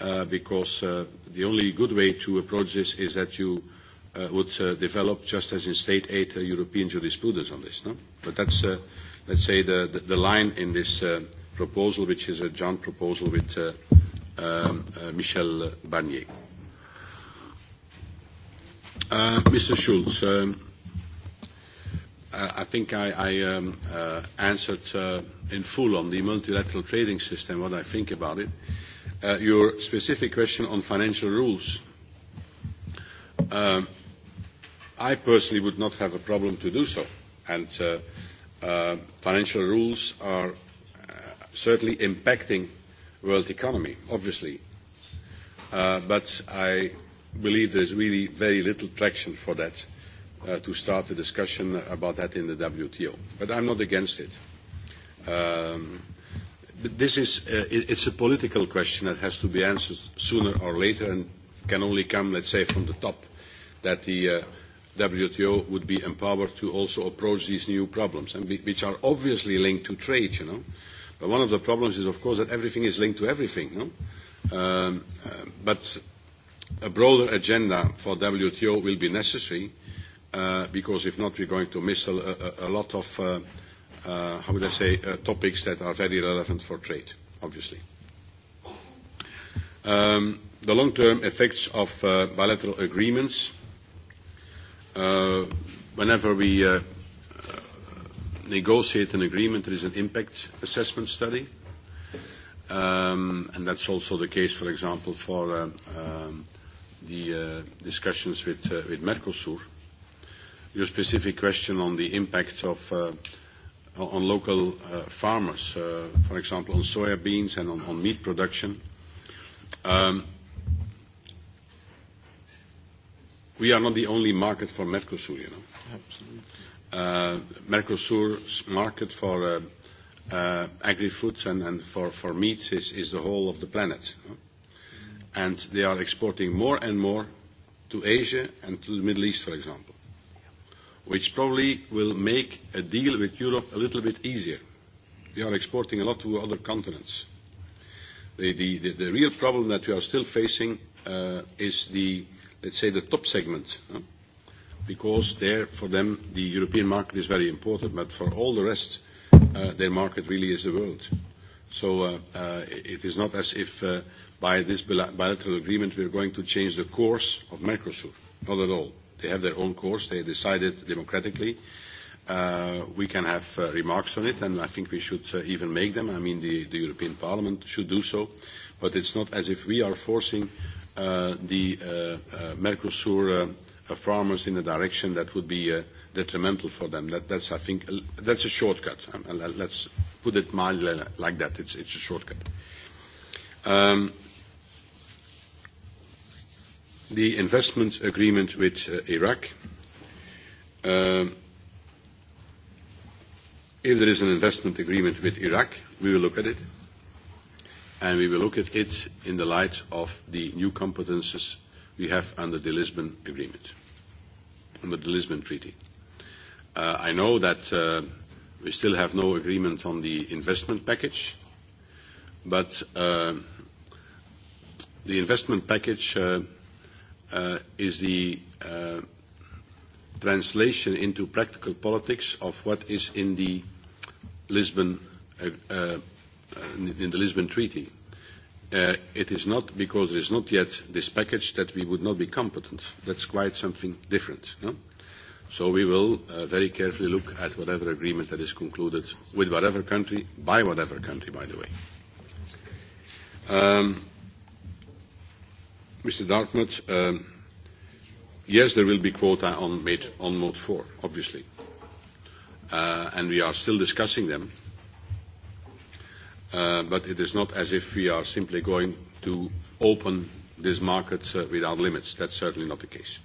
uh, because uh, the only good way to approach this is that you uh, would uh, develop, just as in state aid, uh, European jurisprudence on this. No? But that's, uh, let's say, the, the, the line in this uh, proposal, which is a joint proposal with uh, um, uh, Michel Barnier. Uh, Mr. Schulz. Um, I think I answered in full on the multilateral trading system, what I think about it. Your specific question on financial rules. I personally would not have a problem to do so. And financial rules are certainly impacting world economy, obviously. But I believe there is really very little traction for that to start a discussion about that in the WTO. But I'm not against it. Um, this is uh, it's a political question that has to be answered sooner or later, and can only come, let's say, from the top. That the uh, WTO would be empowered to also approach these new problems, and which are obviously linked to trade, you know. But one of the problems is, of course, that everything is linked to everything, no? Um, uh, but a broader agenda for WTO will be necessary because if not, we're going to miss a lot of, how would I say, topics that are very relevant for trade, obviously. The long-term effects of bilateral agreements. Whenever we negotiate an agreement, there is an impact assessment study. And that's also the case, for example, for the discussions with Mercosur your specific question on the impact of on local farmers, for example, on soybeans and on meat production. We are not the only market for Mercosur, you know. Absolutely. Mercosur's market for agri-foods and for is is the whole of the planet. and They are exporting more and more to Asia and to the Middle East, for example which probably will make a deal with Europe a little bit easier. We are exporting a lot to other continents. The, the, the, the real problem that we are still facing uh, is the, let's say, the top segment, huh? because there, for them, the European market is very important, but for all the rest, uh, their market really is the world. So uh, uh, it is not as if uh, by this bilateral agreement we are going to change the course of Mercosur, not at all They have their own course. They decided democratically. Uh, we can have uh, remarks on it, and I think we should uh, even make them. I mean, the, the European Parliament should do so. But it's not as if we are forcing uh, the uh, uh, Mercosur uh, uh, farmers in a direction that would be uh, detrimental for them. That, that's, I think, that's a shortcut. Um, let's put it mildly like that. It's, it's a shortcut. Um, the investment agreement with Iraq. If there is an investment agreement with Iraq, we will look at it, and we will look at it in the light of the new competences we have under the Lisbon Agreement, under the Lisbon Treaty. I know that we still have no agreement on the investment package, but the investment package uh, is the uh, translation into practical politics of what is in the Lisbon uh, uh, in the Lisbon Treaty. Uh, it is not because there is not yet this package that we would not be competent. That's quite something different. No? So we will uh, very carefully look at whatever agreement that is concluded with whatever country, by whatever country, by the way. Um, Mr. Dartmouth, yes, there will be quota on, mid on Mode 4, obviously. Uh, and we are still discussing them. Uh, but it is not as if we are simply going to open this market uh, without limits. That's certainly not the case.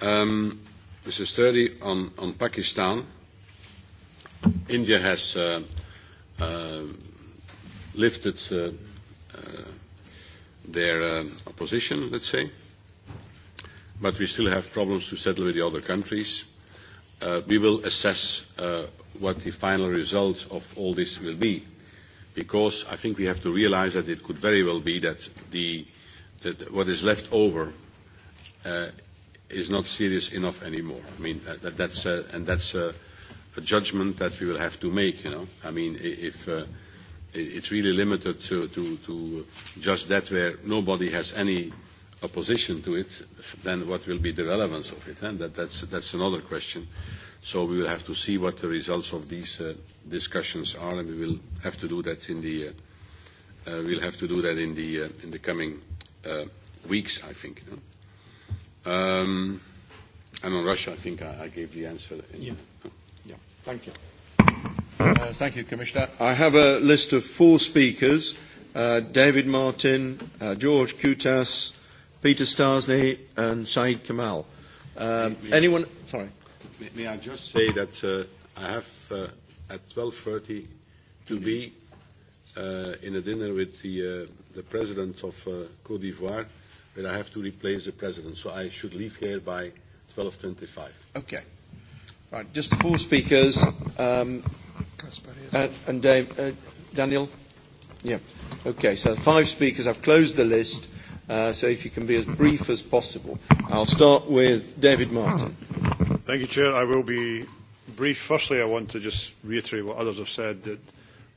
Um, Mr. Sturdy, on, on Pakistan, India has uh, lifted uh, uh, their opposition, let's say. But we still have problems to settle with the other countries. We will assess what the final results of all this will be, because I think we have to realize that it could very well be that the that what is left over is not serious enough anymore. I mean, that that's and that's a judgment that we will have to make, you know. I mean, if it's really limited to, to, to just that where nobody has any opposition to it, then what will be the relevance of it? And that, that's, that's another question. So we will have to see what the results of these uh, discussions are, and we will have to do that in the uh, we'll have to do that in the uh, in the coming uh, weeks, I think. Um, and on Russia, I think I, I gave the answer. In, yeah. yeah. Thank you thank you, Commissioner. I have a list of four speakers, uh, David Martin, uh, George Kutas, Peter Stasny and Saeed Kamal. Um, may, anyone? Sorry. May, may I just say that uh, I have uh, at 12.30 to be uh, in a dinner with the, uh, the president of uh, Cote d'Ivoire, but I have to replace the president, so I should leave here by 12.25. Okay. Right, just four speakers. Um, and Dave, uh, Daniel? Yeah. Okay, so the five speakers. I've closed the list, uh, so if you can be as brief as possible. I'll start with David Martin. Thank you, Chair. I will be brief. Firstly, I want to just reiterate what others have said, that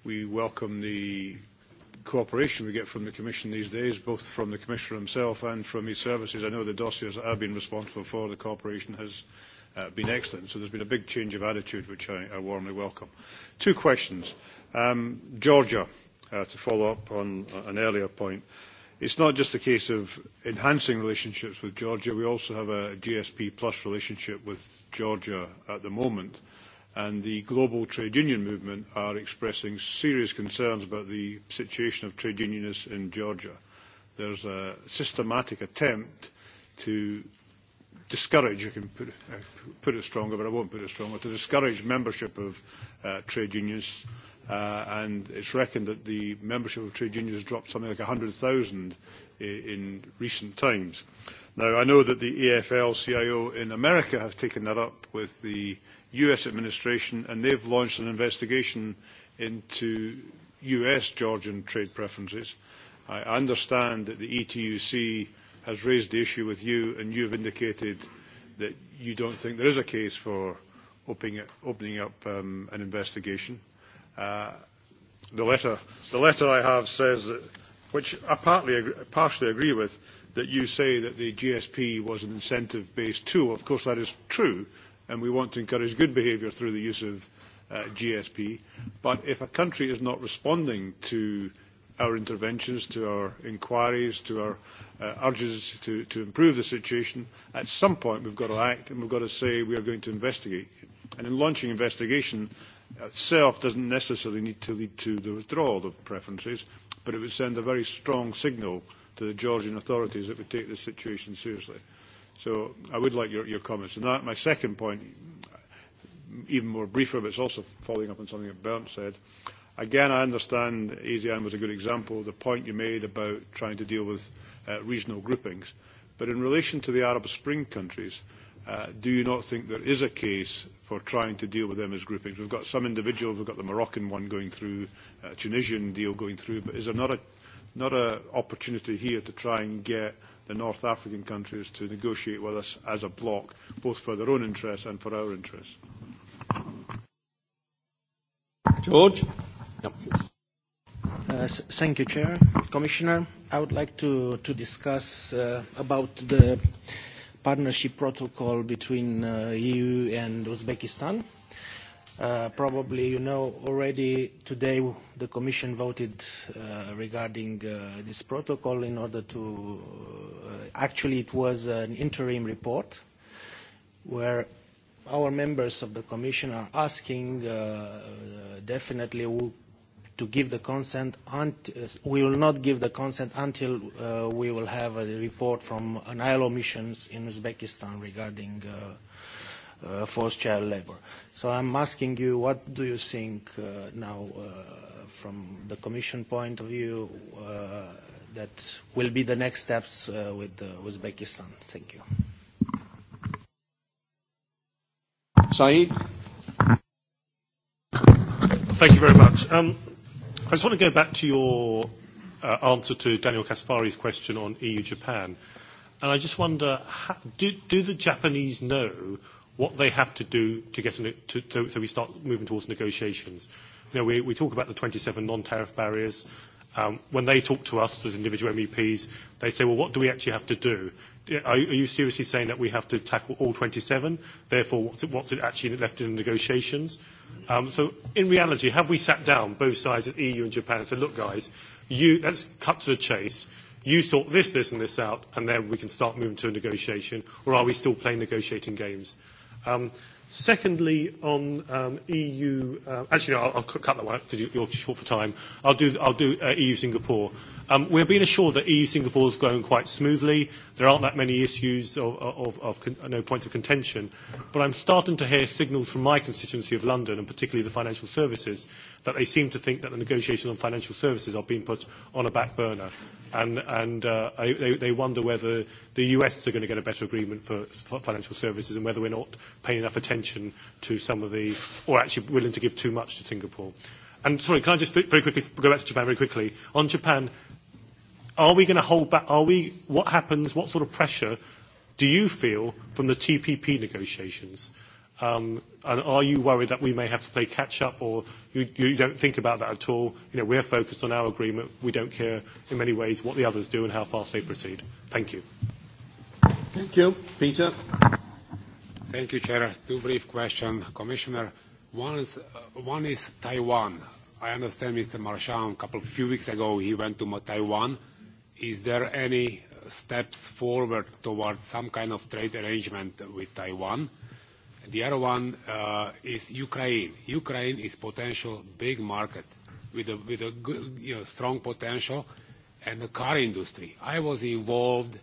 we welcome the cooperation we get from the Commission these days, both from the Commissioner himself and from his services. I know the dossiers that I've been responsible for, the cooperation has uh, been excellent. So there's been a big change of attitude, which I, I warmly welcome. Two questions. Um, Georgia, uh, to follow up on an earlier point. It's not just a case of enhancing relationships with Georgia. We also have a GSP plus relationship with Georgia at the moment. And the global trade union movement are expressing serious concerns about the situation of trade unionists in Georgia. There's a systematic attempt to discourage, you can put, uh, put it stronger, but I won't put it stronger, to discourage membership of uh, trade unions. Uh, and it's reckoned that the membership of trade unions dropped something like 100,000 in recent times. Now, I know that the AFL-CIO in America have taken that up with the US administration, and they've launched an investigation into US-Georgian trade preferences. I understand that the ETUC has raised the issue with you, and you have indicated that you don't think there is a case for opening up um an investigation. The letter I have says that, which I partially agree with, that you say that the GSP was an incentive-based tool. Of course, that is true, and we want to encourage good behaviour through the use of GSP. But if a country is not responding to our interventions, to our inquiries, to our urges us to, to improve the situation, at some point we've got to act and we've got to say we are going to investigate. And in launching investigation itself doesn't necessarily need to lead to the withdrawal of preferences, but it would send a very strong signal to the Georgian authorities that we take this situation seriously. So I would like your, your comments on that. My second point, even more briefer, but it's also following up on something that Bernd said, Again, I understand ASEAN was a good example, of the point you made about trying to deal with uh, regional groupings. But in relation to the Arab Spring countries, uh, do you not think there is a case for trying to deal with them as groupings? We've got some individuals, we've got the Moroccan one going through, uh, Tunisian deal going through, but is there not not an opportunity here to try and get the North African countries to negotiate with us as a bloc, both for their own interests and for our interests. George? Thank you, Chair. Commissioner, I would like to discuss about the partnership protocol between the EU and Uzbekistan. Probably you know already today the Commission voted regarding this protocol in order to... Actually, it was an interim report where our members of the Commission are asking definitely to give the consent. We will not give the consent until we will have a report from an ILO missions in Uzbekistan regarding uh uh forced child labour. So I'm asking you, what do you think now from the Commission point of view that will be the next steps with Uzbekistan? Thank you. Saeed? Thank you very much. Um, I just want to go back to your uh, answer to Daniel Kaspari's question on EU-Japan. And I just wonder, how, do, do the Japanese know what they have to do to get an, to, so we start moving towards negotiations? we, we talk about the 27 non-tariff barriers. Um, when they talk to us as individual MEPs, they say, well, what do we actually have to do? are you seriously saying that we have to tackle all 27? Therefore, what's it, what's it actually left in the negotiations? Um, so, in reality, have we sat down, both sides, at EU and Japan, and said, look, guys, you, let's cut to the chase. You sort this, this, and this out, and then we can start moving to a negotiation? Or are we still playing negotiating games? Um, Secondly, on EU, actually, I'll, I'll cut that one because you, you're short for time. I'll do, EU Singapore. we're being assured that EU Singapore is going quite smoothly. There aren't that many issues of, no points of contention. But I'm starting to hear signals from my constituency of London, and particularly the financial services, that they seem to think that the negotiations on financial services are being put on a back burner. And, and uh, I, they, they wonder whether the US are going to get a better agreement for financial services and whether we're not paying enough attention to some of the, or actually willing to give too much to Singapore. And sorry, can I just very quickly go back to Japan very quickly? On Japan, are we going to hold back? Are we, what happens, what sort of pressure do you feel from the TPP negotiations? Um, and are you worried that we may have to play catch up or you, you don't think about that at all? You know, we're focused on our agreement. We don't care in many ways what the others do and how fast they proceed. Thank you. Thank you. Peter. Thank you, Chair. Two brief questions, Commissioner. One is, one is Taiwan. I understand Mr. Marchand, a couple of few weeks ago, he went to Taiwan. Is there any steps forward towards some kind of trade arrangement with Taiwan? The other one is Ukraine. Ukraine is potential big market with a with a good, you know, strong potential and the car industry. I was involved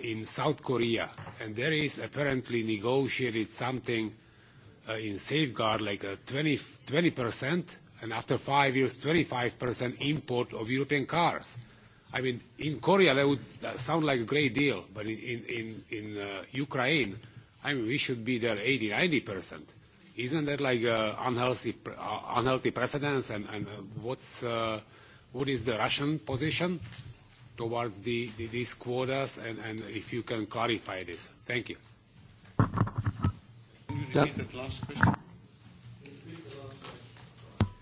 in South Korea, and there is apparently negotiated something in safeguard, like a 20 and after five years, 25% import of European cars. I mean, in Korea, that would sound like a great deal, but in in in Ukraine, I mean, we should be there 80, 90%. Isn't that like uh, unhealthy, uh, unhealthy precedence? And, and uh, what's, uh, what is the Russian position towards the, the, these quotas? And, and if you can clarify this. Thank you. Can you repeat that last question?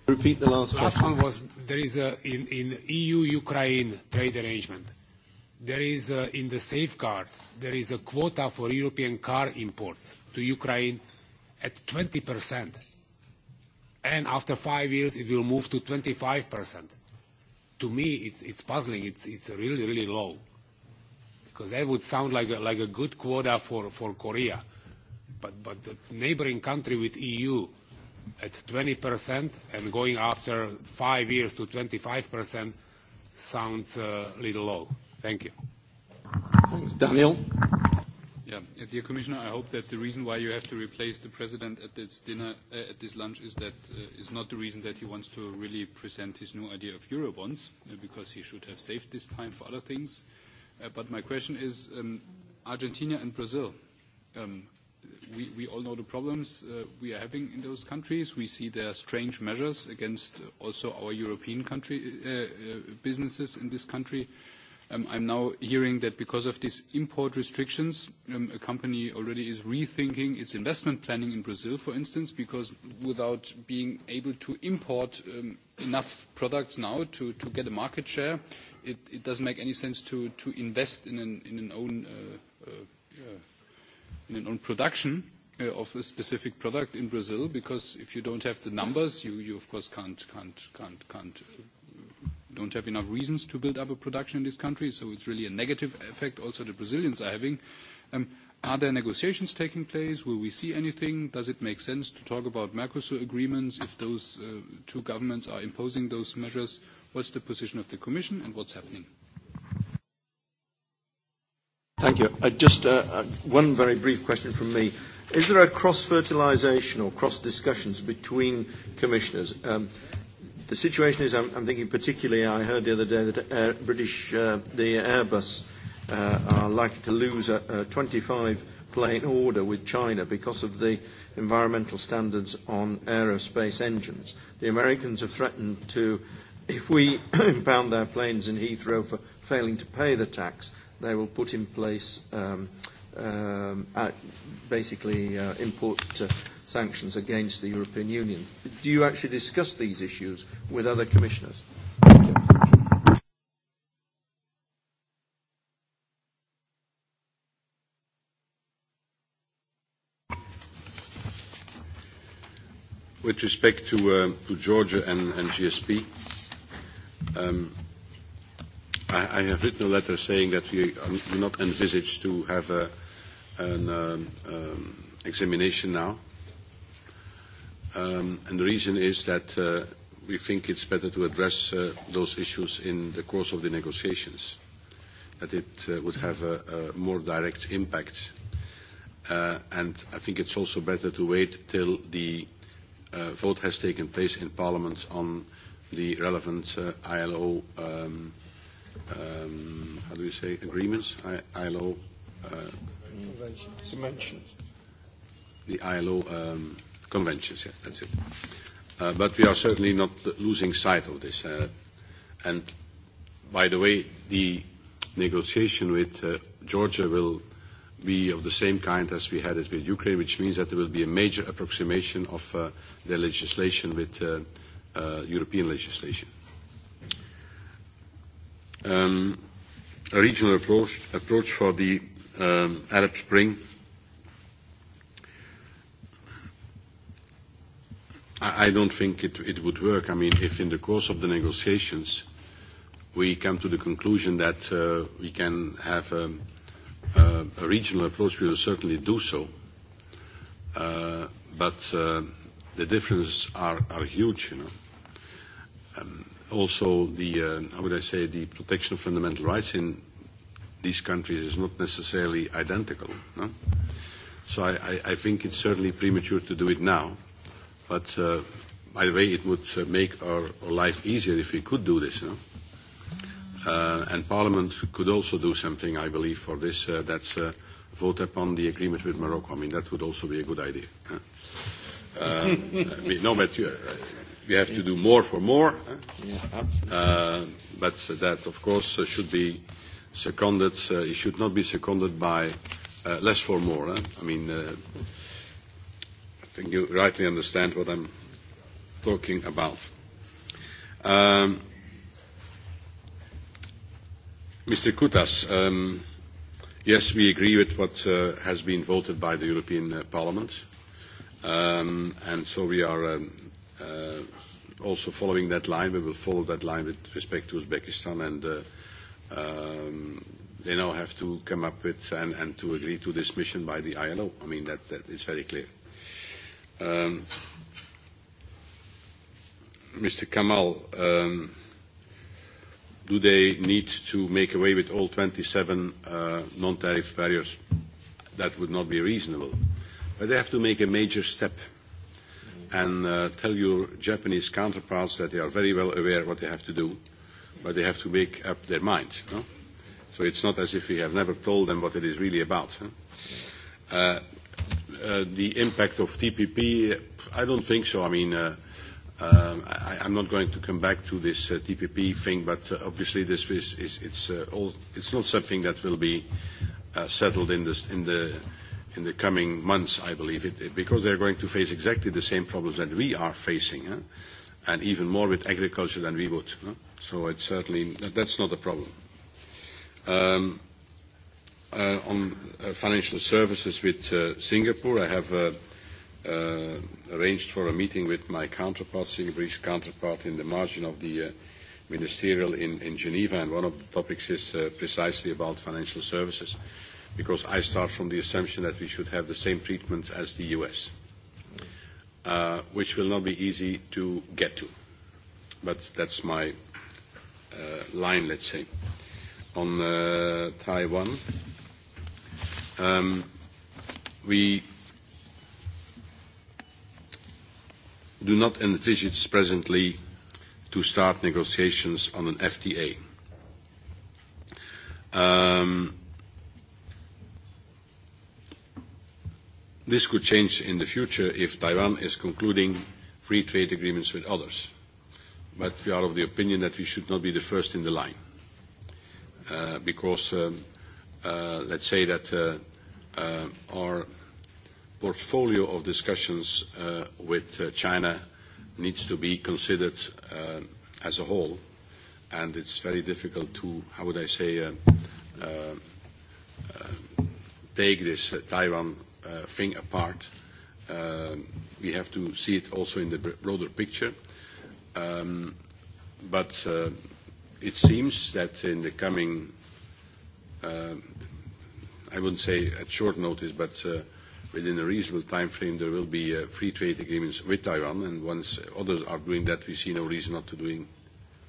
Repeat the last question. Last one was there is a in in EU-Ukraine trade arrangement there is in the safeguard, there is a quota for European car imports to Ukraine at 20%. And after five years, it will move to 25%. To me, it's, it's puzzling. It's, it's really, really low. Because that would sound like a, like a good quota for, for Korea. But, but the neighboring country with EU at 20% and going after five years to 25% sounds a little low. Thank you. Daniel? Yeah. Dear Commissioner, I hope that the reason why you have to replace the president at this dinner, uh, at this lunch, is that uh, is not the reason that he wants to really present his new idea of Eurobonds, uh, because he should have saved this time for other things. Uh, but my question is, um, Argentina and Brazil. Um, we, we all know the problems uh, we are having in those countries. We see their strange measures against also our European country uh, uh, businesses in this country. Uh, I'm now hearing that because of these import restrictions, a company already is rethinking its investment planning in Brazil, for instance, because without being able to import enough products now to get a market share, it doesn't make any sense to invest in an own production of a specific product in Brazil, because if you don't have the numbers, you of course can't don't have enough reasons to build up a production in this country, so it's really a negative effect also the Brazilians are having. Are there negotiations taking place? Will we see anything? Does it make sense to talk about Mercosur agreements if those two governments are imposing those measures? What's the position of the Commission, and what's happening? Thank you. Just one very brief question from me. Is there a cross-fertilisation or cross-discussions between commissioners? The situation is, I'm, I'm thinking particularly, I heard the other day that Air, British, uh, the Airbus uh, are likely to lose a, a 25 plane order with China because of the environmental standards on aerospace engines. The Americans have threatened to, if we impound their planes in Heathrow for failing to pay the tax, they will put in place um, uh, um, basically uh, import uh, sanctions against the European Union. Do you actually discuss these issues with other commissioners? With respect to, uh, to Georgia and, and GSP, um, I, I have written a letter saying that we do not envisage to have a an um, um, examination now. Um, and the reason is that uh, we think it's better to address uh, those issues in the course of the negotiations, that it uh, would have a, a more direct impact. Uh, and I think it's also better to wait till the uh, vote has taken place in Parliament on the relevant uh, ILO, um, um, how do we say, agreements, I, ILO uh, conventions. Conventions. The ILO um, conventions, yeah, that's it. Uh, but we are certainly not losing sight of this. Uh, and by the way, the negotiation with uh, Georgia will be of the same kind as we had it with Ukraine, which means that there will be a major approximation of uh, the legislation with uh, uh, European legislation. Um, a regional approach, approach for the um, Arab Spring. I, I don't think it, it would work. I mean, if in the course of the negotiations we come to the conclusion that uh, we can have a uh, a regional approach, we will certainly do so. Uh, but uh, the differences are, are huge, you know. Um, also, the uh, how would I say the protection of fundamental rights in these countries is not necessarily identical. No? So I, I, I think it's certainly premature to do it now. But uh, by the way, it would uh, make our, our life easier if we could do this. No? Uh, and Parliament could also do something, I believe, for this. Uh, that's uh, vote upon the agreement with Morocco. I mean, that would also be a good idea. Huh? Um, I mean, no, but you, uh, we have to do more for more. Huh? Uh, but that, of course, uh, should be seconded, uh, it should not be seconded by uh, less for more. I mean, uh, I think you rightly understand what I'm talking about. Um, Mr. Kutas, um, yes, we agree with what uh, has been voted by the European Parliament. Um, and so we are uh, also following that line. We will follow that line with respect to Uzbekistan and uh, um, they now have to come up with and, and to agree to this mission by the ILO. I mean, that, that is very clear. Um, Mr. Kamal, um, do they need to make away with all 27 uh, non-tariff barriers? That would not be reasonable. But they have to make a major step and uh, tell your Japanese counterparts that they are very well aware what they have to do but they have to make up their mind. No? So it's not as if we have never told them what it is really about. Huh? Uh, the impact of TPP, I don't think so. I mean, uh, um, I, I'm not going to come back to this uh, TPP thing, but uh, obviously this is, is it's, uh, all, it's not something that will be uh, settled in, this, in, the, in the coming months, I believe, it, it, because they're going to face exactly the same problems that we are facing, huh? and even more with agriculture than we would. Huh? So it's certainly that's not a problem. Um, on uh, financial services with uh, Singapore, I have uh, uh, arranged for a meeting with my counterpart, Singapore's counterpart, in the margin of the uh, ministerial in, in Geneva, and one of the topics is uh, precisely about financial services, because I start from the assumption that we should have the same treatment as the U.S., uh, which will not be easy to get to. But that's my line, let's say, on Taiwan. we do not envisage presently to start negotiations on an FTA. this could change in the future if Taiwan is concluding free trade agreements with others but we are of the opinion that we should not be the first in the line. because let's say that our portfolio of discussions with China needs to be considered as a whole, and it's very difficult to, how would I say, uh, take this Taiwan uh, thing apart. Uh, we have to see it also in the broader picture But it seems that in the coming, I wouldn't say at short notice, but within a reasonable time frame, there will be free trade agreements with Taiwan, and once others are doing that, we see no reason not to doing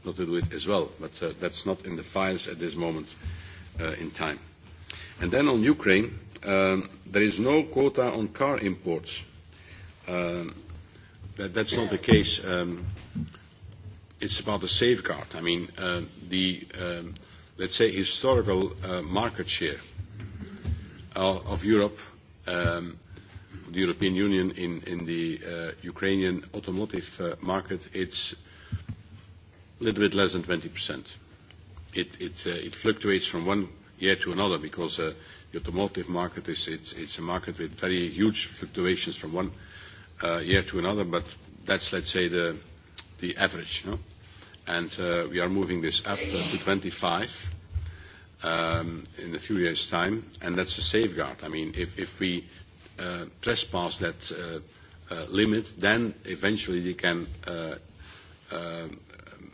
not to do it as well. But that's not in the files at this moment in time. And then on Ukraine, there is no quota on car imports. That's not the case. Um it's about the safeguard. I mean, uh, the, um, let's say, historical uh, market share of Europe, um, the European Union in, in the uh, Ukrainian automotive uh, market, it's a little bit less than 20%. It, it, uh, it fluctuates from one year to another because uh, the automotive market is it's, it's a market with very huge fluctuations from one uh, year to another, but that's, let's say, the, the average. No? And uh, we are moving this up to 25 um, in a few years' time, and that's a safeguard. I mean, if, if we uh, trespass that uh, uh, limit, then eventually they can uh, uh,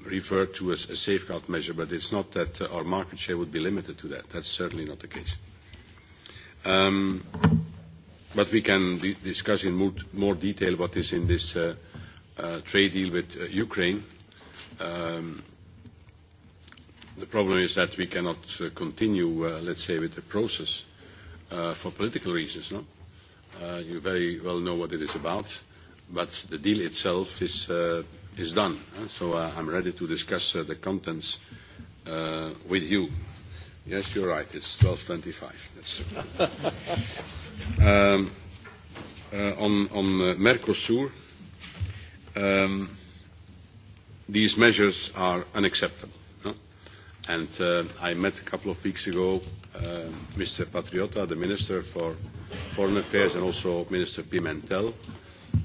refer to a, safeguard measure, but it's not that uh, our market share would be limited to that. That's certainly not the case. Um, but we can discuss in more, more detail what is in this uh, uh, trade deal with uh, Ukraine, um, the problem is that we cannot uh, continue, uh, let's say, with the process uh, for political reasons. No, uh, you very well know what it is about, but the deal itself is uh, is done. Huh? so uh, I'm ready to discuss uh, the contents uh, with you. Yes, you're right. It's 12:25. That's um, uh, on on uh, Mercosur these measures are unacceptable. And I met a couple of weeks ago Mr. Patriota, the Minister for Foreign Affairs, and also Minister Pimentel,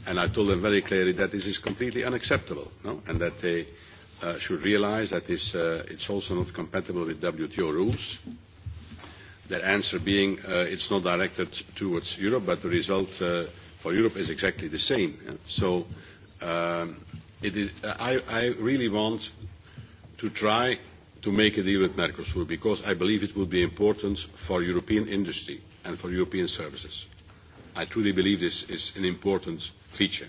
and I told them very clearly that this is completely unacceptable, and that they should realise that this, uh, it's also not compatible with WTO rules. Their answer being uh, it's not directed towards Europe, but the result for Europe is exactly the same. So Um, I, I really want to try to make a deal with Mercosur because I believe it would be important for European industry and for European services. I truly believe this is an important feature.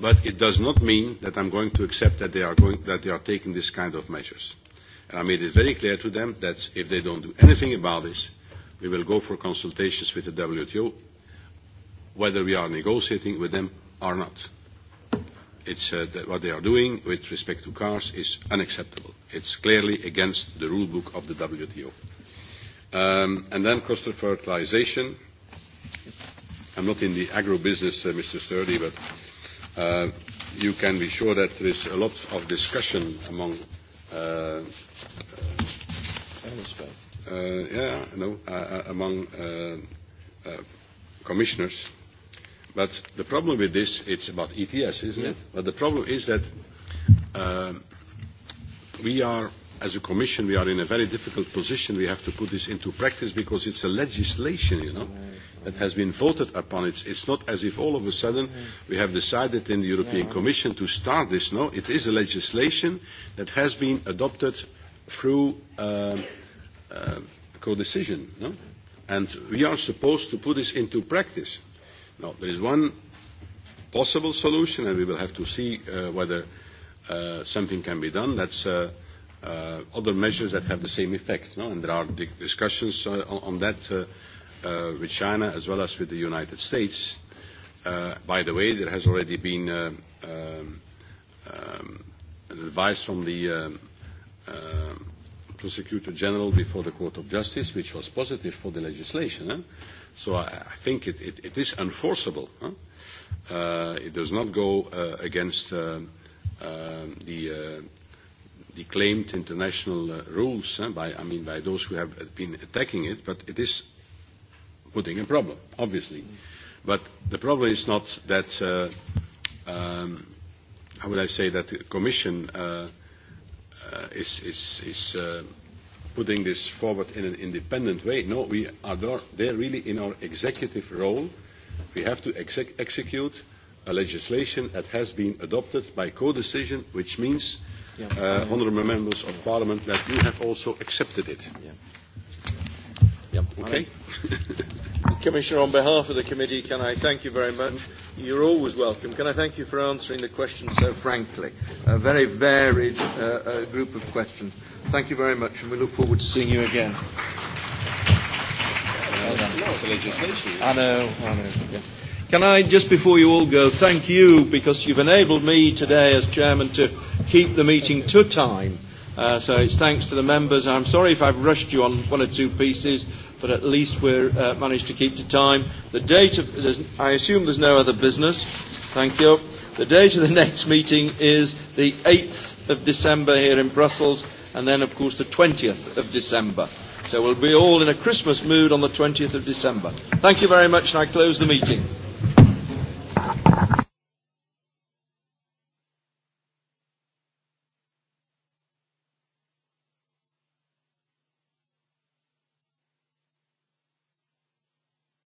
But it does not mean that I'm going to accept that they are, going, that they are taking this kind of measures. And I made it very clear to them that if they don't do anything about this, we will go for consultations with the WTO, whether we are negotiating with them or not it's, uh, that what they are doing with respect to cars is unacceptable. It's clearly against the rule book of the WTO. Um, and then of fertilization. I'm not in the agro business, uh, Mr. Sturdy, but uh, you can be sure that there is a lot of discussion among uh, uh, yeah, no, uh, among uh, uh, commissioners But the problem with this, it's about ETS, isn't it? But the problem is that uh, we are, as a commission, we are in a very difficult position. We have to put this into practice because it's a legislation, you know, that has been voted upon. It's, it's not as if all of a sudden we have decided in the European Commission to start this. No, it is a legislation that has been adopted through uh, uh, co-decision, no? And we are supposed to put this into practice Now, there is one possible solution, and we will have to see uh, whether uh, something can be done. That's uh, uh, other measures that have the same effect. No? And there are discussions uh, on that uh, uh, with China as well as with the United States. Uh, by the way, there has already been uh, um, um, advice from the um, uh, Prosecutor General before the Court of Justice, which was positive for the legislation. Eh? So I, I think it, it, it is enforceable. Huh? Uh, it does not go uh, against uh, uh, the, uh, the claimed international uh, rules huh, by, I mean, by those who have been attacking it, but it is putting a problem, obviously. But the problem is not that, uh, um, how would I say, that the Commission uh, uh, is, is, is uh, putting this forward in an independent way. No, we are there really in our executive role. We have to execute a legislation that has been adopted by codecision, which means, honourable members of parliament, that you have also accepted it. Okay. Commissioner, on behalf of the committee, can I thank you very much? You're always welcome. Can I thank you for answering the questions so frankly? A very varied uh, uh, group of questions. Thank you very much, and we look forward to seeing you again. legislation. I know, I know. Yeah. Can I, just before you all go, thank you because you've enabled me today as chairman to keep the meeting to time. Uh, so it's thanks to the members. I'm sorry if I've rushed you on one or two pieces but at least we uh, managed to keep to time. The date of, I assume there's no other business. Thank you. The date of the next meeting is the 8th of December here in Brussels, and then, of course, the 20th of December. So we'll be all in a Christmas mood on the 20th of December. Thank you very much, and I close the meeting.